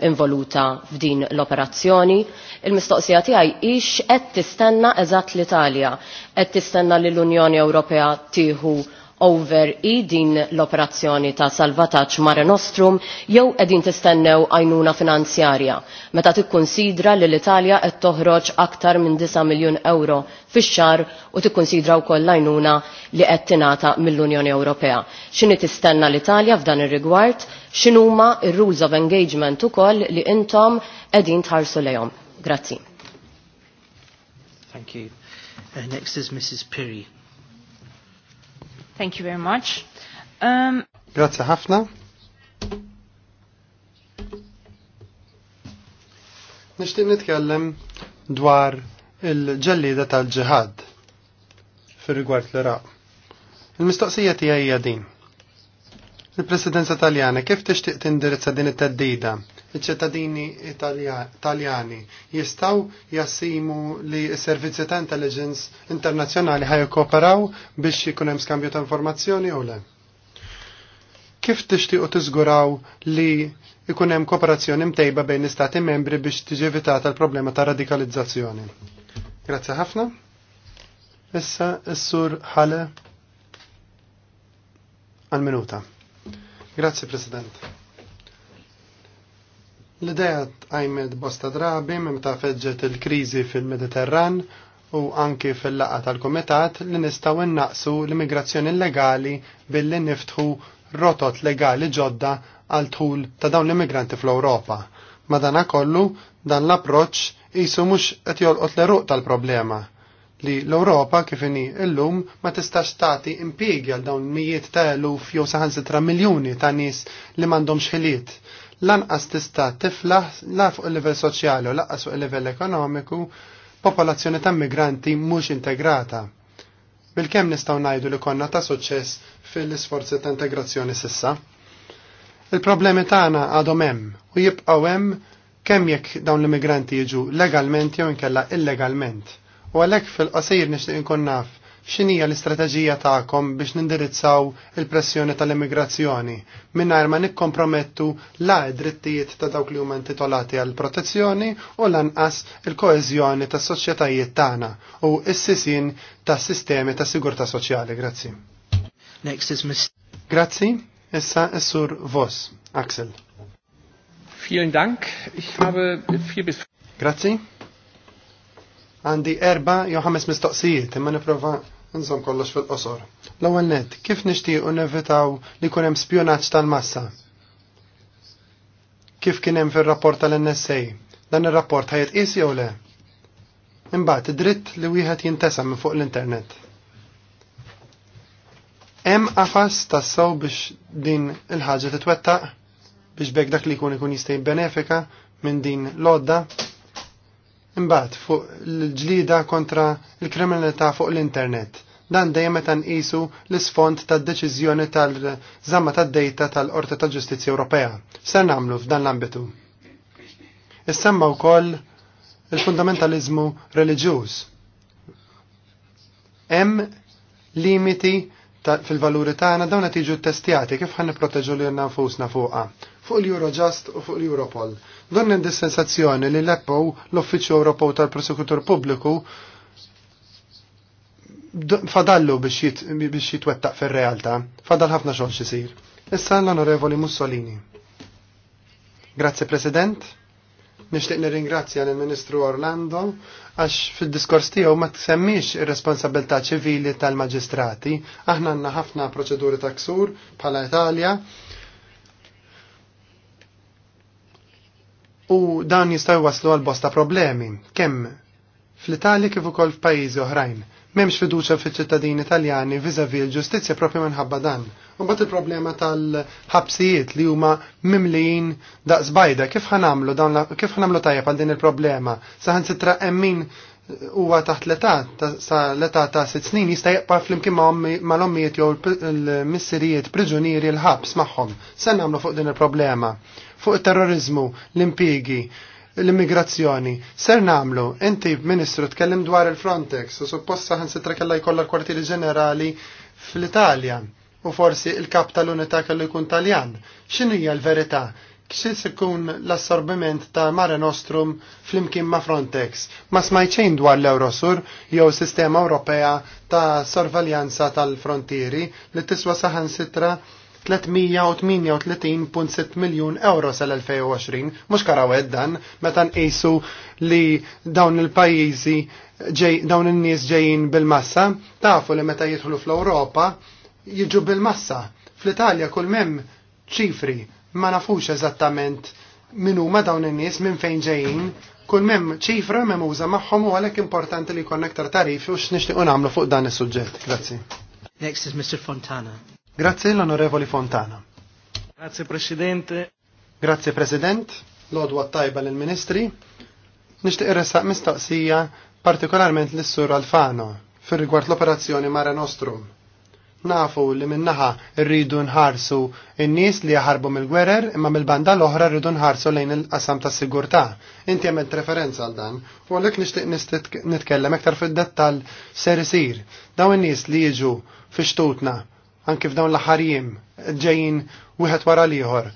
Speaker 4: involuta f'din l-operazzjoni. Il-mistoqsija tiegħi hix qed tistenna eżatt l-Italja, qed tistenna li l-Unjoni Ewropea tieħu over i din l-operazzjoni ta' salvataġġ Mare Nostrum jew qegħdin tistennew għajnuna finanzjarja meta tikkunsidra li l-Italja qed toħroġ aktar minn 9 miljun euro fix xar u tikkunsidra wkoll l-għajnuna li qed tingħata mill-Unjoni Ewropea. X'inhi tistenna l-Italja f'dan ir-rigward? X'inhuma r-rules of engagement ukoll li intom qegħdin tħarsu lejhom? Grazzi. Thank you. Uh, next is Mrs.
Speaker 1: Piri.
Speaker 3: Thank you very much. Um,
Speaker 1: Grazie ħafna. Nishtiq nitkellem dwar il-ġellida tal-ġihad fir-rigward l-Iraq. Il-mistoqsija tiegħi hija din. Il-Presidenza Taljana kif tixtieq tindirizza din it-teddida? iċ-ċittadini Italjani jistaw jassimu li s-servizzi ta' intelligence internazzjonali ħaj kooperaw biex jkun hemm skambju ta' informazzjoni u le. Kif tixtiequ tiżguraw li jkun hemm kooperazzjoni mtejba bejn istati membri biex tiġi evitata l-problema ta' radikalizzazzjoni. Grazzi ħafna. Issa s-sur ħale għal-minuta. Grazzi President. L-idea għajmed bosta drabi meta feġġet il-krizi fil-Mediterran u anki fil-laqa tal-Komitat li nistaw innaqsu l-immigrazzjoni illegali billi niftħu rotot legali ġodda għal tħul ta' dawn l-immigranti fl-Ewropa. Madana kollu, dan l-approċ jisu mux qed jolqot l-eruq tal-problema li l-Europa kifini illum ma tistax tagħti impjiegi għal dawn mijiet ta' eluf jew saħansitra miljuni ta' nies li m'għandhomx ħiliet lanqas tista' tiflaħ la fuq il-livell soċjali u lanqas fuq il-livell ekonomiku popolazzjoni ta' migranti mhux integrata. Bil-kem nistgħu ngħidu li konna ta' suċċess fil-isforzi ta' integrazzjoni sissa. Il-problemi tagħna għadhom hemm u jibqgħu hemm kemm jekk dawn l-immigranti jiġu legalment jew inkella illegalment. U għalhekk fil-qasir nixtieq inkun naf x'inhija l-istrateġija tagħkom biex nindirizzaw il-pressjoni tal-immigrazzjoni mingħajr ma nikkompromettu la drittijiet ta' dawk li huma intitolati għal protezzjoni u lanqas il-koeżjoni tas-soċjetajiet tagħna u s-sisin tas-sistemi ta' sigurtà soċjali. Grazzi. Next is Mr. Grazzi, issa s-sur Vos, Axel. Vielen Dank. Ich habe vier bis Grazie. Għandi erba jew ħames mistoqsijiet imma nipprova nżomm kollox fil-qosor. L-ewwel nett, kif nixtiequ nevitaw li jkun hemm spjonaġġ tal-massa? Kif kien hemm fir-rapport tal-NSA? Dan ir-rapport ħajtqis jew le? Imbagħad id-dritt li wieħed jintesa' minn fuq l-internet. Hemm qafas tassew biex din il-ħaġa titwettaq biex bekk dak li jkun ikun jista' jibbenefika minn din l-odda Imbagħad fuq l-ġlida kontra l-kriminalità fuq l-internet. Dan dejjem meta nqisu l-isfond tad-deċiżjoni tal-żamma tad-dejta tal-Qorti tal-Ġustizzja Ewropea. Ser nagħmlu f'dan l-ambitu. Issemma wkoll il-fundamentalizmu reliġjuż. Hemm limiti fil-valuri tagħna dawn qed jiġu ttestjati kif ħan nipproteġu lil nfusna fuqha fuq l-Eurojust u fuq l-Europol. Dan di sensazzjoni li l-EPO, l-Uffiċċju Ewropew tal-Prosekutur Pubbliku, fadallu biex jitwettaq fir-realtà, fadal ħafna xogħol xisir. Issa l-Onorevoli Mussolini. Grazie President. Nixtieq nirringrazzja lill ministru Orlando għax fil diskors tiegħu ma tsemmix ir-responsabilità ċivili tal-maġistrati. Aħna għandna ħafna proċeduri ta' ksur bħala Italja u dan jistaw waslu għal bosta problemi, kemm fl-Italja kif ukoll f'pajjiżi oħrajn. M'hemmx fiduċa fiċ-ċittadini Italjani viżavi l-ġustizzja proprju minħabba dan. U bat il-problema tal-ħabsijiet li huma mimlijin daqs bajda, kif ħanamlu kif ħanamlu tajjeb għal din il-problema? Saħan sitra emmin huwa taħt l-età sa l-età ta' sitt snin jista' jaqpa' flimkien mal-ommijiet jew l-missirijiet priġunieri l-ħabs magħhom. Se nagħmlu fuq din il-problema. Fuq it-terrorizmu, l-impigi, l-immigrazzjoni. Ser namlu, inti ministru tkellim dwar il-Frontex u supposta sitra kella jkollha l-kwartieri ġenerali fl-Italja u forsi il-kap tal-unità kellu jkun Taljan. X'inhija l-verità? kxil sikun l-assorbiment ta' Mare Nostrum flimkien ma' Frontex. Ma smajċejn dwar l-Eurosur jew Sistema Ewropea ta' Sorvaljanza tal-Frontieri li tiswa saħan sitra 338.6 miljun euro sal-2020, mux karawed dan, meta nqisu li dawn il-pajjiżi dawn in-nies ġejjin bil-massa, tafu li meta jidħlu fl-Ewropa jiġu bil-massa. Fl-Italja kull mem ċifri ma nafux eżattament min huma dawn in-nies minn fejn ġejjin, kull mem ċifra mem uża magħhom u għalhekk importanti li jkun aktar tarif u x'nixtiequ nagħmlu fuq dan is-suġġett. Grazzi. Next is Mr. Fontana. Grazzi l-Onorevoli Fontana. Grazie Presidente. Grazie President. Lodwa tajba lill-Ministri. Nixtieq irressaq mistoqsija partikolarment lis-Sur Alfano fir-rigward l-operazzjoni Mare Nostrum nafu li minnaħa rridu nħarsu n-nies li jaħarbu mill-gwerer imma mill-banda l-oħra rridu nħarsu lejn il-qasam ta' sigurtà. Inti għamil referenza għal dan u għalhekk nixtieq nitkellem aktar fid-dettall ser isir. Dawn in-nies li jiġu fi xtutna anki f'dawn l ħarjim ġejjin wieħed wara l-ieħor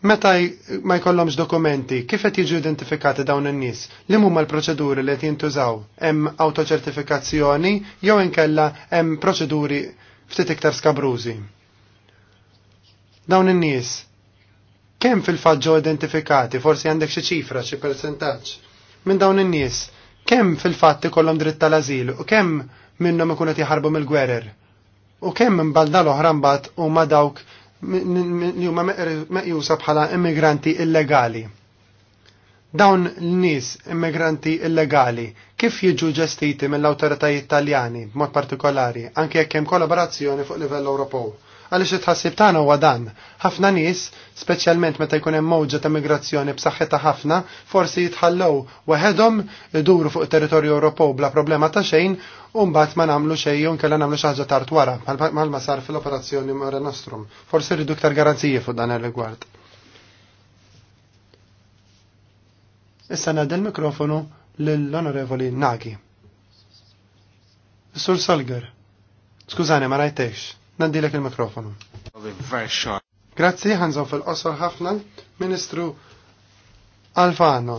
Speaker 1: Meta ma jkollhomx dokumenti, kif qed jiġu identifikati dawn in-nies? Li huma l-proċeduri li qed jintużaw? Hemm autoċertifikazzjoni jew inkella hemm proċeduri ftit iktar skabrużi. Dawn in-nies kemm fil-fatt ġew identifikati, forsi għandek xi ċifra, xi persentaġġ. Minn dawn in-nies, kemm fil-fatt ikollhom dritt tal-ażil u kemm minnhom ikun qed jaħarbu mill-gwerer? U kemm imbagħad l-oħra mbagħad huma dawk li huma meqjusa bħala immigranti illegali. Dawn l-nies immigranti illegali kif jiġu ġestiti mill-awtoritajiet Taljani b'mod partikolari anke jekk hemm kollaborazzjoni fuq livell Ewropew Għaliex it-ħassib tagħna huwa dan. Ħafna nies, speċjalment meta jkun hemm mowġa ta' migrazzjoni b'saħħitha ħafna, forsi jitħallew waħedhom iduru fuq territorju Ewropew bla problema ta' xejn u mbagħad ma nagħmlu xejn jew nkella nagħmlu xi ħaġa tard wara bħalma sar fil-operazzjoni Mare Nostrum. Forsi rridu iktar garanzija fuq dan ir-rigward. Issa nad il-mikrofonu lill-Onorevoli Nagi. Sur Salger, skużani ma rajtex. Nandilek il-mikrofonu. Grazzi, ħanżon fil-qosor ħafna, Ministru Alfano.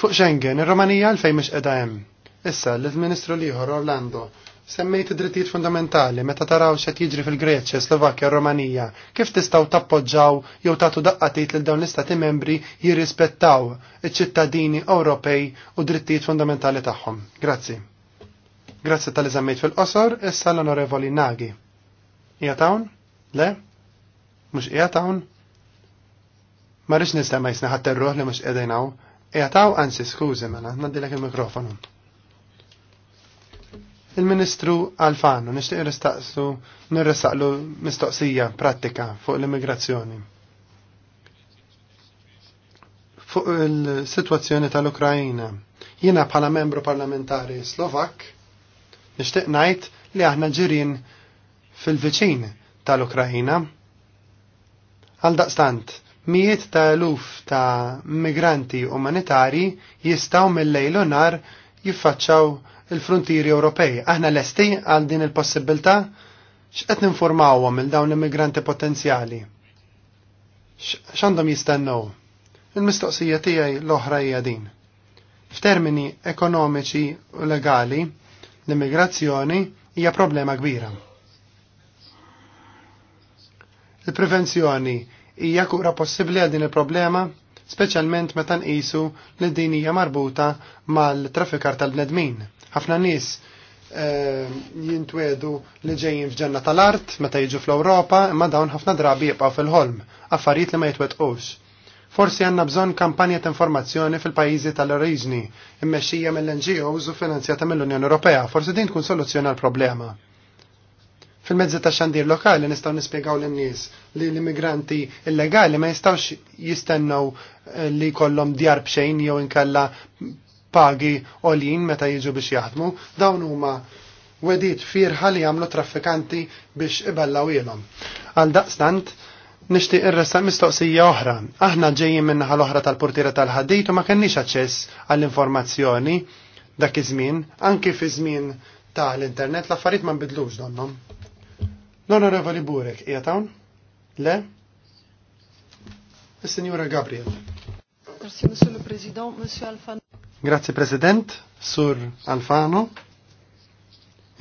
Speaker 1: Fuq Schengen, il-Romanija għalfej mux edajem. hemm. Issa, l-Ministru liħor Orlando, semmejt id-drittijiet fundamentali meta taraw xet jiġri fil-Greċja, Slovakja, Romanija. Kif tistaw tappoġġaw jew tagħtu daqqatit lil dawn l-istati membri jirrispettaw iċ-ċittadini Ewropej u drittijiet fundamentali tagħhom? Grazzi. Grazzi tal-eżammejt fil-qosor, issa l-onorevoli Nagi. Ija tawn? Le? Mux ija tawn? Marriċ nistema jisna ħatta ruħ li mux edajnaw. Ija taw ansi skużi mela, naddilek il-mikrofonu. Il-Ministru Alfano nishtiq nistaqsu nirrestaqlu mistoqsija pratika fuq l-immigrazzjoni. Fuq il-situazzjoni tal-Ukrajina, jiena bħala membru parlamentari Slovak Nixtieq ngħid li aħna ġirien fil-viċin tal-Ukrajina. Għal daqstant, mijiet ta' eluf ta' migranti umanitari jistaw mill lejlu nar jiffaċċaw il-frontieri Ewropej. Aħna lesti għal din il-possibilità x'qed ninformawhom il dawn immigranti potenzjali. X'għandhom jistennew? Il-mistoqsija tiegħi l-oħra hija din. F'termini ekonomiċi u legali, L-immigrazzjoni hija problema kbira. Il-prevenzjoni hija kura possibbli għal din il-problema, speċjalment meta nqisu li din hija marbuta mal-traffikar tal-bnedmin. Ħafna nies eh, jintwedu li ġejjin f'ġenna tal-art meta jiġu fl-Ewropa, imma dawn ħafna drabi jibqgħu fil-ħolm, affarijiet li ma jitwetqux. Forsi għanna bżon kampanja ta' informazzjoni fil-pajizi tal-oriġni, immexxija mill-NGOs u finanzjata mill-Unjoni Ewropea, forsi din tkun soluzzjoni għal problema. Fil-mezzi ta' xandir lokali nistaw nispiegaw l nies li l-immigranti illegali ma jistawx jistennaw eh, li kollom djar bxejn jew inkella pagi olin meta jiġu biex jaħdmu, dawn huma wedit firħa li jagħmlu traffikanti biex iballaw ilhom. Għal daqstant, nixtieq irressa mistoqsija oħra. Aħna ġejjin minn l-oħra tal-portiera tal-ħaddit u ma kenniex aċċess għall-informazzjoni dak iż-żmien, anki fi żmien tal-internet l-affarijiet ma nbidlux donhom. L-Onorevoli Burek, hija hawn? Le? Is-Sinjura Gabriel.
Speaker 4: Grazie, Monsieur le
Speaker 1: Président, Monsieur Alfano. Grazie, President, Sur Alfano.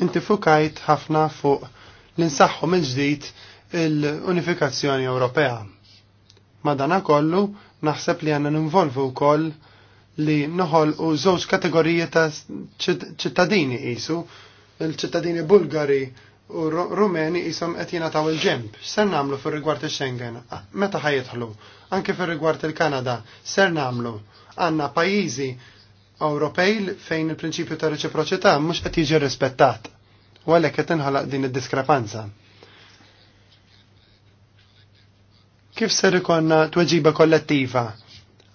Speaker 1: Inti fukajt ħafna fuq l-insaħħu mill-ġdid l-unifikazzjoni Ewropea. Madana kollu, naħseb li għanna ninvolvu wkoll li noħol u żewġ kategoriji ta' ċittadini qisu, il-ċittadini Bulgari u Rumeni qishom qed jingħataw il-ġemp. Ser nagħmlu fir-rigward ix-Schengen? Ah, meta ħajidħlu? Anke fir-rigward il-Kanada, ser nagħmlu? Għandna pajjiżi Ewropej fejn il-prinċipju ta' reċiproċità mhux qed jiġi rispettat. U għalhekk qed inħalaq din id-diskrepanza. Kif ser ikonna tweġiba kollettiva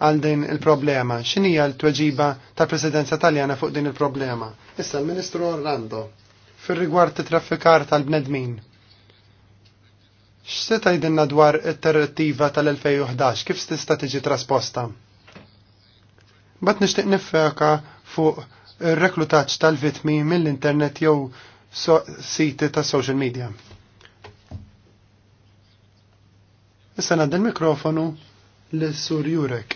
Speaker 1: għal din il-problema? X'inhija l-tweġiba tal-Presidenza Taljana fuq din il-problema? Issa l-Ministru Orlando fir-rigward t traffikar tal-bnedmin. X'se tgħidilna dwar it-terrettiva tal-2011 kif tista' tiġi trasposta? Bat nixtieq nifeka fuq ir-reklutaġġ tal-vitmi mill-internet jew siti ta' social media. Issa nadda l-mikrofonu l-Sur Jurek.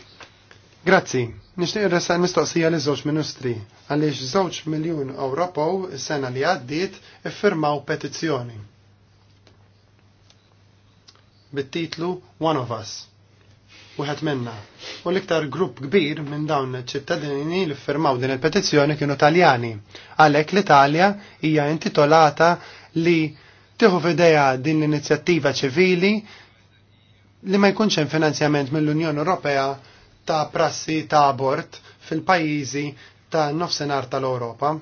Speaker 1: Grazzi, nishtiq resa mistoqsija l żewġ ministri għaliex żewġ miljun Ewropew is-sena li għaddiet iffirmaw petizzjoni. Bit-titlu One of Us. Wieħed minna. U l-iktar grupp kbir minn dawn iċ-ċittadini li ffirmaw din il-petizzjoni kienu Taljani. Għalhekk l-Italja hija intitolata li tieħu f'idea din l-inizjattiva ċivili li ma jkunx hemm finanzjament mill-Unjoni Ewropea ta' prassi ta' abort fil-pajjiżi ta' nofsinhar tal-Ewropa.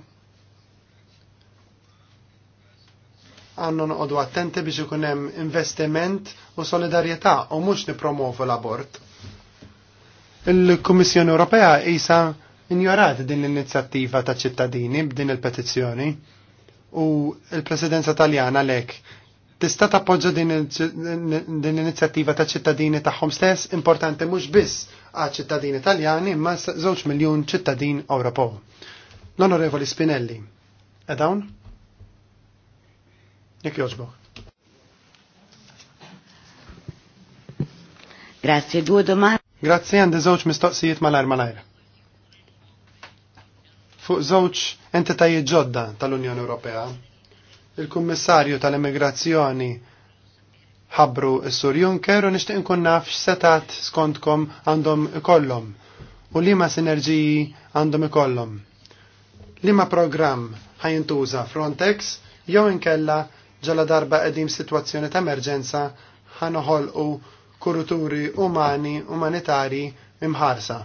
Speaker 1: Għannu noqogħdu attenti biex ikun hemm investiment u solidarjetà u mhux nippromovu l-abort. Il-Kummissjoni Ewropea isa injorat din l-inizjattiva ta' ċittadini b'din il-petizzjoni u il-Presidenza Taljana lek tista' tappoġġa din l-inizjattiva ta' ċittadini tagħhom stess importanti mhux biss għal ċittadini Taljani imma żewġ miljun ċittadin Ewropew. L-Onorevoli Spinelli, edawn? Jekk jogħġbok. Grazie, due domande. Grazie, għandi żewġ mistoqsijiet malajr malajr. Fuq żewġ entitajiet ġodda tal-Unjoni Ewropea, il-Kummissarju tal-Immigrazzjoni ħabru s-Sur Juncker u nixtieq nkun naf x'setat skontkom għandhom ikollhom u liema sinerġiji għandhom ikollhom. Liema programm ħajintuża Frontex jew inkella ġala darba qegħdin sitwazzjoni ta' emerġenza ħanoħolqu kuruturi umani umanitari imħarsa.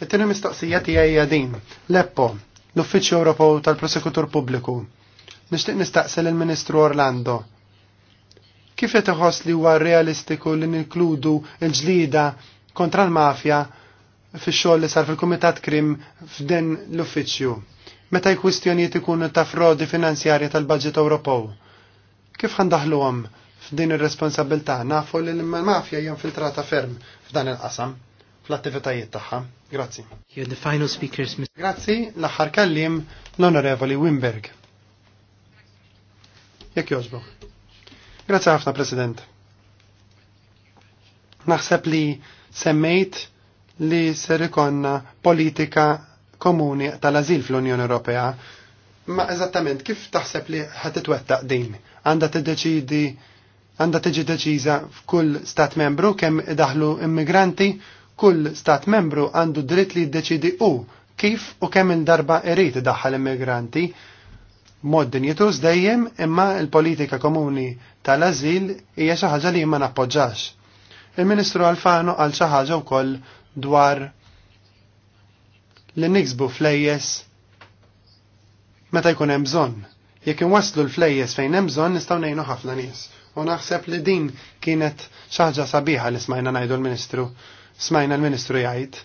Speaker 1: It-tieni mistoqsija tiegħi din, Leppo, l-Uffiċċju Ewropew tal-Prosekutur Pubbliku Nixtieq nistaqsel il-Ministru Orlando. Kif qed iħoss li huwa realistiku li ninkludu l-ġlida kontra l-mafja fix-xogħol li sar fil-Kumitat Krim f'din l-uffiċċju? Meta kwistjonijiet ikunu ta' frodi finanzjarja tal-Baġġit Ewropew? Kif ħandaħluhom f'din ir-responsabilità nafu li l-mafja hija infiltrata ferm f'dan il-qasam? fl-attivitajiet tagħha. Grazzi. You're the final speakers, Mr. Grazzi, l-aħħar kellim l-Onorevoli Wimberg. Jek jozbu. Grazie ħafna, President. Naħseb li semmejt li ser ikonna politika komuni tal-azil fl-Unjoni Ewropea. Ma eżattament kif taħseb li ħat itwettaq din? Għandha tiddeċidi għandha tiġi deċiża f'kull stat membru kemm idaħlu immigranti, kull stat membru għandu dritt li d-deċidi u kif u kemm il-darba irid daħħal immigranti mod dinjitus dejjem imma l-politika komuni tal-azil hija xi ħaġa li ma nappoġġax. Il-Ministru Alfano għal xi ħaġa wkoll dwar li niksbu flejjes meta jkun hemm bżonn. Jekk inwasslu l-flejjes fejn hemm bżonn nistgħu ngħinu ħafna nies. U naħseb li din kienet xi ħaġa sabiħa li smajna ngħidu l-Ministru. Smajna l-Ministru jgħid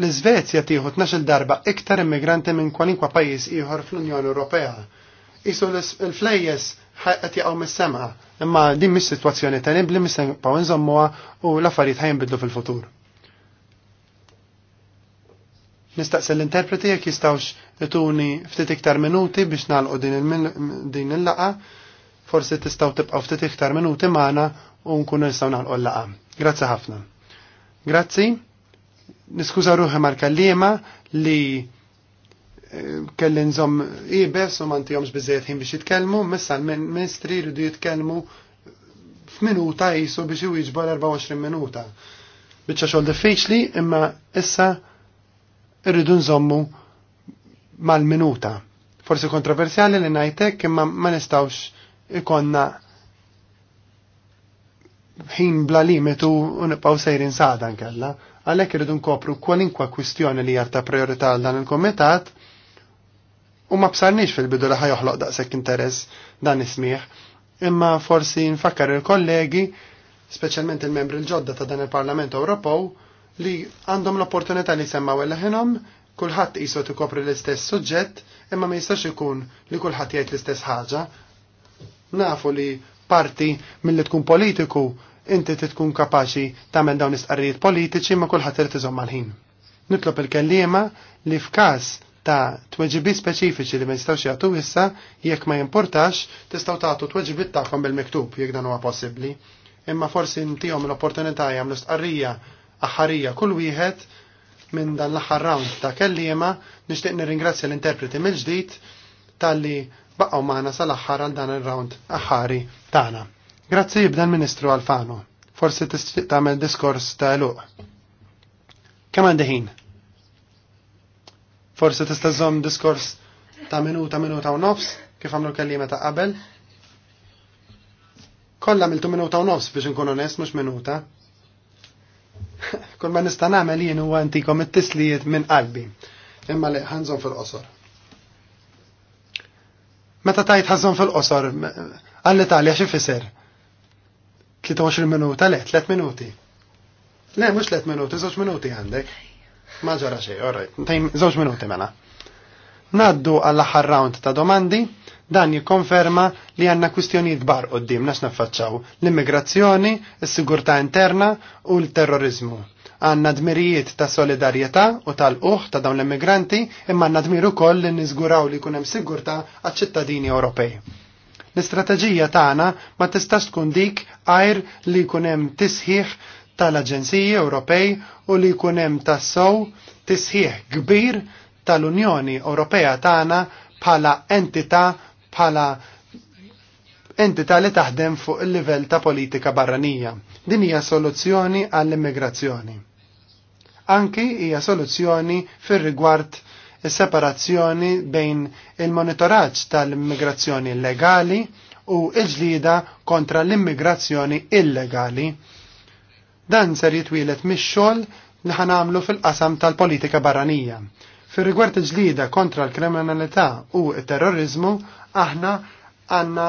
Speaker 1: L-Iżvezja tieħu 12 darba iktar immigranti minn kwalinkwa pajjiż ieħor fl-Unjoni Ewropea. Isu l-flejjes ħajqet jaqgħu mis-sema, imma din mhix sitwazzjoni tenibbli mis nibqgħu inżommuha u l-affarijiet ħajinbidlu fil-futur. Nistaqsi l-interpreti jekk jistgħux ituni ftit iktar minuti biex nagħlqu din il-laqa, forsi tistgħu tibqgħu ftit iktar minuti magħna u nkunu nistgħu nagħlqu l-laqa. Grazzi ħafna. Grazzi niskuza ruħi mal-kallima li eh, kellin zom ibes u manti jomx bizzejet ħin biex jitkelmu, missa l-ministri rridu jitkelmu f'minuta jisu biex jwieġbu 24 minuta. Bicċa xogħol diffiċli imma issa rridu nżommu mal-minuta. Forsi kontroversjali li najtek imma ma nistawx ikonna ħin bla limitu u sejrin sadan kalla għalhekk irridu nkopru kwalinkwa kwistjoni li jarta priorità għal dan il-komitat u ma bsarniex fil-bidu li ħajoħloq daqshekk interess dan ismiħ, imma forsi nfakkar il-kollegi, speċjalment il-membri l-ġodda ta' dan il-Parlament Ewropew, li għandhom l-opportunità li semmaw il-ħinom kulħadd qisu tikopri l-istess suġġett, imma ma jistax ikun li kulħadd jgħid l-istess ħaġa. Nafu li parti mill-li tkun politiku inti titkun kapaxi tagħmel dawn istqarrijiet politiċi ma kulħadd irid mal-ħin. Nitlob il-kellima li f'każ ta' tweġibi speċifiċi li ma jistgħux jagħtu issa jekk ma jimportax tistgħu tagħtu tweġibiet tagħhom bil-miktub jekk dan huwa possibbli. Imma forsi ntihom l-opportunità jagħmlu stqarrija aħħarija kull wieħed minn dan l-aħħar round ta' kellima nixtieq nirringrazzja l-interpreti mill-ġdid tal-li baqgħu magħna sal-aħħar għal dan ir-round aħħari tagħna. Grazzi jibda l-Ministru Alfano. Forsi tistiq tagħmel diskors ta' eluq. Kemm għandi ħin? Forsi tista' żomm diskors ta' minuta minuta u nofs kif għamlu kellima ta' qabel. Kollha miltu minuta u nofs biex nkun onest mhux minuta. (laughs) Kull ma nista' nagħmel jien huwa antikom it-tislijiet minn qalbi. Imma li ħanżhom fil-qosor. Meta tajt ħażhom fil-qosor, għall-Italja xi fisser? 23 minuta, le, 3 minuti. Le, mux 3 minuti, 2 minuti għandek. Ma ġara xej, orrejt, tajm 2 minuti mela. Naddu għall-aħħar round ta' domandi, dan jikkonferma li għanna kwistjonijiet bar qoddim nax naffaċċaw l-immigrazzjoni, s-sigurta interna u l-terrorizmu. Għanna dmirijiet ta' solidarieta u tal-uħ ta' dawn l-immigranti imma għanna dmiru koll li nizguraw li kunem sigurta għal ċittadini Ewropej. L-istrateġija tagħna ma tistax tkun dik għajr li jkun hemm tisħiħ tal-Aġenziji Ewropej u li jkun hemm tassew tisħiħ kbir tal-Unjoni Ewropea tagħna bħala entità bħala entità li taħdem fuq il-livell ta' politika barranija. Din hija soluzzjoni għall-immigrazzjoni. Anki hija soluzzjoni fir-rigward is-separazzjoni bejn il-monitoraġġ tal-immigrazzjoni legali u l-ġlida kontra l-immigrazzjoni illegali. Dan ser jitwilet mix-xogħol li ħanamlu fil-qasam tal-politika barranija. Fir rigward ġlida kontra l-kriminalità u t-terrorizmu, aħna għanna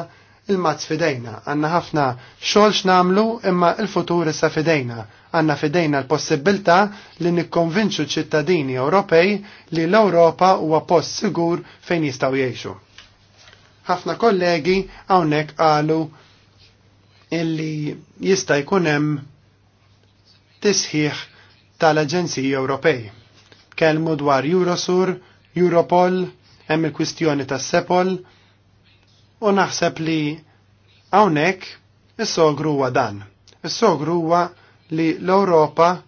Speaker 1: il-mazz fidejna, għanna ħafna xogħol x'namlu imma il-futur issa fidejna għanna fidejna l-possibilità li nikkonvinċu ċittadini Ewropej li l-Ewropa huwa post sigur fejn jistgħu jgħixu. Ħafna kollegi hawnhekk qalu illi jista' jkun hemm tisħiħ tal-Aġenziji Ewropej. Kelmu dwar Eurosur, Europol, hemm il-kwistjoni tas-Sepol u naħseb li hawnhekk is-sogru huwa dan. Is-sogru huwa li l-Ewropa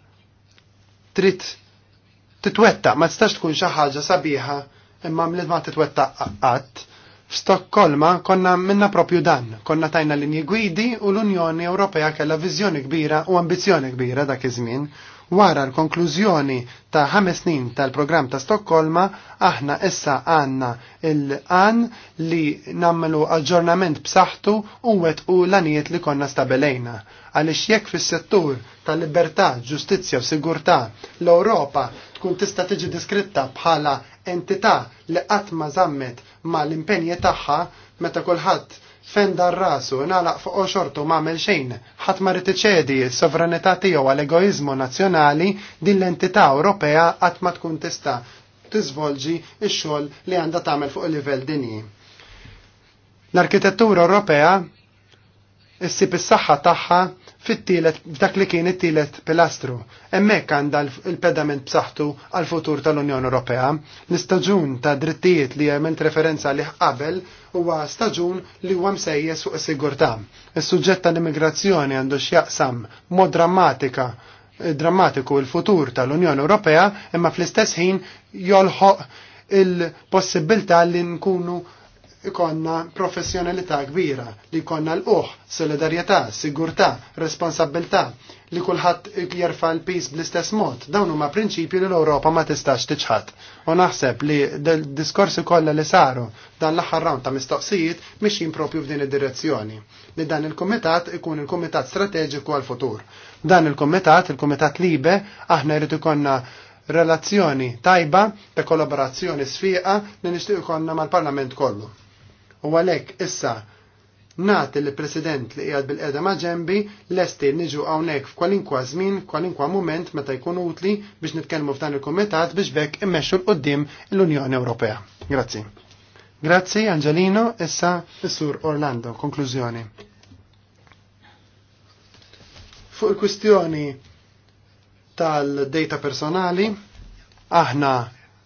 Speaker 1: trid titwetta ma tistax tkun xi ħaġa sabiħa imma mliet ma titwettaq qatt. F'Stokkolma konna minna propju dan, konna tajna linji gwidi u l-Unjoni Ewropea kellha viżjoni kbira u ambizzjoni kbira dak iż-żmien Wara l-konklużjoni ta' ħames snin tal-programm ta' Stokkolma, aħna issa għanna il-għan li nammelu aġġornament b'saħħtu u wet u l-anijiet li konna stabelejna għaliex jekk fis-settur tal-libertà, ġustizzja u sigurtà l-Ewropa tkun tista' tiġi diskritta bħala entità li qatt ma żammet mal impenji tagħha meta kulħadd fenda r-rasu nalaq fuq xortu m'għamel xejn, ħadd ma rid iċedi s-sovranità tiegħu għal egoizmu nazzjonali din l-entità Ewropea qatt ma tkun tista' tiżvolġi x-xogħol li għandha tagħmel fuq il-livell dinji. L-arkitettura Ewropea issib is-saħħa tagħha fit-tielet dak li kien it-tielet pilastru. Hemmhekk għandha il pedament b'saħħtu għal futur tal-Unjoni Ewropea. L-istaġun ta' drittijiet li hemm referenza li qabel huwa staġun li huwa msejjes fuq is-sigurtà. Is-suġġett tal-immigrazzjoni għandu x'jaqsam mod drammatika drammatiku il-futur tal-Unjoni Ewropea imma fl-istess ħin jolħoq il-possibilità li nkunu ikonna professjonalità kbira, li jkollna l-uħ, solidarjetà, sigurtà, responsabilità, li kulħadd jerfa l-pis bl-istess mod. Dawn huma prinċipji li l-Ewropa ma tistax tiċħad. U naħseb li d-diskorsi kollha li saru dan l-aħħar rawn ta' mistoqsijiet mhix propju f'din id-direzzjoni. Li dan il-kumitat ikun il-kumitat strateġiku għal-futur. Dan il-kumitat, il-kumitat libe, aħna jrid ikonna relazzjoni tajba ta' kollaborazzjoni sfiqa li nixtieq ikollna mal-Parlament kollu. U għalhekk issa nagħti il president li qiegħed bil-qeda ma' ġembi lesti niġu hawnhekk f'kwalinkwa żmien, kwalinkwa mument meta jkun utli biex nitkellmu f'dan il-kumitat biex bekk immexxu l-qudiem l-Unjoni Ewropea. Grazzi. Grazzi Angelino, issa is-Sur Orlando, konklużjoni. Fuq il-kwistjoni tal-data personali, aħna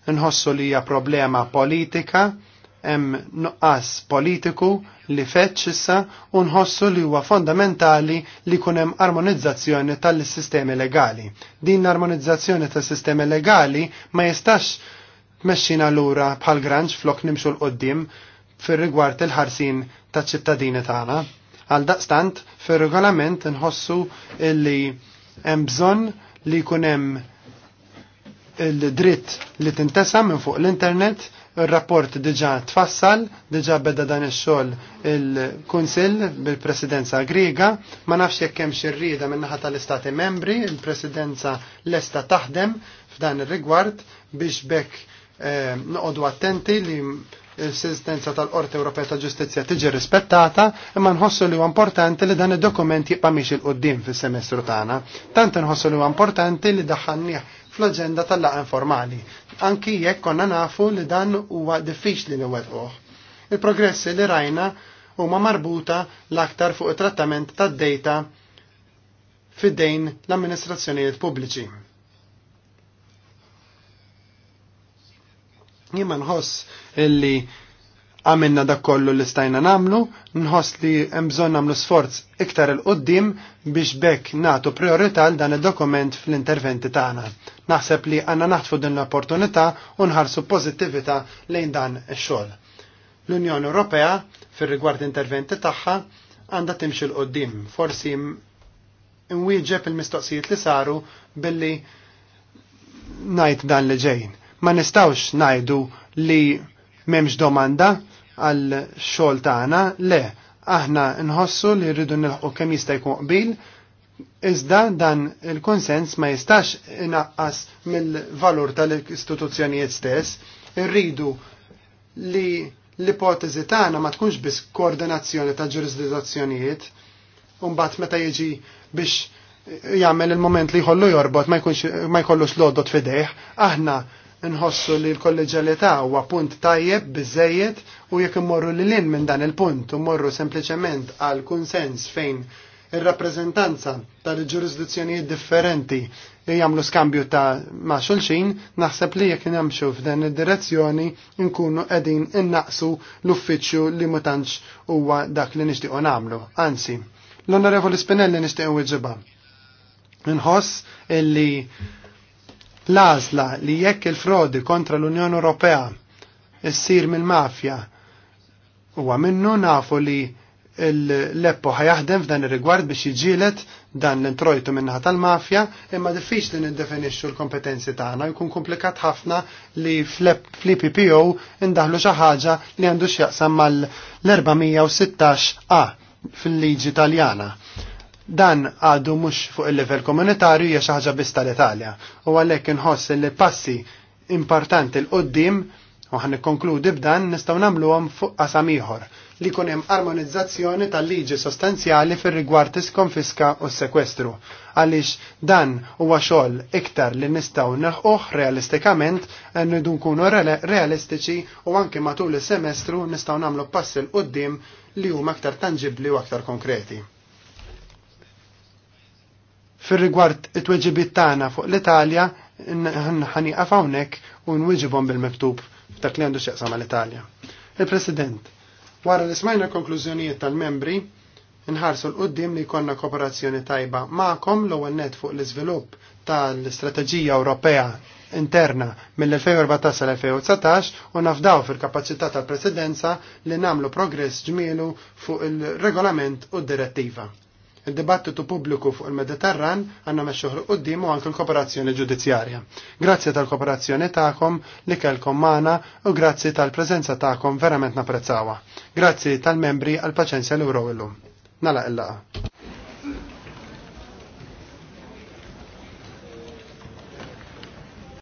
Speaker 1: nħossu li hija problema politika hemm nuqqas politiku li feċ issa u nħossu li huwa fondamentali li jkun hemm armonizzazzjoni tal-sistemi legali. Din l-armonizzazzjoni tas-sistemi legali ma jistax tmexxina lura bħal granġ flok nimxu l-qoddim fir-rigward il-ħarsin taċ-ċittadini tagħna. Għal daqstant, fir-regolament nħossu li hemm bżonn li jkun hemm il-dritt li tintesa minn fuq l-internet Il-rapport diġa tfassal, diġa beda dan ix-xogħol il-Kunsill bil-Presidenza Griega, ma nafx jekk hemm xi rrieda min-naħa tal-Istati Membri, il-Presidenza lesta taħdem f'dan ir-rigward biex bekk eh, noqogħdu attenti li l-sistenza tal-Qorti Ewropea ta' Ġustizzja tiġi rispettata, imma nħossu li huwa importanti li dan id-dokument jibqa' miex il qudiem fis-semestru tagħna. Tant inħossu li huwa importanti li daħħannieh fl-aġenda tal-laqa informali anki jekk konna nafu li dan huwa diffiċli li wetquh. Il-progressi li rajna huma marbuta l-aktar fuq it-trattament tad-data fid-dejn l-amministrazzjonijiet pubbliċi. Jien nħoss illi Għamilna dak kollu li stajna namlu, nħoss li mbżon namlu sforz iktar il-qoddim biex bekk natu priorità l dan il-dokument fl-interventi tagħna. Naħseb li għanna naħtfu din l-opportunità u nħarsu pozittività lejn dan ix-xogħol. L-Unjoni Ewropea fir-rigward interventi tagħha għandha timxi l-qoddim, forsi nwieġeb il-mistoqsijiet li saru billi najt dan li ġejn. Ma nistawx najdu li memx domanda, għal xogħol tagħna, le, aħna nħossu li rridu nilħu kemm jista' jkun qbil, iżda dan il-konsens ma jistax inaqqas mill-valur tal-istituzzjonijiet stess, irridu li l-ipotezi tagħna ma tkunx biss koordinazzjoni ta' ġurisdizzazzjonijiet, mbagħad meta jiġi biex jagħmel il-moment li jħollu jorbot ma jkollux lodot fidejh, aħna nħossu li l-kolleġalità huwa punt tajjeb biżejjed u jekk immorru lil lin minn dan il-punt u morru sempliċement għal kunsens fejn ir-rappreżentanza tal-ġurisdizzjonijiet differenti jagħmlu skambju ta' ma' xulxin, naħseb li jekk nimxu f'dan id-direzzjoni nkunu qegħdin innaqsu l-uffiċċju li mutantx huwa dak li nixtiequ nagħmlu. Anzi, l-Onorevoli Spinelli nixtieq wieġiba. Nħoss illi l-għażla li jekk il-frodi kontra l-Unjoni Ewropea issir mill-mafja huwa minnu nafu li l-leppo ħajaħdem f'dan ir-rigward biex jiġielet dan l-introjtu minnaħa tal-mafja, imma diffiċli niddefinixxu l-kompetenzi tagħna jkun komplikat ħafna li fl-IPPO indaħlu xi ħaġa li għandu x'jaqsam mal-416 A fil-liġi Taljana Dan għadu mhux fuq il-livell komunitarju hija xi ħaġa biss tal-Italja u għalhekk nħoss li passi importanti l qoddim u ħan konkludi b'dan nistgħu nagħmluhom fuq qasam ieħor li kunem hemm armonizzazzjoni tal-liġi sostanzjali fir rigward konfiska u s-sekwestru. Għaliex dan huwa xogħol iktar li nistgħu nerħuh realistikament nidu nkunu realistiċi u anke matul is-semestru nistgħu nagħmlu passi l qudiem li huma aktar tangibbli u aktar konkreti. Fir-rigward it weġibit tagħna fuq l-Italja, ħaniqaf hawnhekk u nwieġibhom bil-miktub f'dak li għandu x'jaqsam l-Italja. Il-President, wara li smajna konklużjonijiet tal-membri, nħarsu l-qoddim li jkollna kooperazzjoni tajba ma'kom l-ewwel net fuq l-iżvilupp tal-Istrateġija Ewropea interna mill-2014 l-2019 u nafdaw fil-kapacità tal-presidenza li namlu progress ġmielu fuq il-regolament u d-direttiva. Il-dibattitu pubbliku fuq il-Mediterran għanna meċċuħru qoddim u anke l-kooperazzjoni ġudizzjarja. Grazzi tal-kooperazzjoni ta'kom li kelkom mana u grazzi tal-prezenza ta'kom verament naprezzawa. Grazzi tal-membri għal-paċenzja l urowillu illum. Nala illa.